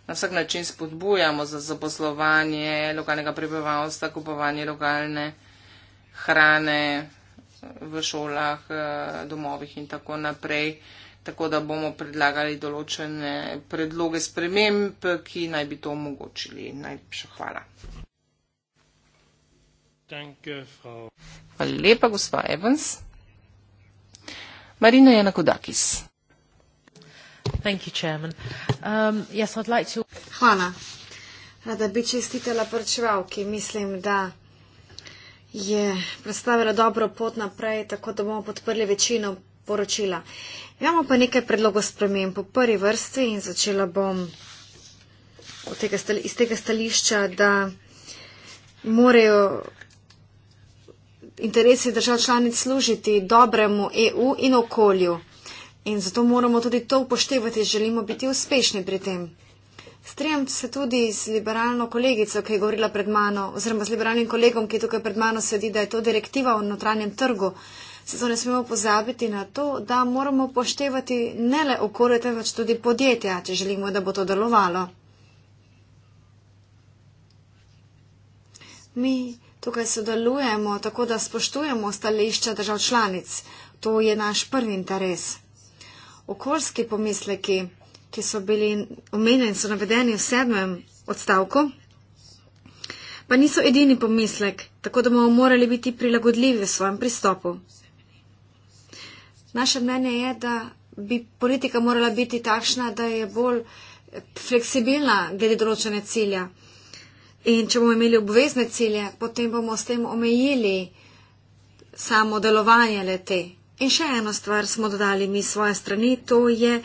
Speaker 2: Na vsak način spodbujamo za zaposlovanje lokalnega prebivalstva, kupovanje lokalne hrane, v šolah, eh, domovih in tako naprej. Tako da bomo predlagali določene predloge sprememb, ki naj bi to omogočili. Najlepša hvala. Hvala lepa, gospa Evans. Marina Janakodakis.
Speaker 3: Um, hvala. Rada bi čestitela prčevalki. Mislim, da je predstavila dobro pot naprej, tako da bomo podprli večino poročila. Imamo pa nekaj predlogov sprememb po prvi vrsti in začela bom tega stali, iz tega stališča, da morajo interesi držav članic služiti dobremu EU in okolju. In zato moramo tudi to upoštevati, želimo biti uspešni pri tem. Strijem se tudi z liberalno kolegico, ki je govorila pred mano, oziroma z liberalnim kolegom, ki tukaj pred mano sedi, da je to direktiva o notranjem trgu. Zato ne smemo pozabiti na to, da moramo poštevati ne le okolje, temveč tudi podjetja, če želimo, da bo to delovalo. Mi tukaj sodelujemo tako, da spoštujemo stališča držav članic. To je naš prvi interes. Okoljski pomisleki ki so bili omenjeni, so navedeni v sedmem odstavku, pa niso edini pomislek, tako da bomo morali biti prilagodljivi v svojem pristopu. Naše mnenje je, da bi politika morala biti takšna, da je bolj fleksibilna glede določene cilja. In če bomo imeli obvezne cilje, potem bomo s tem omejili samo delovanje le te. In še eno stvar smo dodali mi svoje strani, to je,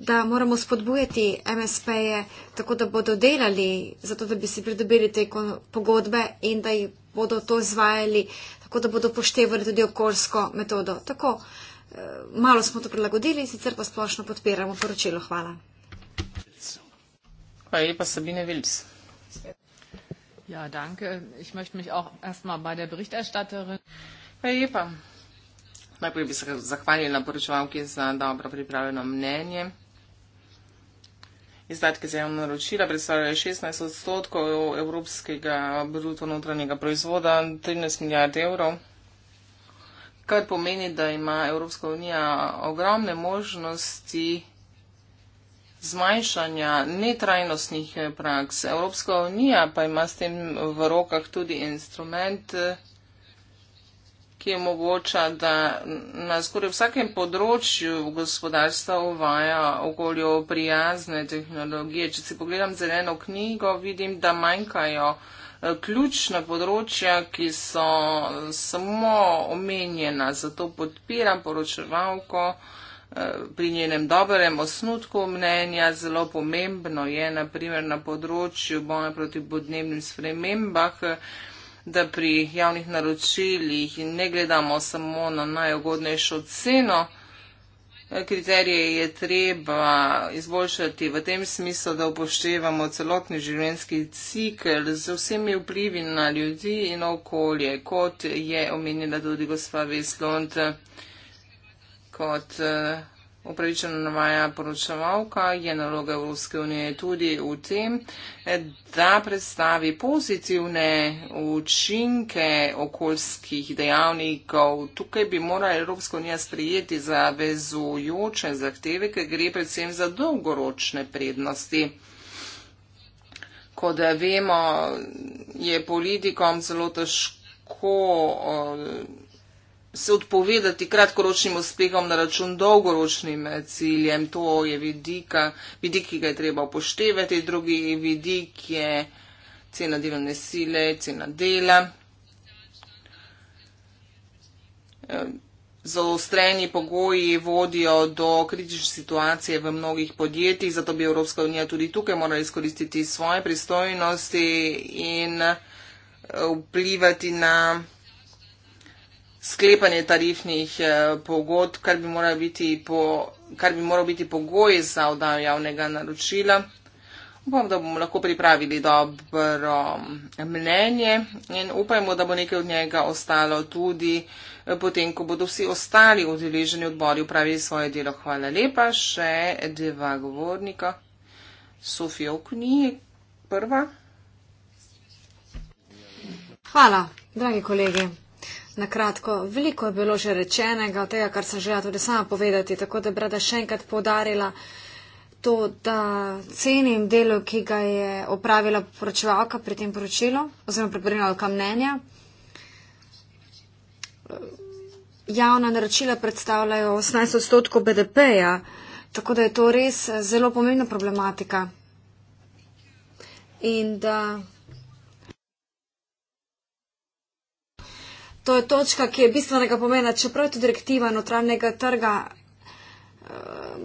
Speaker 3: da moramo spodbujati MSP-je, tako da bodo delali, zato da bi si pridobili te pogodbe in da jih bodo to izvajali, tako da bodo poštevali tudi okoljsko metodo. Tako, eh, malo smo to prilagodili, sicer pa splošno podpiramo poročilo. Hvala.
Speaker 2: Hvala lepa, Sabine Vils. Ja, danke. Ich möchte mich auch erstmal bei der Berichterstatterin. Hvala lepa. Najprej bi se zahvalil na poročevalki za dobro pripravljeno mnenje izdatke za javno naročila predstavljajo 16 odstotkov evropskega bruto notranjega proizvoda, 13 milijard evrov, kar pomeni, da ima Evropska unija ogromne možnosti zmanjšanja netrajnostnih praks. Evropska unija pa ima s tem v rokah tudi instrument, ki omogoča, da na skoraj vsakem področju gospodarstva uvaja okolje prijazne tehnologije. Če si pogledam zeleno knjigo, vidim, da manjkajo eh, ključna področja, ki so samo omenjena, zato podpiram poročevalko eh, pri njenem dobrem osnutku mnenja. Zelo pomembno je, naprimer, na področju boja proti podnebnim spremembah, eh, da pri javnih naročilih ne gledamo samo na najogodnejšo ceno. Eh, kriterije je treba izboljšati v tem smislu, da upoštevamo celotni življenjski cikl z vsemi vplivi na ljudi in okolje, kot je omenila tudi gospa Veslond, kot eh, upravičeno navaja poročevalka, je naloga Evropske unije tudi v tem, da predstavi pozitivne učinke okoljskih dejavnikov. Tukaj bi morala Evropska unija sprijeti zavezujoče zahteve, ker gre predvsem za dolgoročne prednosti. Kot vemo, je politikom zelo težko. Uh, se odpovedati kratkoročnim uspehom na račun dolgoročnim eh, ciljem. To je vidika, vidik, ki ga je treba upoštevati. Drugi vidik je cena delovne sile, cena dela. Eh, zaostreni pogoji vodijo do kritične situacije v mnogih podjetjih, zato bi Evropska unija tudi tukaj morala izkoristiti svoje pristojnosti in eh, vplivati na sklepanje tarifnih eh, pogod, kar bi moral biti, po, kar bi moral biti pogoj za oddajo javnega naročila. Upam, da bomo lahko pripravili dobro eh, mnenje in upajmo, da bo nekaj od njega ostalo tudi eh, potem, ko bodo vsi ostali odeleženi odbori upravili svoje delo. Hvala lepa. Še dva govornika. Sofijo Kni, prva.
Speaker 3: Hvala, dragi kolege. Na kratko, veliko je bilo že rečenega, tega, kar sem želela tudi sama povedati, tako da bi rada še enkrat povdarila to, da cenim delo, ki ga je opravila poročevalka pri tem poročilu oziroma pripravljalka mnenja. Javna naročila predstavljajo 18 odstotkov BDP-ja, tako da je to res eh, zelo pomembna problematika. In da To je točka, ki je bistvenega pomena, čeprav je to direktiva notranjega trga, eh,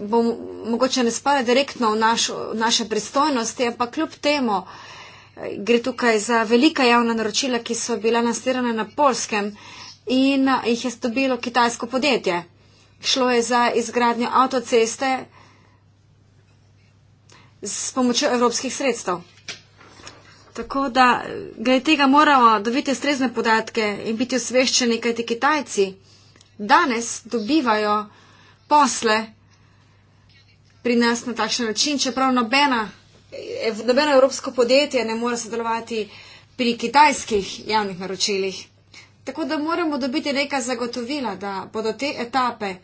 Speaker 3: bo mogoče ne spada direktno v, naš, v naše pristojnosti, ampak kljub temu eh, gre tukaj za velika javna naročila, ki so bila nastirana na polskem in eh, jih je dobilo kitajsko podjetje. Šlo je za izgradnjo avtoceste s pomočjo evropskih sredstev. Tako da, glede tega moramo dobiti strezne podatke in biti osveščeni, kajti Kitajci danes dobivajo posle pri nas na takšen način, čeprav nobena, nobeno evropsko podjetje ne more sodelovati pri kitajskih javnih naročilih. Tako da moramo dobiti neka zagotovila, da bodo te etape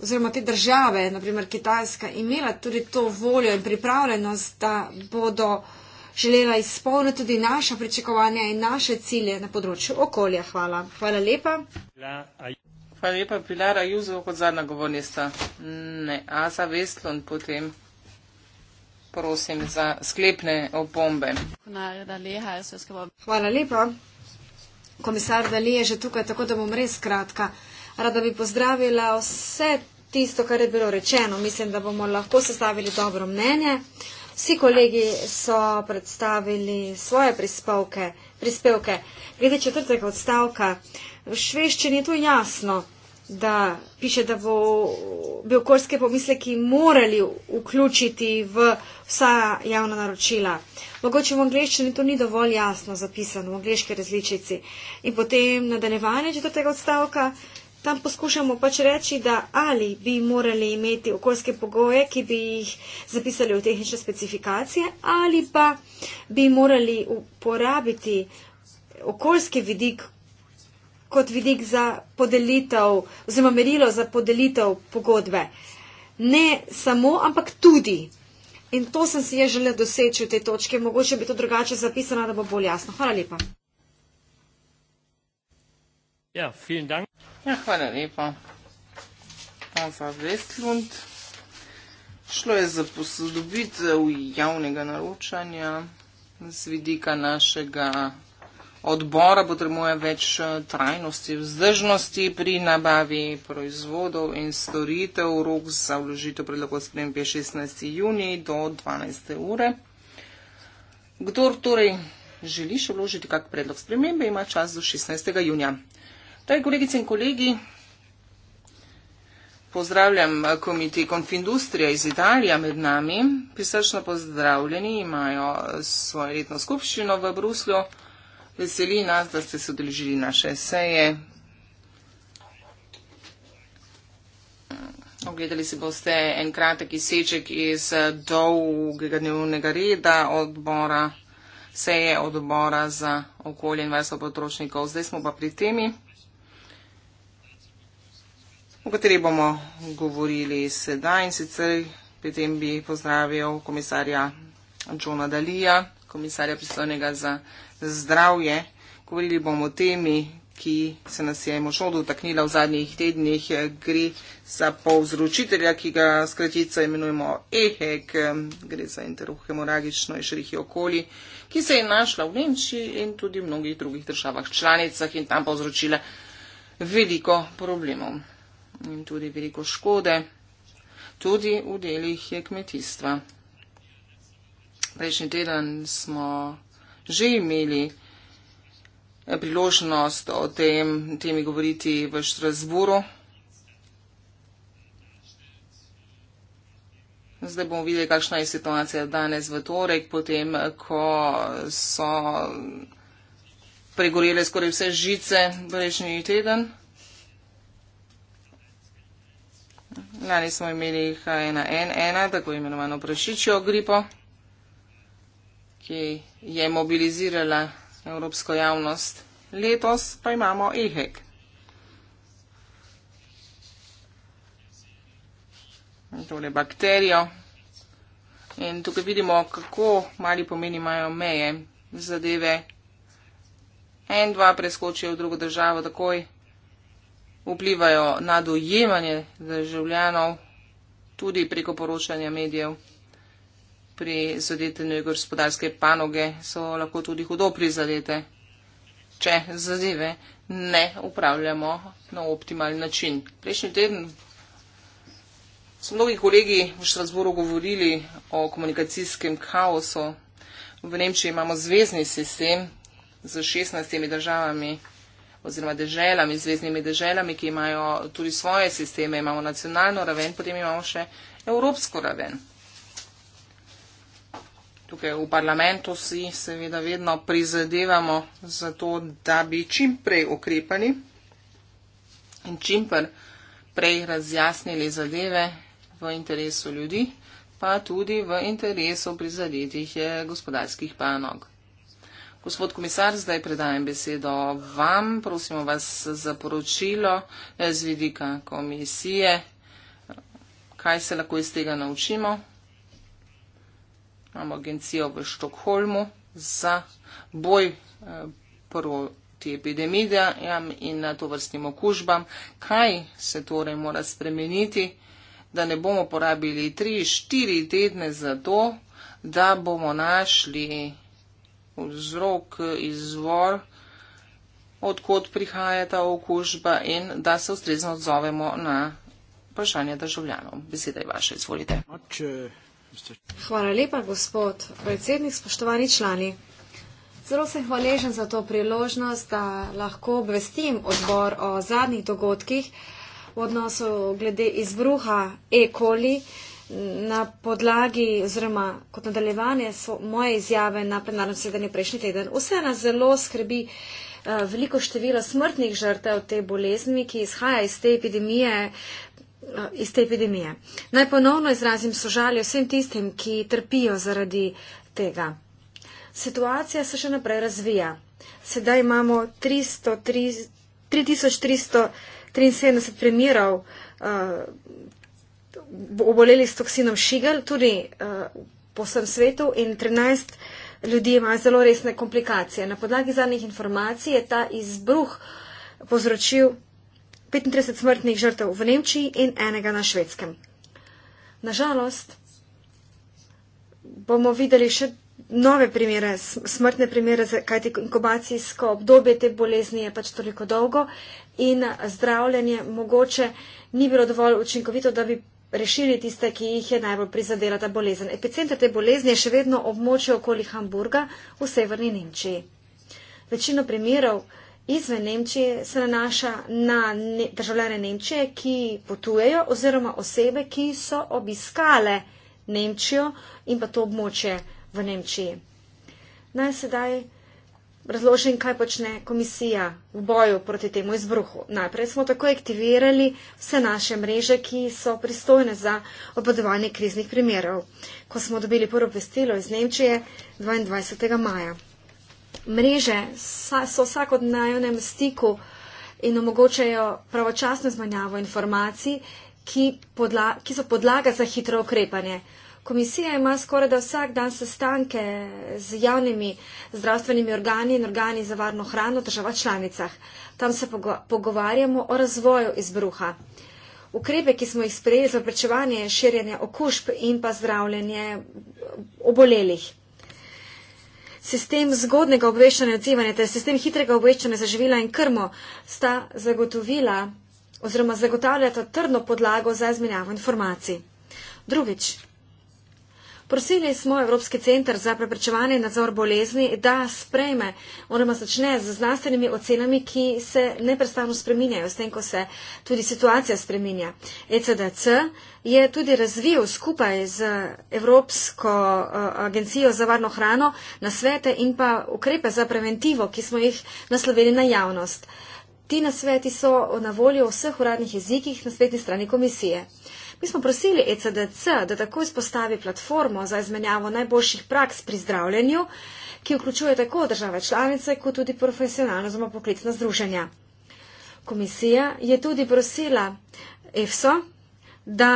Speaker 3: oziroma te države, naprimer Kitajska, imela tudi to voljo in pripravljenost, da bodo želela izpolniti tudi naša pričakovanja in naše cilje na področju okolja. Hvala. Hvala lepa.
Speaker 2: Hvala lepa, Pilar Ajuzo, kot zadnja govornica. Ne, a za Vestlon potem. Prosim za sklepne opombe.
Speaker 3: Hvala lepa. Komisar Dali je že tukaj, tako da bom res kratka. Rada bi pozdravila vse tisto, kar je bilo rečeno. Mislim, da bomo lahko sestavili dobro mnenje. Vsi kolegi so predstavili svoje prispevke, prispevke. Glede četrtega odstavka, v Šveščini je to jasno, da piše, da bo, bi okoljske pomisleki morali vključiti v vsa javna naročila. Mogoče v angleščini to ni dovolj jasno zapisano, v angleški različici. In potem nadaljevanje četrtega odstavka. Tam poskušamo pač reči, da ali bi morali imeti okoljske pogoje, ki bi jih zapisali v tehnične specifikacije, ali pa bi morali uporabiti okoljski vidik kot vidik za podelitev oziroma merilo za podelitev pogodbe. Ne samo, ampak tudi. In to sem si je želel doseči v tej točki. Mogoče bi to drugače zapisala, da bo bolj jasno. Hvala lepa.
Speaker 1: Ja,
Speaker 2: Ja, hvala lepa. No, za Vestlund. Šlo je za posodobitev javnega naročanja z vidika našega odbora. Potrebuje več eh, trajnosti, vzdržnosti pri nabavi proizvodov in storitev. Rok za vložitev predlogov sprememb je 16. juni do 12. ure. Kdor torej želi še vložiti kak predlog spremembe, ima čas do 16. junija. Torej, kolegice in kolegi, pozdravljam komitej Konfindustrija iz Italije med nami. Prisrčno pozdravljeni imajo svojo letno skupščino v Bruslju. Veseli nas, da ste se odeležili naše seje. Ogledali si boste en kratek izseček iz dolgega dnevnega reda odbora, seje odbora za okolje in varstvo potrošnikov. Zdaj smo pa pri temi o kateri bomo govorili sedaj in sicer pri tem bi pozdravil komisarja Johna Dalija, komisarja pristojnega za zdravje. Govorili bomo o temi, ki se nas je močno dotaknila v zadnjih tednih. Gre za povzročitelja, ki ga skratica imenujemo EHEC, gre za interhemoragično in širih okoli, ki se je našla v Nemčiji in tudi v mnogih drugih državah članicah in tam povzročila veliko problemov in tudi veliko škode, tudi v delih je kmetijstva. Prejšnji teden smo že imeli priložnost o tem temi govoriti v Štrasburu. Zdaj bomo videli, kakšna je situacija danes v torek, potem, ko so pregorele skoraj vse žice prejšnji teden. Lani smo imeli H1N1, tako imenovano prašičjo gripo, ki je mobilizirala evropsko javnost. Letos pa imamo EHEC. Tole bakterijo. In tukaj vidimo, kako mali pomeni imajo meje zadeve. En, dva preskočijo v drugo državo takoj vplivajo na dojemanje državljanov, tudi preko poročanja medijev. Pri zadetenju gospodarske panoge so lahko tudi hudo prizadete, če zadeve ne upravljamo na optimalni način. Prejšnji teden so mnogi kolegi v Štrasboru govorili o komunikacijskem kaosu. V Nemčiji imamo zvezdni sistem z 16 državami oziroma deželami, zvezdnimi deželami, ki imajo tudi svoje sisteme. Imamo nacionalno raven, potem imamo še evropsko raven. Tukaj v parlamentu si seveda vedno prizadevamo za to, da bi čim prej ukrepali in čim prej razjasnili zadeve v interesu ljudi, pa tudi v interesu prizadetih eh, gospodarskih panog. Gospod komisar, zdaj predajem besedo vam. Prosimo vas za poročilo eh, z vidika komisije. Kaj se lahko iz tega naučimo? Imamo agencijo v Štokholmu za boj eh, proti epidemijam in na eh, to vrstnim okužbam. Kaj se torej mora spremeniti, da ne bomo porabili 3-4 tedne za to, da bomo našli vzrok, izvor, odkot prihaja ta okužba in da se ustrezno odzovemo na vprašanje državljanov. Beseda je vaša, izvolite.
Speaker 3: Hvala lepa, gospod predsednik, spoštovani člani. Zelo sem hvaležen za to priložnost, da lahko obvestim odbor o zadnjih dogodkih v odnosu glede izbruha E. coli na podlagi oziroma kot nadaljevanje so moje izjave na plenarnem sedanju prejšnji teden. Vse nas zelo skrbi eh, veliko število smrtnih žrtev te bolezni, ki izhaja iz te epidemije. Eh, iz te epidemije. Naj ponovno izrazim sožalje vsem tistim, ki trpijo zaradi tega. Situacija se še naprej razvija. Sedaj imamo 3373 primerov uh, oboleli s toksinom šigel, tudi uh, po vsem svetu in 13 ljudi ima zelo resne komplikacije. Na podlagi zadnjih informacij je ta izbruh povzročil 35 smrtnih žrtev v Nemčiji in enega na švedskem. Nažalost bomo videli še nove primere, smrtne primere, kajti inkubacijsko obdobje te bolezni je pač toliko dolgo in zdravljenje mogoče ni bilo dovolj učinkovito, da bi rešili tiste, ki jih je najbolj prizadela ta bolezen. Epicenter te bolezni je še vedno območje okoli Hamburga v severni Nemčiji. Večino primerov izven Nemčije se nanaša na ne državljane Nemčije, ki potujejo oziroma osebe, ki so obiskale Nemčijo in pa to območje v Nemčiji. Naj sedaj razložim, kaj počne komisija v boju proti temu izbruhu. Najprej smo tako aktivirali vse naše mreže, ki so pristojne za obvladovanje kriznih primerov, ko smo dobili prvo vestilo iz Nemčije 22. maja. Mreže so vsakodnevnem stiku in omogočajo pravočasno zmanjavo informacij, ki, podla, ki so podlaga za hitro okrepanje. Komisija ima skoraj da vsak dan sestanke z javnimi zdravstvenimi organi in organi za varno hrano v država članicah. Tam se pogovarjamo o razvoju izbruha. Ukrepe, ki smo jih sprejeli za prečevanje širjenja okužb in pa zdravljenje obolelih. Sistem zgodnega obveščanja odzivanja ter sistem hitrega obveščanja za živila in krmo sta zagotovila oziroma zagotavljata trdno podlago za izmenjavo informacij. Drugič, Prosili smo Evropski centr za preprečevanje in nadzor bolezni, da sprejme oziroma začne z znanstvenimi ocenami, ki se neprestano spreminjajo, s tem, ko se tudi situacija spreminja. ECDC je tudi razvil skupaj z Evropsko eh, agencijo za varno hrano na svete in pa ukrepe za preventivo, ki smo jih naslovili na javnost. Ti nasveti so na voljo v vseh uradnih jezikih na spletni strani komisije. Mi smo prosili ECDC, da tako izpostavi platformo za izmenjavo najboljših praks pri zdravljenju, ki vključuje tako države članice, kot tudi profesionalno oziroma poklicno združenje. Komisija je tudi prosila EFSO, da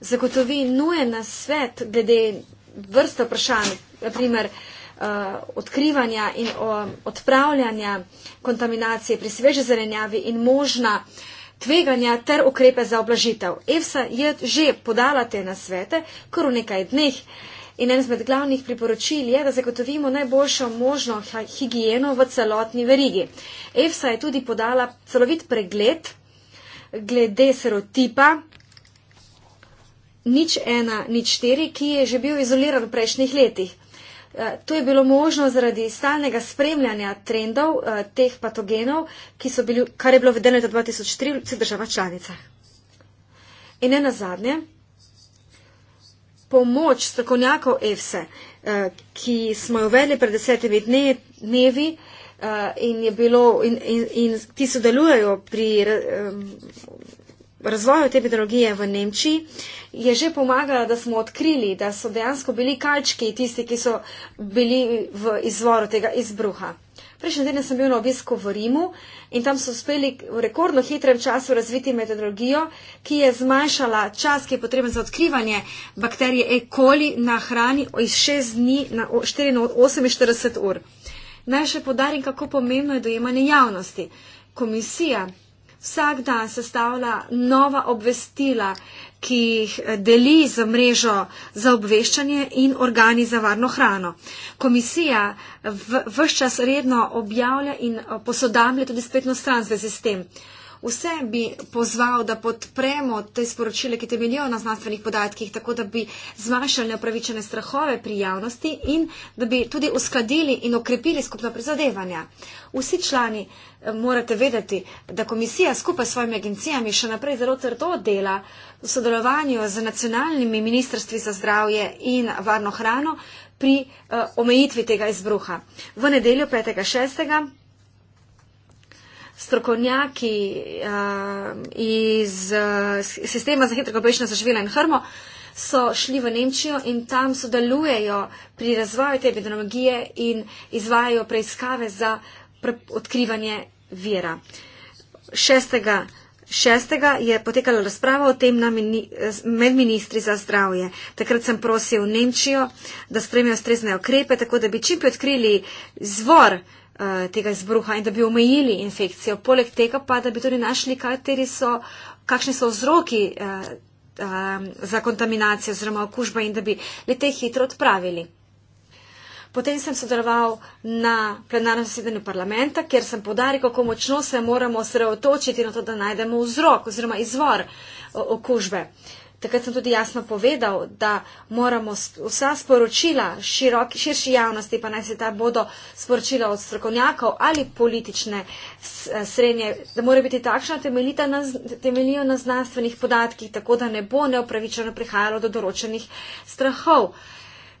Speaker 3: zagotovi nujen nasvet glede vrste vprašanj, naprimer eh, odkrivanja in odpravljanja kontaminacije pri sveže zelenjavi in možna tveganja ter ukrepe za oblažitev. EFSA je že podala te nasvete kar v nekaj dneh in en izmed glavnih priporočil je, da zagotovimo najboljšo možno higieno v celotni verigi. EFSA je tudi podala celovit pregled glede serotipa nič ena, nič štiri, ki je že bil izoliran v prejšnjih letih. Eh, to je bilo možno zaradi stalnega spremljanja trendov eh, teh patogenov, bili, kar je bilo vedeno leta 2003 v vseh državah članicah. In ne nazadnje, pomoč strokovnjakov EFSE, eh, ki smo jo uvedli pred desetimi dnevi in, bilo, in, in, in ki sodelujejo pri. Um, razvoju te pedagogije v Nemčiji, je že pomagala, da smo odkrili, da so dejansko bili kalčki tisti, ki so bili v izvoru tega izbruha. Prejšnji teden sem bil na obisku v Rimu in tam so uspeli v rekordno hitrem času razviti metodologijo, ki je zmanjšala čas, ki je potreben za odkrivanje bakterije E. coli na hrani iz 6 dni na 48 ur. Naj še podarim, kako pomembno je dojemanje javnosti. Komisija vsak dan sestavlja nova obvestila, ki jih eh, deli z mrežo za obveščanje in organi za varno hrano. Komisija v vse čas redno objavlja in eh, posodablja tudi spetno stran zvezi s tem vse bi pozval, da podpremo te sporočile, ki temeljijo na znanstvenih podatkih, tako da bi zmanjšali neopravičene strahove pri javnosti in da bi tudi uskladili in okrepili skupno prizadevanja. Vsi člani eh, morate vedeti, da komisija skupaj s svojimi agencijami še naprej zelo trdo dela v sodelovanju z nacionalnimi ministrstvi za zdravje in varno hrano pri uh, omejitvi tega izbruha. V nedeljo 5.6 strokovnjaki uh, iz uh, sistema za hitrega obveščanja za živila in hrmo so šli v Nemčijo in tam sodelujejo pri razvoju te epidemiologije in izvajajo preiskave za pre odkrivanje vira. 6. 6. je potekala razprava o tem na mini, med ministri za zdravje. Takrat sem prosil Nemčijo, da spremijo strezne okrepe, tako da bi čim prej odkrili zvor Eh, tega izbruha in da bi omejili infekcijo. Poleg tega pa, da bi tudi našli, so, kakšni so vzroki uh, uh, za kontaminacijo oziroma okužbo in da bi le te hitro odpravili. Potem sem sodeloval na plenarnem zasedanju parlamenta, kjer sem podaril, kako močno se moramo sredotočiti na to, da najdemo vzrok oziroma izvor okužbe. Uh, Takrat sem tudi jasno povedal, da moramo vsa sporočila širok, širši javnosti, pa naj se ta bodo sporočila od strokovnjakov ali politične eh, srednje, da mora biti takšna temeljita na, temeljijo na znanstvenih podatkih, tako da ne bo neopravičeno prihajalo do določenih strahov. Uh,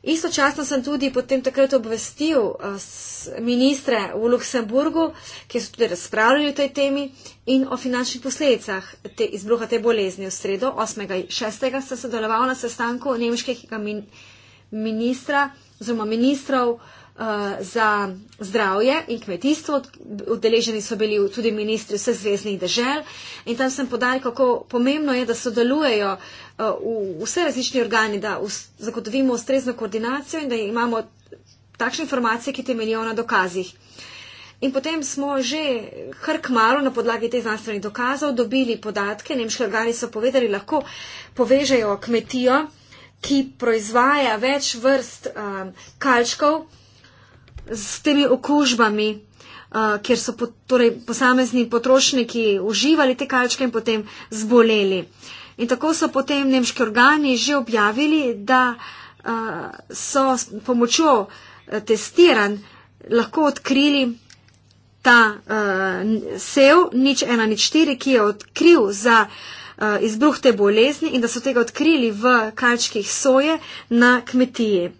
Speaker 3: Istočasno sem tudi potem takrat obvestil eh, ministre v Luksemburgu, ki so tudi razpravljali o tej temi in o finančnih posledicah te, izbruha te bolezni. V sredo 8.6. sem sodeloval na sestanku nemškega ministra oziroma ministrov Eh, za zdravje in kmetijstvo. Udeleženi so bili tudi ministri vseh zvezdnih dežel in tam sem podal, kako pomembno je, da sodelujejo eh, vse različni organi, da zagotovimo ustrezno koordinacijo in da imamo takšne informacije, ki temeljijo na dokazih. In potem smo že krk malo na podlagi teh znanstvenih dokazov dobili podatke. Nemški organi so povedali, lahko povežejo kmetijo, ki proizvaja več vrst um, kalčkov, s temi okužbami, uh, kjer so po, torej, posamezni potrošniki uživali te kalčke in potem zboleli. In tako so potem nemški organi že objavili, da uh, so s pomočjo uh, testiran lahko odkrili ta uh, sev nič ena nič štiri, ki je odkril za. Eh, izbruh te bolezni in da so tega odkrili v kalčkih soje na kmetiji.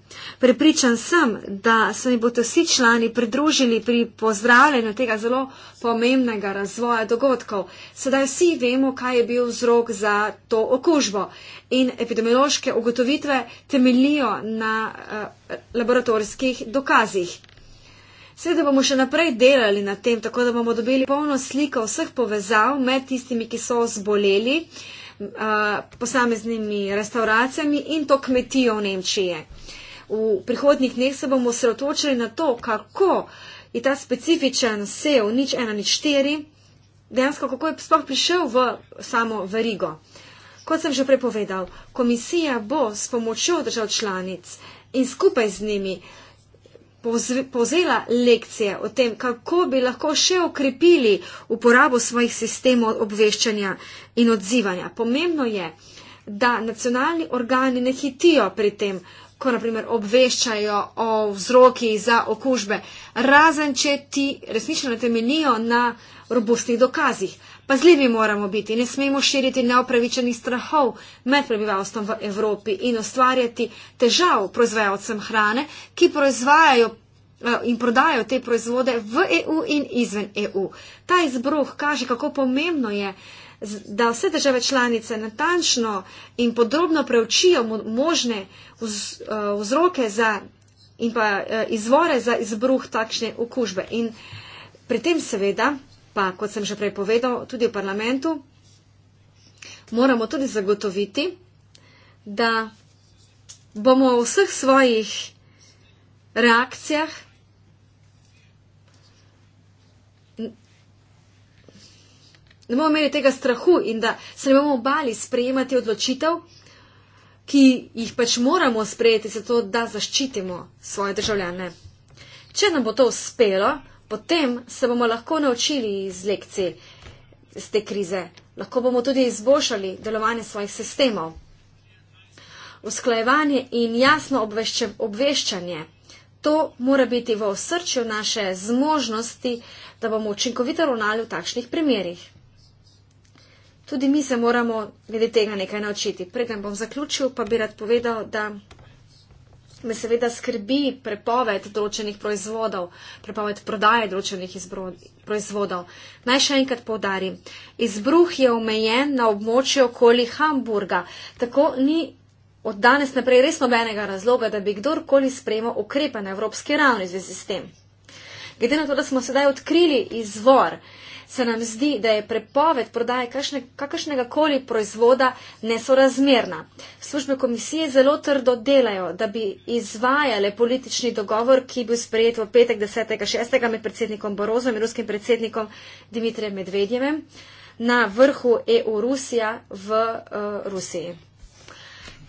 Speaker 3: Prepričan sem, da se mi boste vsi člani pridružili pri pozdravljanju tega zelo pomembnega razvoja dogodkov. Sedaj vsi vemo, kaj je bil vzrok za to okužbo in epidemiološke ugotovitve temelijo na uh, laboratorijskih dokazih. Seveda bomo še naprej delali na tem, tako da bomo dobili polno sliko vseh povezav med tistimi, ki so zboleli, posameznimi restauracijami in to kmetijo v Nemčiji. V prihodnih dneh se bomo osredotočili na to, kako je ta specifičen sev nič ena nič štiri, dejansko kako je sploh prišel v samo verigo. Kot sem že prepovedal, komisija bo s pomočjo držav članic in skupaj z njimi povzela lekcije o tem, kako bi lahko še okrepili uporabo svojih sistemov obveščanja in odzivanja. Pomembno je, da nacionalni organi ne hitijo pri tem, ko naprimer obveščajo o vzroki za okužbe, razen če ti resnično temenijo na robustnih dokazih. Pazljivi moramo biti, ne smemo širiti neopravičenih strahov med prebivalstvom v Evropi in ustvarjati težav proizvajalcem hrane, ki proizvajajo eh, in prodajajo te proizvode v EU in izven EU. Ta izbruh kaže, kako pomembno je, da vse države članice natančno in podrobno preučijo možne eh, vzroke za in pa eh, izvore za izbruh takšne okužbe. In pri tem seveda pa, kot sem že prej povedal, tudi v parlamentu, moramo tudi zagotoviti, da bomo v vseh svojih reakcijah ne bomo imeli tega strahu in da se ne bomo bali sprejemati odločitev, ki jih pač moramo sprejeti, zato da zaščitimo svoje državljane. Če nam bo to uspelo, potem se bomo lahko naučili iz lekcij iz te krize. Lahko bomo tudi izboljšali delovanje svojih sistemov. Usklajevanje in jasno obvešče, obveščanje. To mora biti v osrčju naše zmožnosti, da bomo učinkovito ravnali v takšnih primerjih. Tudi mi se moramo glede tega nekaj naučiti. Preden bom zaključil, pa bi rad povedal, da me seveda skrbi prepoved določenih proizvodov, prepoved prodaje določenih proizvodov. Naj še enkrat povdarim, izbruh je omejen na območje okoli Hamburga, tako ni od danes naprej res nobenega razloga, da bi kdorkoli sprejemal ukrepe na evropski ravni z sistem. Glede na to, da smo sedaj odkrili izvor, se nam zdi, da je prepoved prodaje kakšne, kakšnega koli proizvoda nesorazmerna. Službe komisije zelo trdo delajo, da bi izvajale politični dogovor, ki bi bil sprejet v petek 10.6. med predsednikom Borozom in ruskim predsednikom Dimitrijem Medvedjevem na vrhu EU-Rusija v uh, Rusiji.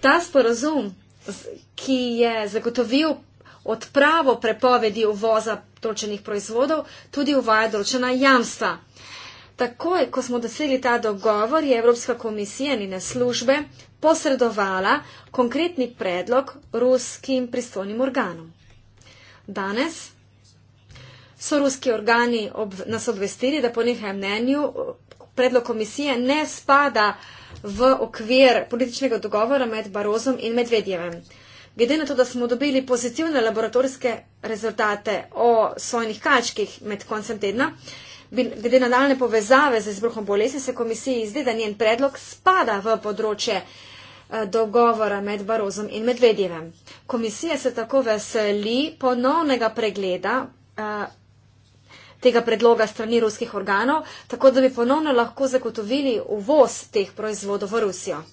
Speaker 3: Ta sporozum, ki je zagotovil odpravo prepovedi uvoza določenih proizvodov, tudi uvaja določena jamstva. Takoj, ko smo dosegli ta dogovor, je Evropska komisija in njene službe posredovala konkretni predlog ruskim pristojnim organom. Danes so ruski organi ob, nas obvestili, da po njihovem mnenju predlog komisije ne spada v okvir političnega dogovora med Barozom in Medvedjevem glede na to, da smo dobili pozitivne laboratorijske rezultate o sojnih kačkih med koncem tedna, glede na daljne povezave z izbruhom bolezni, se komisiji zdi, da njen predlog spada v področje eh, dogovora med Barozom in Medvedjevem. Komisija se tako veseli ponovnega pregleda eh, tega predloga strani ruskih organov, tako da bi ponovno lahko zagotovili uvoz teh proizvodov v Rusijo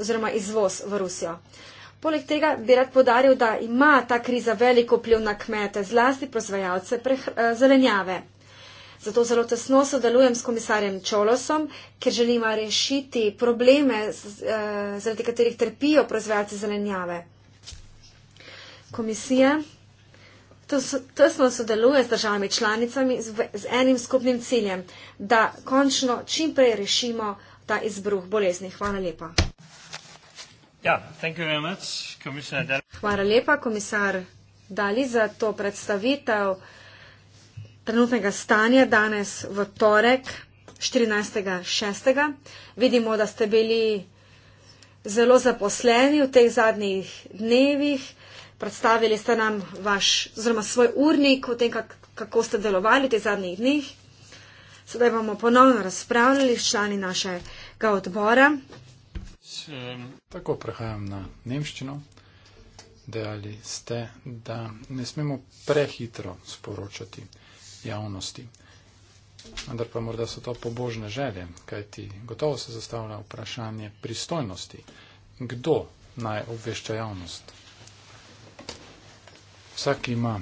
Speaker 3: oziroma izvoz v Rusijo. Uh, Poleg tega bi rad podaril, da ima ta kriza veliko pliv na kmete, zlasti proizvajalce eh, zelenjave. Zato zelo tesno sodelujem s komisarjem Čolosom, ker želimo rešiti probleme, eh, zaradi katerih trpijo proizvajalci zelenjave. Komisija tesno sodeluje z državami članicami z enim skupnim ciljem, da končno čim prej rešimo ta izbruh bolezni. Hvala lepa. Ja, Hvala lepa, komisar Dali, za to predstavitev trenutnega stanja danes v torek 14.6. Vidimo, da ste bili zelo zaposleni v teh zadnjih dnevih. Predstavili ste nam vaš, oziroma svoj urnik o tem, kako ste delovali v teh zadnjih dneh. Sedaj bomo ponovno razpravljali s člani našega odbora.
Speaker 4: Um, Tako prehajam na nemščino. Dejali ste, da ne smemo prehitro sporočati javnosti. Vendar pa morda so to pobožne želje, kajti gotovo se zastavlja vprašanje pristojnosti. Kdo naj obvešča javnost? Vsak ima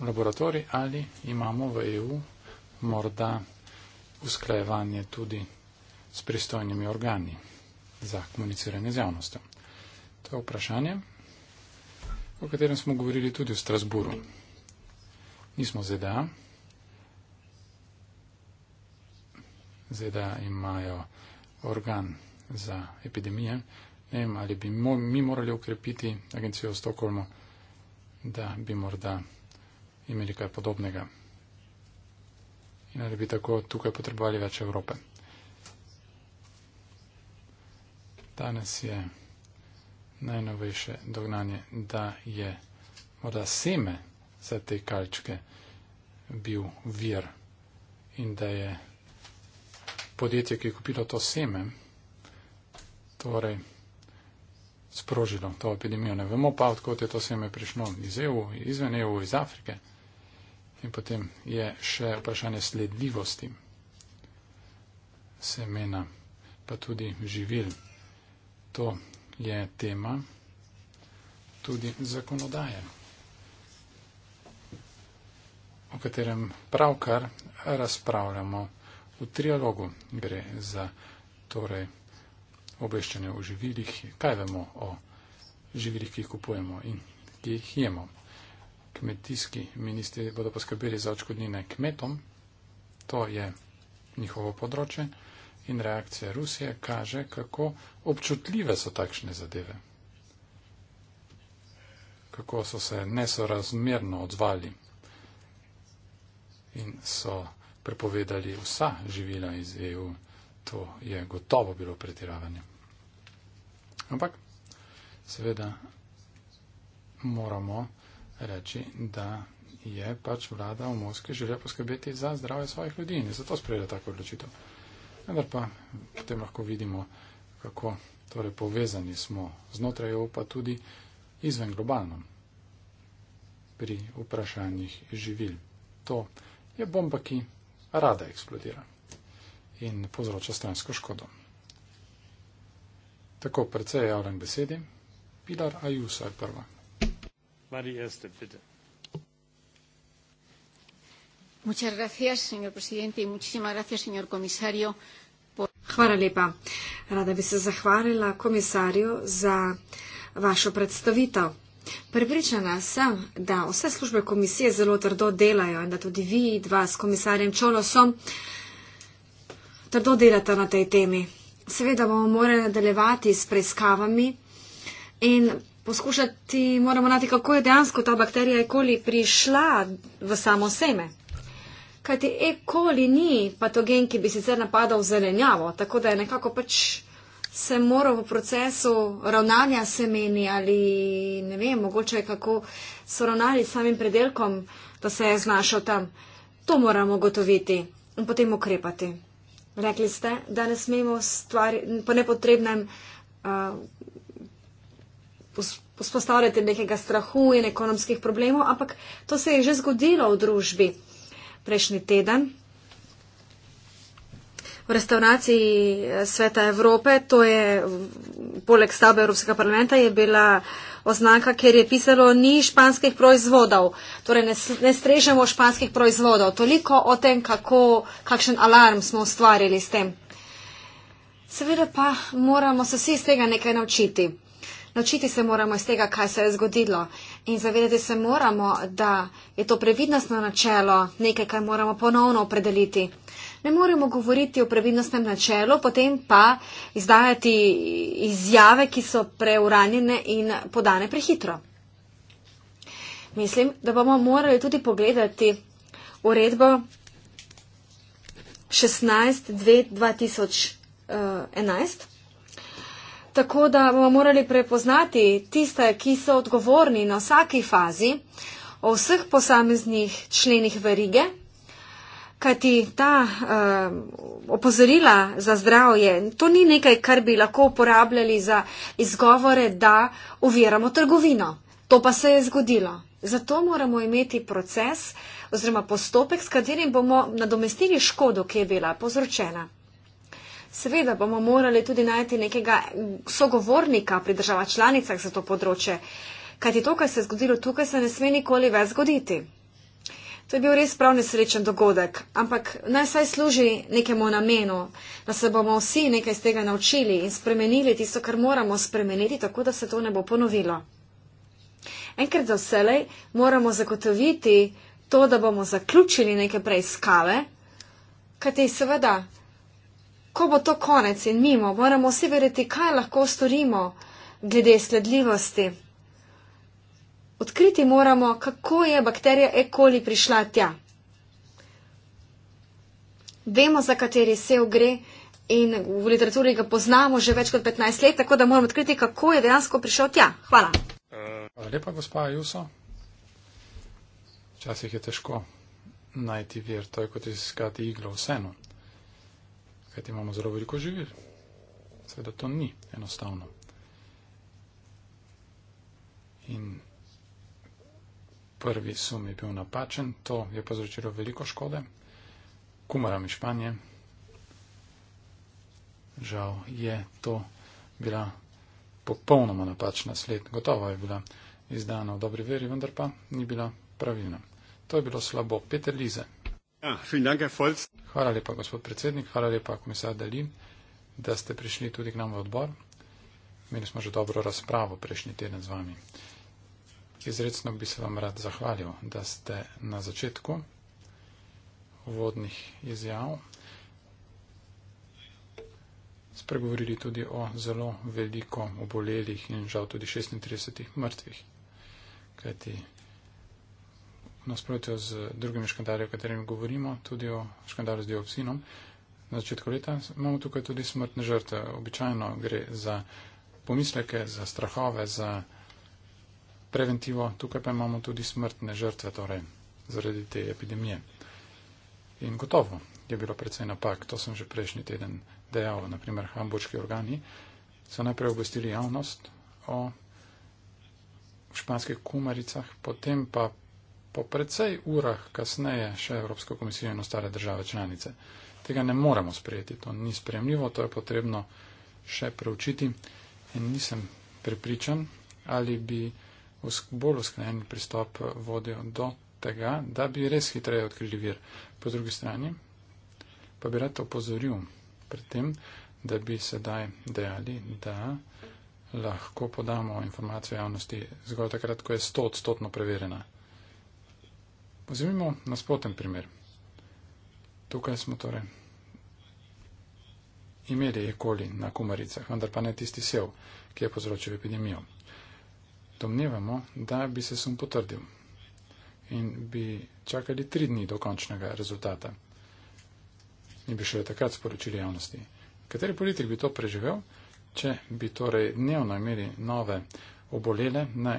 Speaker 4: laboratorij ali imamo v EU morda usklajevanje tudi s pristojnimi organi za komuniciranje z javnostjo. To je vprašanje, o katerem smo govorili tudi v Strasburu. Nismo ZDA. ZDA imajo organ za epidemije. Ne vem, ali bi mi morali ukrepiti agencijo v Stokholmu, da bi morda imeli kaj podobnega. In ali bi tako tukaj potrebovali več Evrope. Danes je najnovejše dognanje, da je morda seme za te kalčke bil vir in da je podjetje, ki je kupilo to seme, torej sprožilo to epidemijo. Ne vemo pa, odkot je to seme prišlo iz EU, izven EU, iz Afrike. In potem je še vprašanje sledljivosti semena, pa tudi živil to je tema tudi zakonodaje, o katerem pravkar razpravljamo v trialogu. Gre za torej obveščanje o živilih, kaj vemo o živilih, ki jih kupujemo in ki jih jemo. Kmetijski ministri bodo poskrbeli za očkodnine kmetom, to je njihovo področje in reakcija Rusije kaže, kako občutljive so takšne zadeve. Kako so se nesorazmerno odzvali in so prepovedali vsa živila iz EU. To je gotovo bilo pretiravanje. Ampak, seveda, moramo reči, da je pač vlada v Moskvi želja poskrbeti za zdravje svojih ljudi in zato sprejela tako odločitev. Vendar pa potem lahko vidimo, kako torej povezani smo znotraj EU, pa tudi izven globalno pri vprašanjih živil. To je bomba, ki rada eksplodira in povzroča stransko škodo. Tako precej javljam besedi. Pilar Ajusa je prva.
Speaker 1: Marija Estepide.
Speaker 3: Muchas gracias, señor presidente, in muchísimas gracias, señor komisario. Por... Hvala lepa. Rada bi se zahvalila komisarju za vašo predstavitev. Pripričana sem, da vse službe komisije zelo trdo delajo in da tudi vi, dva s komisarjem Čolosom, trdo delate na tej temi. Seveda bomo morali nadaljevati s preiskavami in poskušati moramo nati, kako je dejansko ta bakterija ekoli prišla v samo seme kajti E. coli ni patogen, ki bi sicer napadal zelenjavo, tako da je nekako pač se moral v procesu ravnanja semeni ali ne vem, mogoče kako so ravnali s samim predelkom, da se je znašel tam. To moramo gotoviti in potem ukrepati. Rekli ste, da ne smemo stvari po nepotrebnem uh, vzpostavljati nekega strahu in ekonomskih problemov, ampak to se je že zgodilo v družbi prejšnji teden v restauraciji eh, Sveta Evrope, to je poleg stavbe Evropskega parlamenta, je bila oznaka, ker je pisalo ni španskih proizvodov. Torej ne, ne strežemo španskih proizvodov. Toliko o tem, kako, kakšen alarm smo ustvarili s tem. Seveda pa moramo se vsi iz tega nekaj naučiti. Naučiti se moramo iz tega, kaj se je zgodilo in zavedati se moramo, da je to previdnostno načelo nekaj, kar moramo ponovno opredeliti. Ne moremo govoriti o previdnostnem načelu, potem pa izdajati izjave, ki so preuranjene in podane prehitro. Mislim, da bomo morali tudi pogledati uredbo 16.2.2011 tako da bomo morali prepoznati tiste, ki so odgovorni na vsaki fazi o vseh posameznih členih verige, kajti ta uh, opozorila za zdravje, to ni nekaj, kar bi lahko uporabljali za izgovore, da uviramo trgovino. To pa se je zgodilo. Zato moramo imeti proces oziroma postopek, s katerim bomo nadomestili škodo, ki je bila povzročena. Seveda bomo morali tudi najti nekega sogovornika pri državah članicah za to področje, kajti to, kar se je zgodilo tukaj, se ne sme nikoli več zgoditi. To je bil res prav nesrečen dogodek, ampak naj saj služi nekemu namenu, da se bomo vsi nekaj iz tega naučili in spremenili tisto, kar moramo spremeniti, tako da se to ne bo ponovilo. Enkrat za vselej moramo zagotoviti to, da bomo zaključili neke preiskave, kajti seveda ko bo to konec in mimo, moramo vsi verjeti, kaj lahko storimo glede sledljivosti. Odkriti moramo, kako je bakterija E. coli prišla tja. Vemo, za kateri sev gre in v literaturi ga poznamo že več kot 15 let, tako da moramo odkriti, kako je dejansko prišel tja. Hvala.
Speaker 4: Hvala lepa, gospa Juso. Včasih je težko najti vir, to je kot iskati iglo v senu kajti imamo zelo veliko živil. Seveda to ni enostavno. In prvi sum je bil napačen, to je povzročilo veliko škode. Kumaram iz Španije, žal je to bila popolnoma napačna sled. Gotovo je bila izdana v dobri veri, vendar pa ni bila pravilna. To je bilo slabo. Peter Lize, Ja, dank, hvala lepa, gospod predsednik, hvala lepa, komisar Dali, da ste prišli tudi k nam v odbor. Imeli smo že dobro razpravo prejšnji teden z vami. Izredno bi se vam rad zahvalil, da ste na začetku vodnih izjav spregovorili tudi o zelo veliko obolelih in žal tudi 36 mrtvih. Kajti nasprotju z drugimi škandali, o katerimi govorimo, tudi o škandalu z dioksinom. Na začetku leta imamo tukaj tudi smrtne žrtve. Običajno gre za pomisleke, za strahove, za preventivo. Tukaj pa imamo tudi smrtne žrtve, torej zaradi te epidemije. In gotovo je bilo predvsej napak, to sem že prejšnji teden dejal, naprimer hamburški organi so najprej obvestili javnost o španskih kumaricah, potem pa po precej urah kasneje še Evropsko komisijo in ostale države članice. Tega ne moremo sprejeti, to ni sprejemljivo, to je potrebno še preučiti in nisem pripričan, ali bi bolj usklajen pristop vodil do tega, da bi res hitreje odkrili vir. Po drugi strani pa bi rad opozoril pred tem, da bi sedaj dejali, da lahko podamo informacijo javnosti zgolj takrat, ko je 100-odstotno preverjena. Pozimimo nasproten primer. Tukaj smo torej imeli ekoli na kumaricah, vendar pa ne tisti sev, ki je povzročil epidemijo. Domnevamo, da bi se sum potrdil in bi čakali tri dni do končnega rezultata in bi šele takrat sporočili javnosti. Kateri politik bi to preživel, če bi torej dnevno imeli nove obolele na,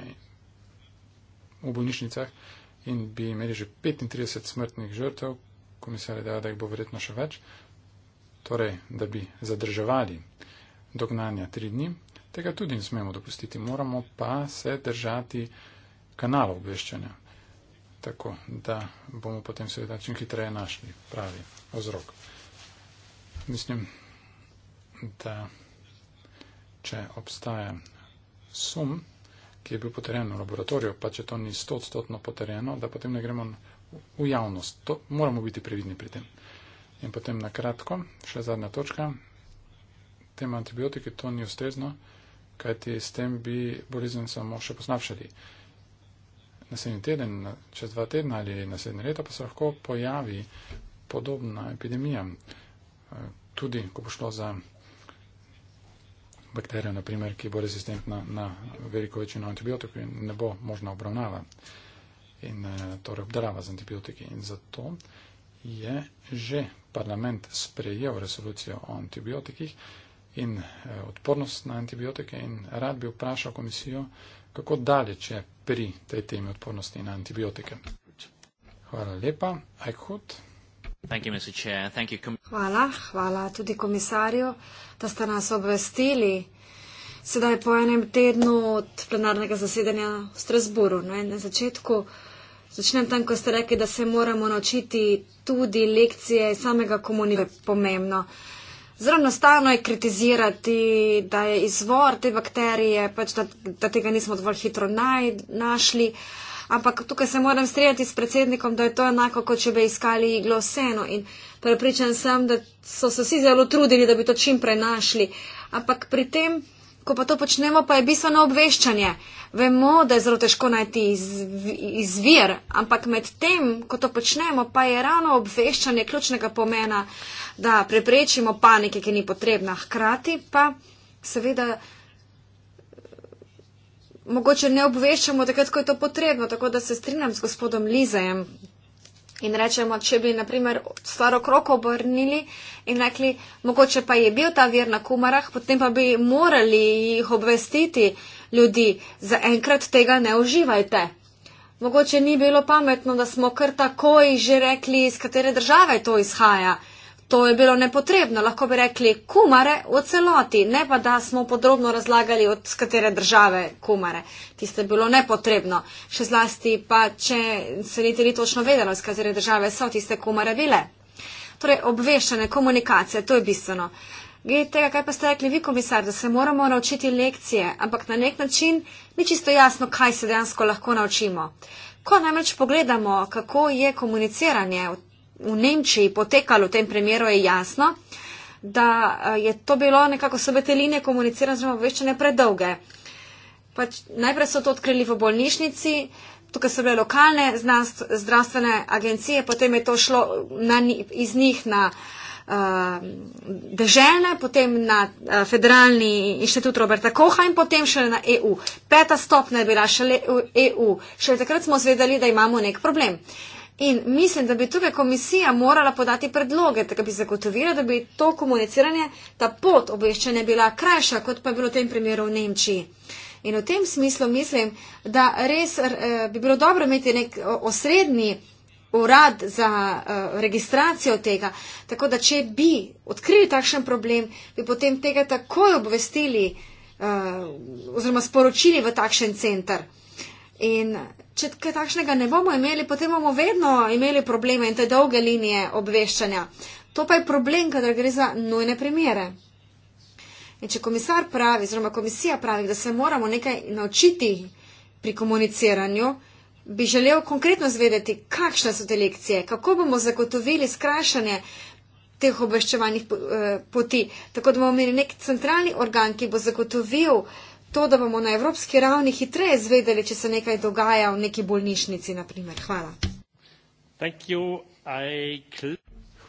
Speaker 4: v bolnišnicah? in bi imeli že 35 smrtnih žrtev, komisar je dejal, da jih bo verjetno še več, torej, da bi zadrževali dognanja tri dni, tega tudi ne smemo dopustiti, moramo pa se držati kanalov obveščanja, tako da bomo potem seveda čim hitreje našli pravi vzrok. Mislim, da če obstaja sum, ki je bil potrjen v laboratoriju, pa če to ni stotstotno potrjeno, da potem ne gremo v javnost. To moramo biti previdni pri tem. In potem na kratko, še zadnja točka, tem antibiotiki to ni ustrezno, kajti s tem bi bolezen samo še poslabšali. Naslednji teden, čez dva tedna ali naslednje leto pa se lahko pojavi podobna epidemija. Eh, tudi, ko bo šlo za bakterijo, naprimer, ki bo rezistentna na veliko večino antibiotikov in ne bo možna obravnava in eh, torej obdelava z antibiotiki. In zato je že parlament sprejel resolucijo o antibiotikih in eh, odpornost na antibiotike in rad bi vprašal komisijo, kako daleč je pri tej temi odpornosti na antibiotike. Hvala lepa.
Speaker 3: Ajkut. Hvala, hvala tudi komisarju, da ste nas obvestili. Sedaj po enem tednu od plenarnega zasedanja v Strasburu. No, na enem začetku začnem tam, ko ste rekli, da se moramo naučiti tudi lekcije samega komunizma. Pomembno. Zelo enostavno je kritizirati, da je izvor te bakterije, pač da, da tega nismo dovolj hitro naj, našli ampak tukaj se moram strijati s predsednikom, da je to enako, kot če bi iskali iglo seno in prepričan sem, da so se vsi zelo trudili, da bi to čim prej našli. Ampak pri tem, ko pa to počnemo, pa je bistveno obveščanje. Vemo, da je zelo težko najti izv izvir, ampak med tem, ko to počnemo, pa je ravno obveščanje ključnega pomena, da preprečimo panike, ki ni potrebna. Hkrati pa seveda mogoče ne obveščamo takrat, ko je to potrebno. Tako da se strinjam z gospodom Lizajem in rečemo, če bi naprimer staro kroko obrnili in rekli, mogoče pa je bil ta vir na kumarah, potem pa bi morali jih obvestiti ljudi, zaenkrat tega ne uživajte. Mogoče ni bilo pametno, da smo kar takoj že rekli, iz katere države to izhaja. To je bilo nepotrebno, lahko bi rekli kumare v celoti, ne pa da smo podrobno razlagali, od katere države kumare. Tisto je bilo nepotrebno, še zlasti pa, če se niti ni točno vedelo, iz katere države so tiste kumare bile. Torej, obveščene komunikacije, to je bistveno. Gre tega, kaj pa ste rekli vi, komisar, da se moramo naučiti lekcije, ampak na nek način ni čisto jasno, kaj se dejansko lahko naučimo. Ko namreč pogledamo, kako je komuniciranje v v Nemčiji potekalo v tem primeru, je jasno, da eh, je to bilo nekako sebe te linije komuniciranja oziroma obveščanja predolge. Pač najprej so to odkrili v bolnišnici, tukaj so bile lokalne znanst, zdravstvene agencije, potem je to šlo na, iz njih na eh, deželne, potem na eh, federalni inštitut Roberta Koha in potem še na EU. Peta stopna je bila šele v EU. Šele takrat smo zvedeli, da imamo nek problem. Uh, In mislim, da bi tukaj komisija morala podati predloge, da bi zagotovila, da bi to komuniciranje, ta pot obveščanja bila krajša, kot pa je bilo v tem primeru v Nemčiji. In v tem smislu mislim, da res eh, bi bilo dobro imeti nek osrednji urad za eh, registracijo tega. Tako da, če bi odkrili takšen problem, bi potem tega takoj obvestili eh, oziroma sporočili v takšen center. In če kaj takšnega ne bomo imeli, potem bomo vedno imeli probleme in te dolge linije obveščanja. To pa je problem, kadar gre za nujne primere. In če komisar pravi, oziroma komisija pravi, da se moramo nekaj naučiti pri komuniciranju, bi želel konkretno zvedeti, kakšne so te lekcije, kako bomo zagotovili skrajšanje teh obveščevalnih eh, poti, tako da bomo imeli nek centralni organ, ki bo zagotovil uh, to, da bomo na evropski ravni hitreje izvedeli, če se nekaj dogaja v neki bolnišnici, naprimer. Hvala.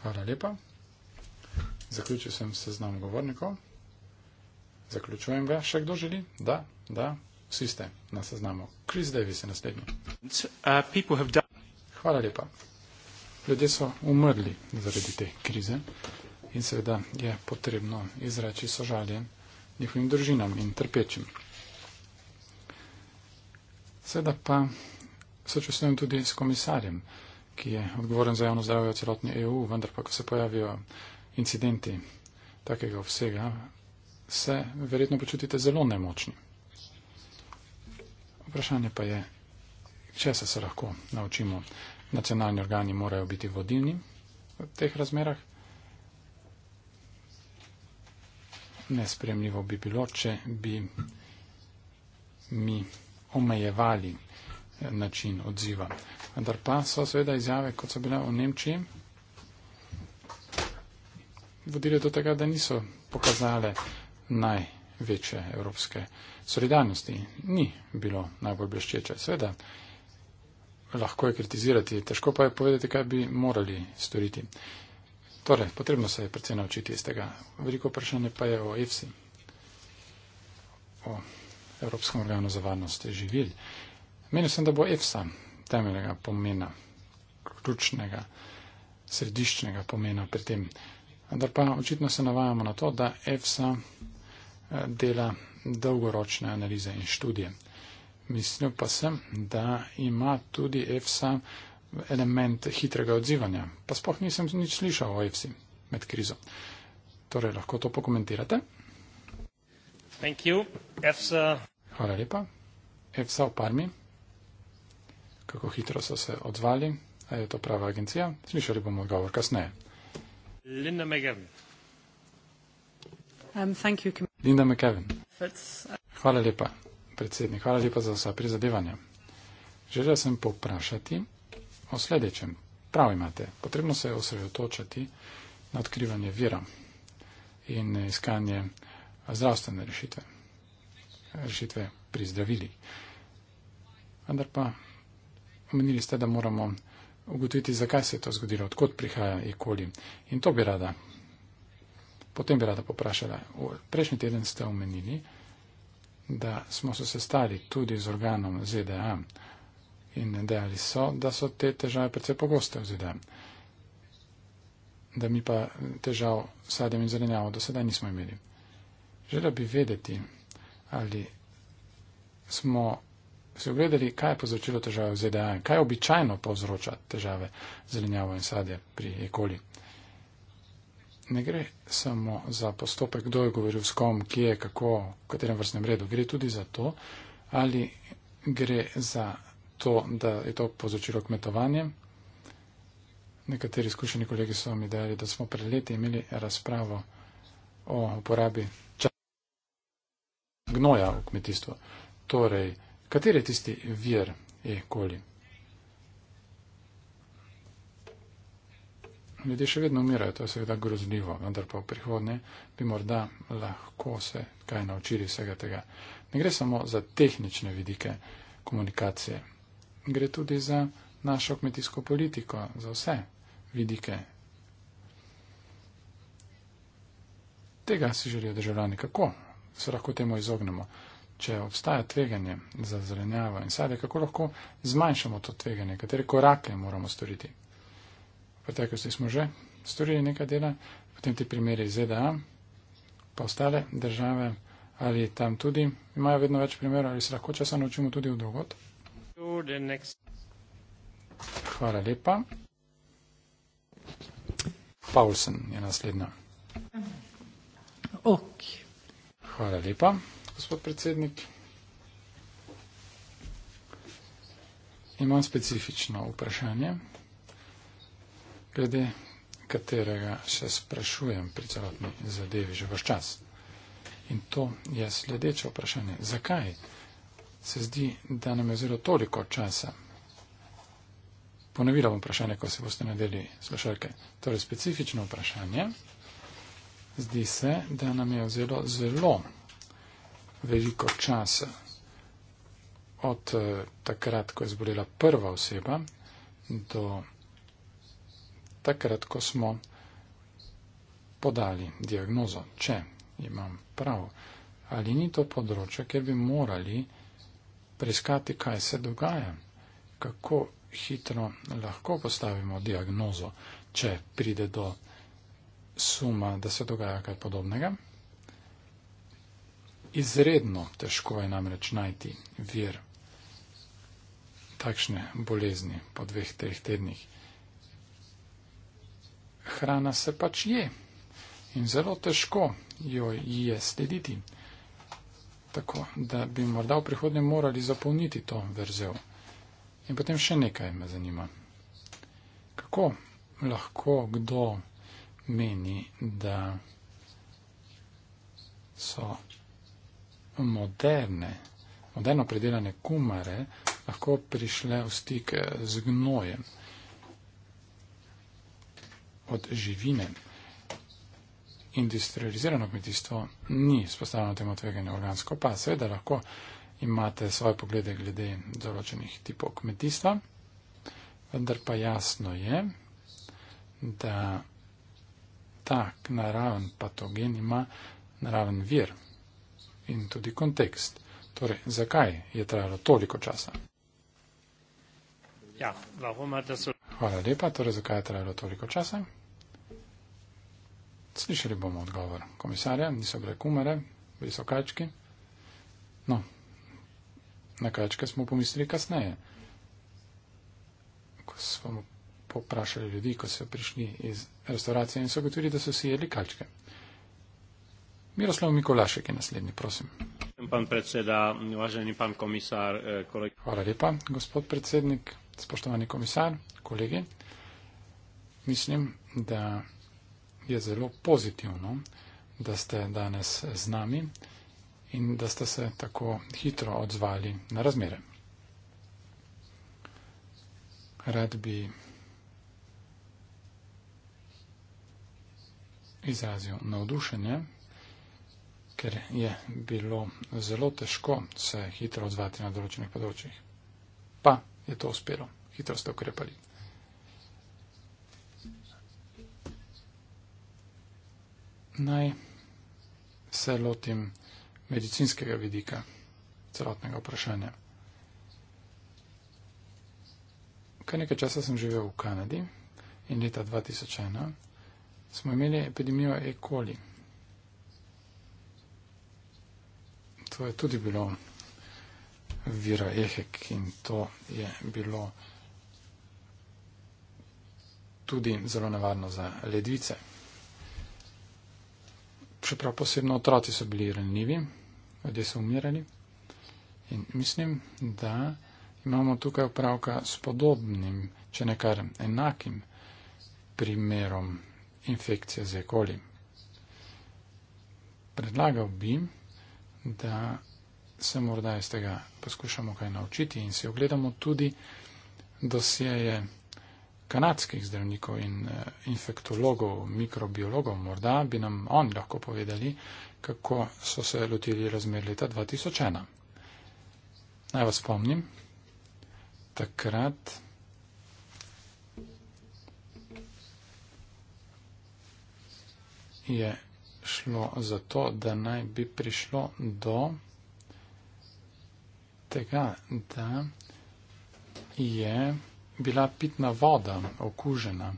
Speaker 4: Hvala lepa. Zaključil sem seznam govornikov. Zaključujem ga. Še kdo želi? Da, da. Vsi ste na seznamu. Chris Davis je naslednji. Uh, Hvala lepa. Ljudje so umrli zaradi te krize in seveda je potrebno izreči sožalje njihovim družinam in trpečim. Seveda pa sočustvujem tudi s komisarjem, ki je odgovoren za javno zdravje v celotni EU, vendar pa, ko se pojavijo incidenti takega obsega, se verjetno počutite zelo nemočni. Vprašanje pa je, če se lahko naučimo, nacionalni organi morajo biti vodilni v teh razmerah. nespremljivo bi bilo, če bi mi omejevali eh, način odziva. Vendar pa so seveda izjave, kot so bile v Nemčiji, vodile do tega, da niso pokazale največje evropske solidarnosti. Ni bilo najbolj bleščeče. Seveda lahko je kritizirati, težko pa je povedati, kaj bi morali storiti. Torej, potrebno se je predvsem naučiti iz tega. Veliko vprašanje pa je o EFSI, o Evropskem organu za varnost živil. Menil sem, da bo EFSA temeljnega pomena, ključnega, središčnega pomena pri tem. Vendar pa očitno se navajamo na to, da EFSA eh, dela dolgoročne analize in študije. Mislil pa sem, da ima tudi EFSA element hitrega odzivanja. Pa spoh nisem nič slišal o EFSI med krizo. Torej, lahko to pokomentirate? E Hvala lepa. EFSA v Parmi. Kako hitro so se odzvali? A je to prava agencija? Slišali bomo odgovor kasneje.
Speaker 1: Linda McGavin. Um,
Speaker 4: thank you, Linda McGavin. Hvala lepa, predsednik. Hvala lepa za vsa prizadevanja. Želel sem poprašati, o sledečem. Prav imate, potrebno se je osredotočati na odkrivanje vira in iskanje zdravstvene rešitve, rešitve pri zdravili. Vendar pa omenili ste, da moramo ugotoviti, zakaj se je to zgodilo, odkot prihaja ekoli. In to bi rada, potem bi rada poprašala. V prejšnji teden ste omenili, da smo se sestali tudi z organom ZDA, In dejali so, da so te težave predvsej pogoste v ZDA. Da mi pa težav s sadjem in zelenjavo do sedaj nismo imeli. Želel bi vedeti, ali smo si ogledali, kaj je povzročilo težave v ZDA in kaj običajno povzroča težave zelenjavo in sadje pri ekoli. Ne gre samo za postopek, kdo je govoril s kom, kje, kako, v katerem vrstnem redu. Gre tudi za to, ali gre za to, da je to povzročilo kmetovanje. Nekateri izkušeni kolegi so mi dejali, da smo pred leti imeli razpravo o uporabi gnoja v kmetijstvu. Torej, kateri je tisti vir E. koli? Ljudje še vedno umirajo, to je seveda grozljivo, vendar pa v prihodnje bi morda lahko se kaj naučili vsega tega. Ne gre samo za tehnične vidike komunikacije, gre tudi za našo kmetijsko politiko, za vse vidike. Tega si želijo državljani. Kako se lahko temu izognemo? Če obstaja tveganje za zelenjavo in sadje, kako lahko zmanjšamo to tveganje, katere korake moramo storiti? V preteklosti smo že storili nekaj dela, potem ti primeri iz ZDA, pa ostale države ali tam tudi imajo vedno več primerov, ali se lahko časa naučimo tudi v drugot. Hvala lepa. Paulsen je naslednja. Okay. Hvala lepa, gospod predsednik. Imam specifično vprašanje, glede katerega se sprašujem pri celotni zadevi že vaš čas. In to je sledeče vprašanje. Zakaj se zdi, da nam je zelo toliko časa. Ponovila bom vprašanje, ko se boste nadeli slušalke. Torej, specifično vprašanje. Zdi se, da nam je vzelo zelo veliko časa od eh, takrat, ko je zbolela prva oseba, do takrat, ko smo podali diagnozo, če imam prav. Ali ni to področje, kjer bi morali preiskati, kaj se dogaja, kako hitro lahko postavimo diagnozo, če pride do suma, da se dogaja kaj podobnega. Izredno težko je namreč najti vir takšne bolezni po dveh, treh tednih. Hrana se pač je in zelo težko jo je slediti tako, da bi morda v prihodnje morali zapolniti to verzel. In potem še nekaj me zanima. Kako lahko kdo meni, da so moderne, moderno predelane kumare lahko prišle v stik z gnojem od živine? industrializirano kmetijstvo ni spostavljeno temu tveganju organsko, pa seveda lahko imate svoje poglede glede določenih tipov kmetijstva, vendar pa jasno je, da tak naraven patogen ima naraven vir in tudi kontekst. Torej, zakaj je trajalo toliko časa? Ja, Hvala lepa, torej zakaj je trajalo toliko časa? Slišali bomo odgovor komisarja, niso bile kumare, bili so kački. No, na kačke smo pomislili kasneje. Ko smo poprašali ljudi, ko so prišli iz restauracije in so gotovili, da so si jedli kačke. Miroslav Mikolašek je naslednji, prosim.
Speaker 1: Pan predseda, uvaženi pan komisar, eh, kolegi.
Speaker 4: Hvala lepa, gospod predsednik, spoštovani komisar, kolegi. Mislim, da je zelo pozitivno, da ste danes z nami in da ste se tako hitro odzvali na razmere. Rad bi izrazil navdušenje, ker je bilo zelo težko se hitro odzvati na določenih področjih. Pa je to uspelo. Hitro ste ukrepali. naj se lotim medicinskega vidika celotnega vprašanja. Kaj nekaj časa sem živel v Kanadi in leta 2001 smo imeli epidemijo E. coli. To je tudi bilo vira ehek in to je bilo tudi zelo nevarno za ledvice čeprav posebno otroci so bili ranljivi, ljudje so umirali. In mislim, da imamo tukaj upravka s podobnim, če ne kar enakim primerom infekcije z ekoli. Predlagal bi, da se morda iz tega poskušamo kaj naučiti in si ogledamo tudi dosjeje kanadskih zdravnikov in eh, infektologov, mikrobiologov, morda bi nam oni lahko povedali, kako so se lotili razmer leta 2001. Naj vas spomnim, takrat je šlo za to, da naj bi prišlo do tega, da je bila pitna voda okužena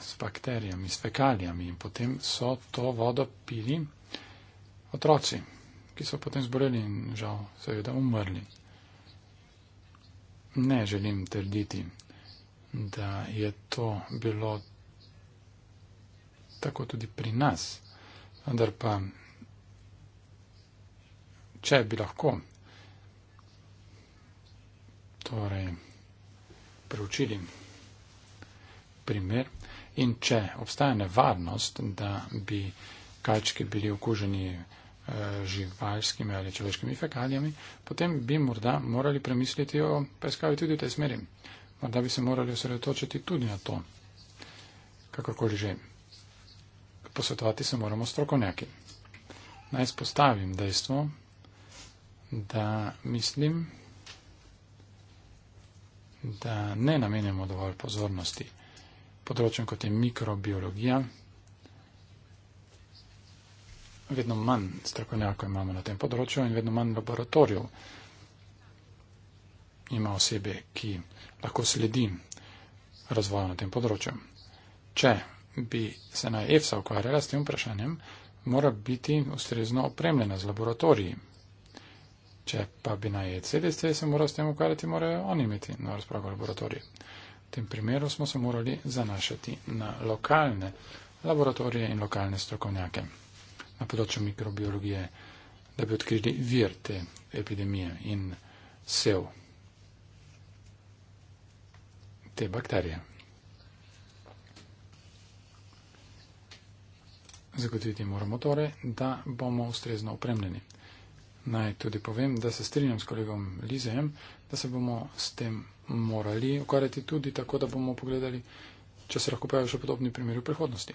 Speaker 4: s bakterijami, s fekalijami in potem so to vodo pili otroci, ki so potem zboleli in žal seveda umrli. Ne želim trditi, da je to bilo tako tudi pri nas, vendar pa, če bi lahko, torej, preučili primer in če obstaja nevarnost, da bi kajčki bili okuženi eh, živalskimi ali človeškimi fekalijami, potem bi morda morali premisliti o preiskavi tudi v tej smeri. Morda bi se morali osredotočiti tudi na to, kakorkoli že. Posvetovati se moramo strokovnjaki. Naj spostavim dejstvo, da mislim, da ne namenjamo dovolj pozornosti področjem kot je mikrobiologija. Vedno manj strokovnjakov imamo na tem področju in vedno manj laboratorijev ima osebe, ki lahko sledi razvoju na tem področju. Če bi se na EFSA ukvarjala s tem vprašanjem, mora biti ustrezno opremljena z laboratoriji, Če pa bi na ECDC se moral s tem ukvarjati, morajo oni imeti na razpolago laboratorije. V tem primeru smo se morali zanašati na lokalne laboratorije in lokalne strokovnjake na področju mikrobiologije, da bi odkrili vir te epidemije in sev te bakterije. Zagotoviti moramo torej, da bomo ustrezno opremljeni. Naj tudi povem, da se strinjam s kolegom Lizejem, da se bomo s tem morali ukvarjati tudi tako, da bomo pogledali, če se lahko pojavijo še podobni primeri v prihodnosti.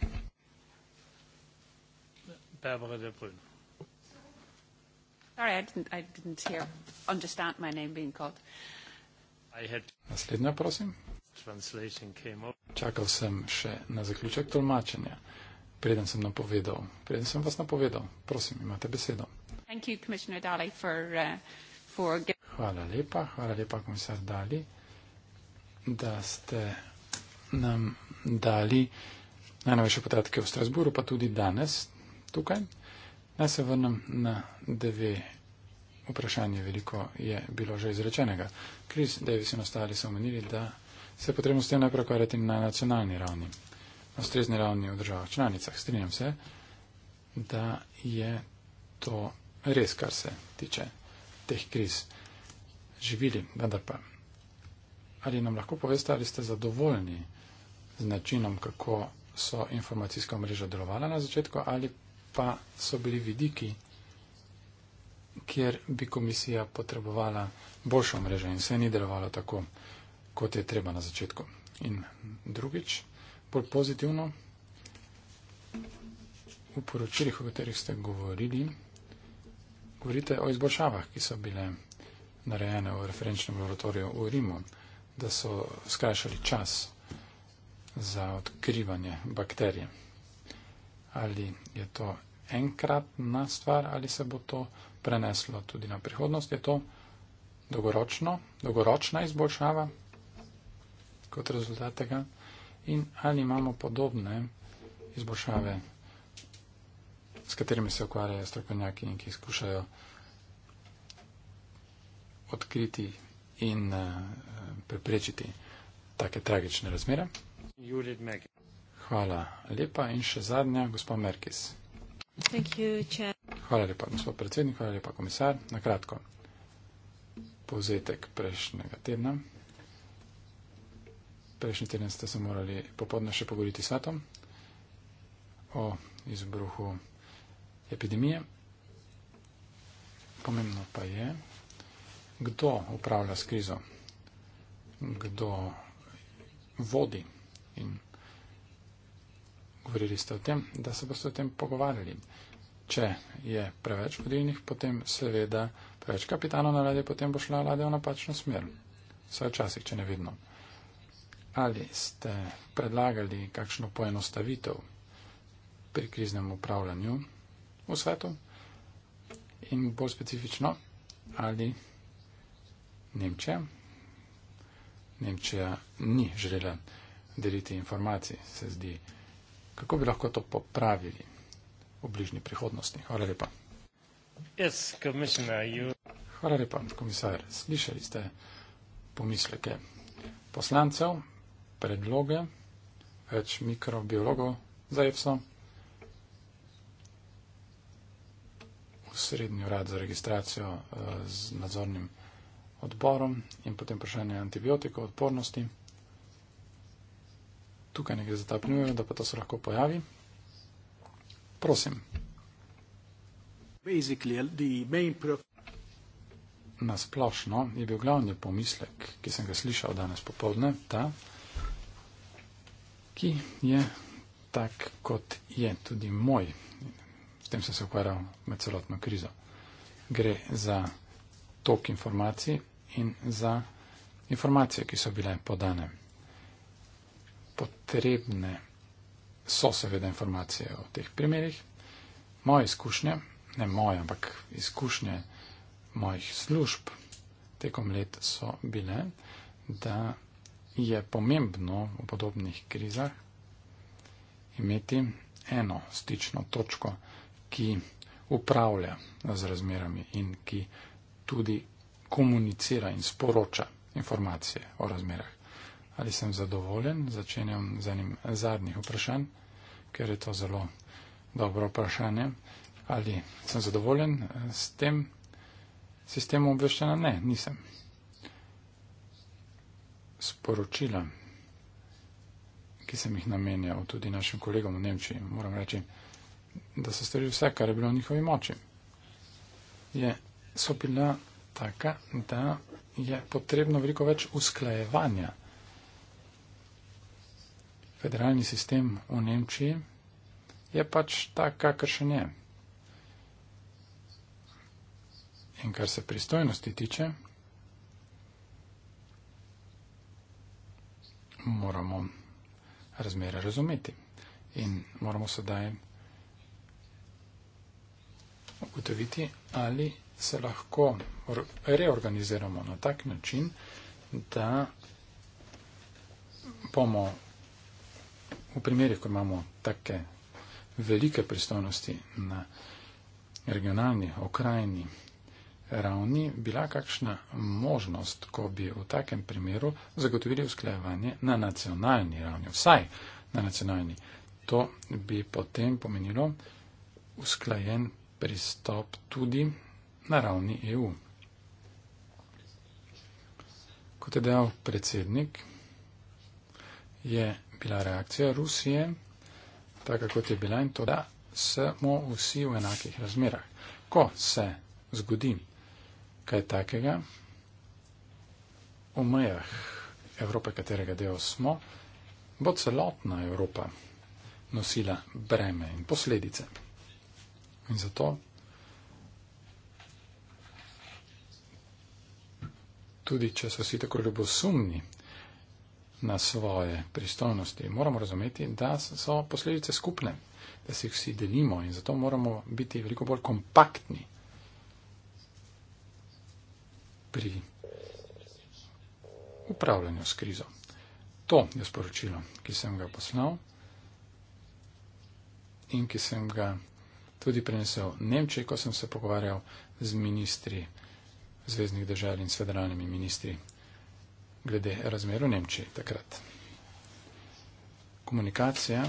Speaker 1: Sorry,
Speaker 4: I didn't, I didn't hear, understand my name being called. I had Naslednja, prosim.
Speaker 1: Translation came up.
Speaker 4: Čakal sem še na zaključek tolmačenja. Preden sem, napovedal, preden sem vas napovedal, prosim, imate besedo.
Speaker 2: Thank you, Commissioner Daly, for, uh, for...
Speaker 4: Hvala lepa, hvala lepa, komisar Dali, da ste nam dali najnovejše podatke v Strasburu, pa tudi danes tukaj. Naj se vrnem na dve vprašanje, veliko je bilo že izrečenega. Kris, Davis in ostali so omenili, da se je potrebno s tem najprej ukvarjati na nacionalni ravni, na ustrezni ravni v državah članicah. Strinjam se, da je to res, kar se tiče teh kriz živili. Vendar pa, ali nam lahko poveste, ali ste zadovoljni z načinom, kako so informacijska mreža delovala na začetku, ali pa so bili vidiki, kjer bi komisija potrebovala boljšo mrežo in se ni delovalo tako, kot je treba na začetku. In drugič, bolj pozitivno, v poročilih, o katerih ste govorili, govorite o izboljšavah, ki so bile narejene v referenčnem laboratoriju v Rimu, da so skrajšali čas za odkrivanje bakterije. Ali je to enkratna stvar ali se bo to preneslo tudi na prihodnost? Je to dolgoročno, dolgoročna izboljšava kot rezultat tega? In ali imamo podobne izboljšave s katerimi se ukvarjajo strokovnjaki in ki skušajo odkriti in eh, preprečiti take tragične razmere. Hvala lepa in še zadnja, gospod Merkis. Hvala lepa, gospod predsednik, hvala lepa, komisar. Na kratko, povzetek prejšnjega tedna. Prejšnji teden ste se morali popodne še pogovoriti s Svetom o izbruhu epidemije. Pomembno pa je, kdo upravlja s krizo, kdo vodi. In govorili ste o tem, da se boste o tem pogovarjali. Če je preveč vodilnih, potem seveda preveč kapitanov na ladje, potem bo šla ladja v napačno smer. Vse včasih, če ne vidno. Ali ste predlagali kakšno poenostavitev pri kriznem upravljanju? v svetu in bolj specifično ali Nemčija. Nemčija ni želela deliti informacij, se zdi. Kako bi lahko to popravili v bližnji prihodnosti? Hvala lepa. Yes, you... Hvala lepa, komisar. Slišali ste pomisleke poslancev, predloge, več mikrobiologov za EFSO. srednji urad za registracijo eh, z nadzornim odborom in potem vprašanje antibiotikov odpornosti. Tukaj ne gre za ta pneumo, da pa to se lahko pojavi. Prosim. Uh, Na splošno je bil glavni pomislek, ki sem ga slišal danes popovdne, ta, ki je tak, kot je tudi moj tem sem se ukvarjal med celotno krizo. Gre za tok informacij in za informacije, ki so bile podane. Potrebne so seveda informacije o teh primerih. Moje izkušnje, ne moje, ampak izkušnje mojih služb tekom let so bile, da je pomembno v podobnih krizah imeti eno stično točko, ki upravlja z razmerami in ki tudi komunicira in sporoča informacije o razmerah. Ali sem zadovoljen? Začenjam z enim zadnjih vprašanj, ker je to zelo dobro vprašanje. Ali sem zadovoljen eh, s tem sistemom obveščena? Ne, nisem. Sporočila, ki sem jih namenjal tudi našim kolegom v Nemčiji, moram reči, da so storili vse, kar je bilo v njihovi moči. Je, so bila taka, da je potrebno veliko več usklajevanja. Federalni sistem v Nemčiji je pač tak, kakor še ne. In kar se pristojnosti tiče, moramo razmere razumeti. In moramo sedaj ugotoviti, ali se lahko reorganiziramo na tak način, da bomo v primerih, ko imamo take velike pristojnosti na regionalni, okrajni ravni, bila kakšna možnost, ko bi v takem primeru zagotovili usklajevanje na nacionalni ravni, vsaj na nacionalni. To bi potem pomenilo usklajen pristop tudi na ravni EU. Kot je dejal predsednik, je bila reakcija Rusije taka, kot je bila in to, da smo vsi v enakih razmerah. Ko se zgodi kaj takega, v mejah Evrope, katerega del smo, bo celotna Evropa nosila breme in posledice. In zato tudi, če so vsi tako ljubosumni na svoje pristojnosti, moramo razumeti, da so posledice skupne, da si jih vsi delimo in zato moramo biti veliko bolj kompaktni pri upravljanju s krizo. To je sporočilo, ki sem ga poslal in ki sem ga tudi prenesel Nemčije, ko sem se pogovarjal z ministri zvezdnih držav in s federalnimi ministri glede razmer v Nemčiji takrat. Komunikacija,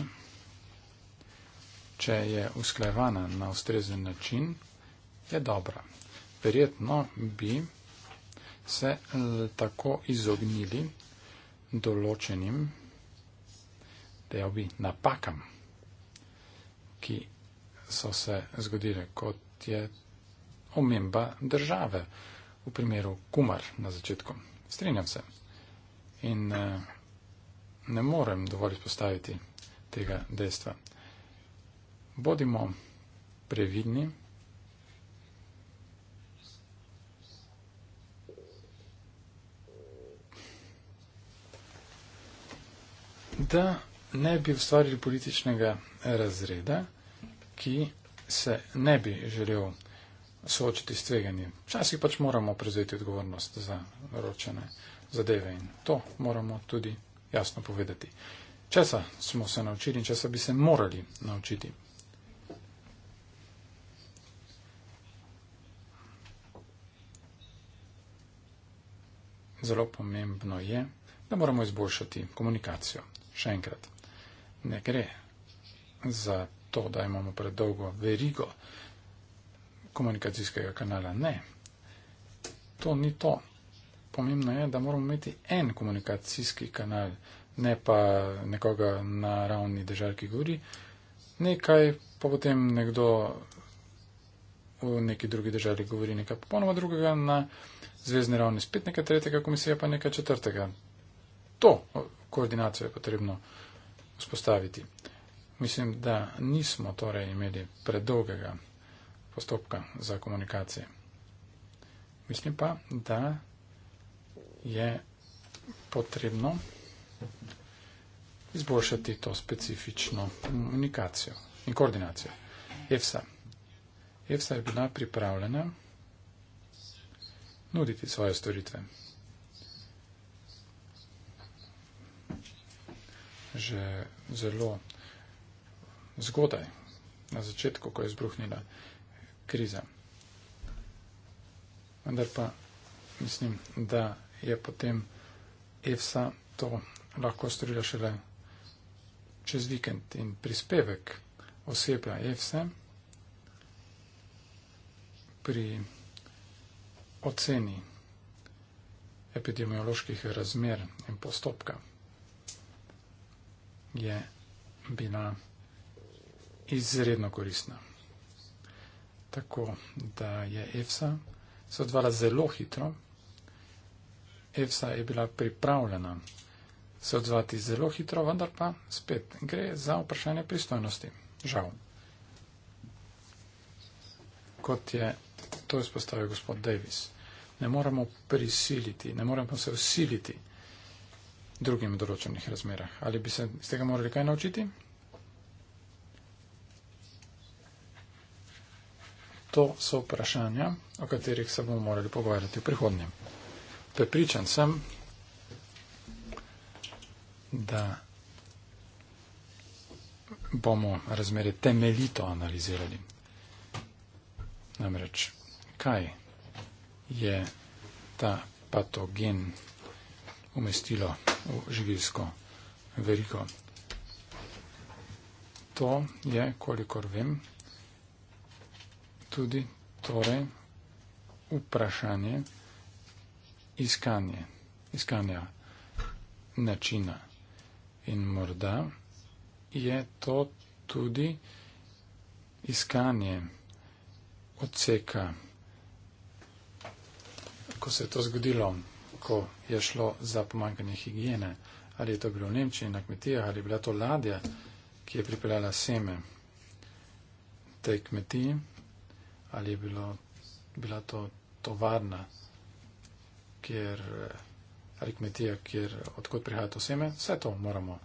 Speaker 4: če je usklajevana na ustrezen način, je dobra. Verjetno bi se tako izognili določenim, da je obi napakam, ki so se zgodile, kot je omemba države v primeru Kumar na začetku. Strinjam se. In eh, ne morem dovolj izpostaviti tega dejstva. Bodimo previdni. Da ne bi ustvarili političnega razreda, ki se ne bi želel soočiti s tveganjem. Včasih pač moramo prevzeti odgovornost za ročene zadeve in to moramo tudi jasno povedati. Česa smo se naučili in česa bi se morali naučiti? Zelo pomembno je, da moramo izboljšati komunikacijo. Še enkrat, ne gre za to, da imamo predolgo verigo komunikacijskega kanala. Ne, to ni to. Pomembno je, da moramo imeti en komunikacijski kanal, ne pa nekoga na ravni držav, ki govori nekaj, pa potem nekdo v neki drugi državi govori nekaj popolnoma drugega, na zvezdni ravni spet nekaj tretjega, komisija pa nekaj četrtega. To koordinacijo je potrebno spostaviti. Mislim, da nismo torej imeli predolgega postopka za komunikacije. Mislim pa, da je potrebno izboljšati to specifično komunikacijo in koordinacijo. EFSA. EFSA je bila pripravljena nuditi svoje storitve. Že zelo zgodaj, na začetku, ko je izbruhnila kriza. Vendar pa mislim, da je potem EFSA to lahko storila šele čez vikend in prispevek osebja EFSA pri oceni epidemioloških razmer in postopka je bila izredno koristna. Tako da je EFSA se odvala zelo hitro. EFSA je bila pripravljena se odzvati zelo hitro, vendar pa spet gre za vprašanje pristojnosti. Žal. Kot je to izpostavil gospod Davis, ne moremo prisiliti, ne moremo se usiliti drugim določenih razmerah. Ali bi se iz tega morali kaj naučiti? to so vprašanja, o katerih se bomo morali pogovarjati v prihodnje. Prepričan sem, da bomo razmere temeljito analizirali. Namreč, kaj je ta patogen umestilo v živilsko veriko? To je, kolikor vem, tudi torej vprašanje iskanje, iskanja načina. In morda je to tudi iskanje odseka, ko se je to zgodilo, ko je šlo za pomankanje higiene, ali je to bilo v Nemčiji na kmetijah, ali je bila to ladja, ki je pripeljala seme tej kmetiji ali je bilo, bila to tovarna, kjer, ali kmetija, kjer, odkot prihaja to seme, vse to moramo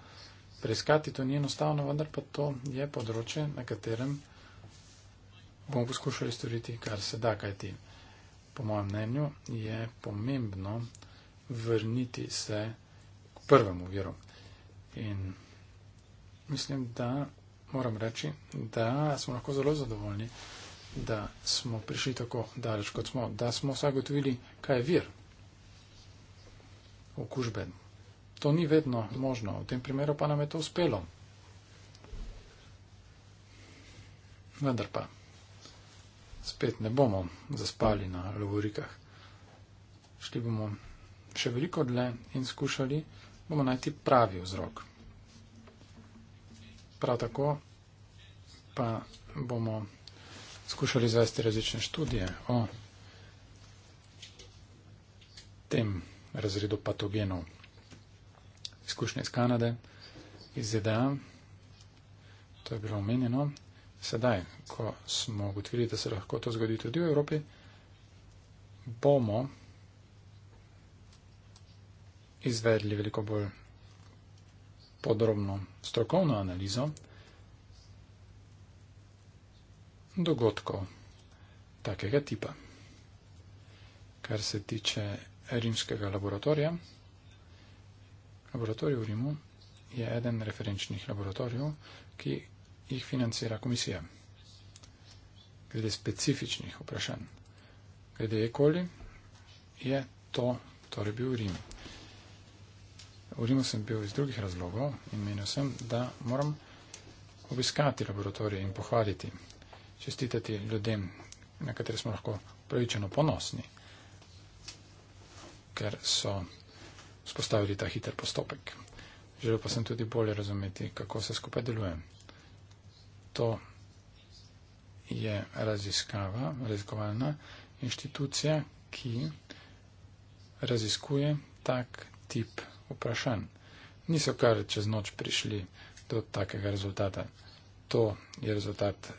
Speaker 4: preiskati, to ni enostavno, vendar pa to je področje, na katerem bomo poskušali storiti, kar se da, kajti po mojem mnenju je pomembno vrniti se k prvemu viru. In mislim, da moram reči, da smo lahko zelo zadovoljni, da smo prišli tako daleč, kot smo, da smo vsaj gotovili, kaj je vir okužbe. To ni vedno možno, v tem primeru pa nam je to uspelo. Vendar pa, spet ne bomo zaspali na lovorikah. Šli bomo še veliko dlje in skušali bomo najti pravi vzrok. Prav tako pa bomo skušali izvesti različne študije o tem razredu patogenov. Izkušnje iz Kanade, iz ZDA, to je bilo omenjeno. Sedaj, ko smo ugotovili, da se lahko to zgodi tudi v Evropi, bomo izvedli veliko bolj podrobno strokovno analizo dogodkov takega tipa. Kar se tiče rimskega laboratorija, laboratorij v Rimu je eden referenčnih laboratorijev, ki jih financira komisija. Glede specifičnih vprašanj, glede ekoli, je to torej bil Rim. V Rimu sem bil iz drugih razlogov in menil sem, da moram obiskati laboratorije in pohvaliti čestitati ljudem, na katere smo lahko pravičeno ponosni, ker so spostavili ta hiter postopek. Želel pa sem tudi bolje razumeti, kako se skupaj deluje. To je raziskava, raziskovalna inštitucija, ki raziskuje tak tip vprašanj. Niso kar čez noč prišli do takega rezultata. To je rezultat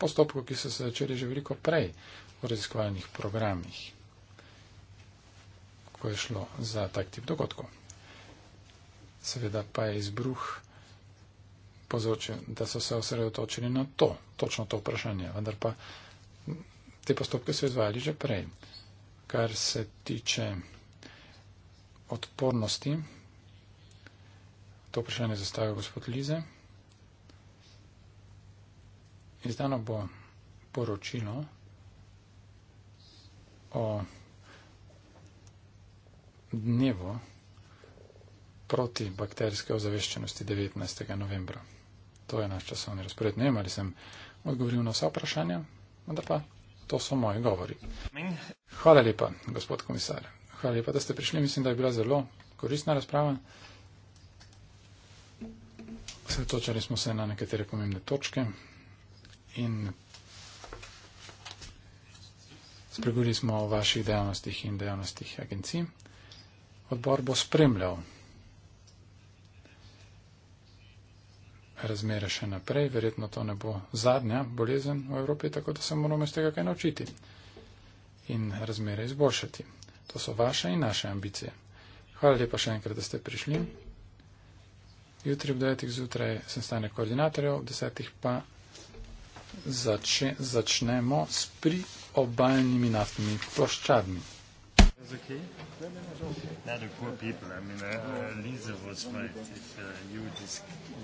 Speaker 4: postopkov, ki so se začeli že veliko prej v raziskovalnih programih, ko je šlo za tak tip dogodkov. Seveda pa je izbruh povzročil, da so se osredotočili na to, točno to vprašanje, vendar pa te postopke so izvajali že prej. Kar se tiče odpornosti, to vprašanje zastavlja gospod Lize izdano bo poročilo o dnevu proti bakterijske ozaveščenosti 19. novembra. To je naš časovni razpored. Ne vem, ali sem odgovoril na vsa vprašanja, vendar pa to so moji govori. Hvala lepa, gospod komisar. Hvala lepa, da ste prišli. Mislim, da je bila zelo koristna razprava. Sretočali smo se na nekatere pomembne točke in spregovorili smo o vaših dejavnostih in dejavnostih agencij. Odbor bo spremljal razmere še naprej, verjetno to ne bo zadnja bolezen v Evropi, tako da se moramo iz tega kaj naučiti in razmere izboljšati. To so vaše in naše ambicije. Hvala lepa še enkrat, da ste prišli. Jutri ob 9. zjutraj sem stane koordinatorjev, ob 10. pa zače, začnemo s priobalnimi naftnimi ploščadmi.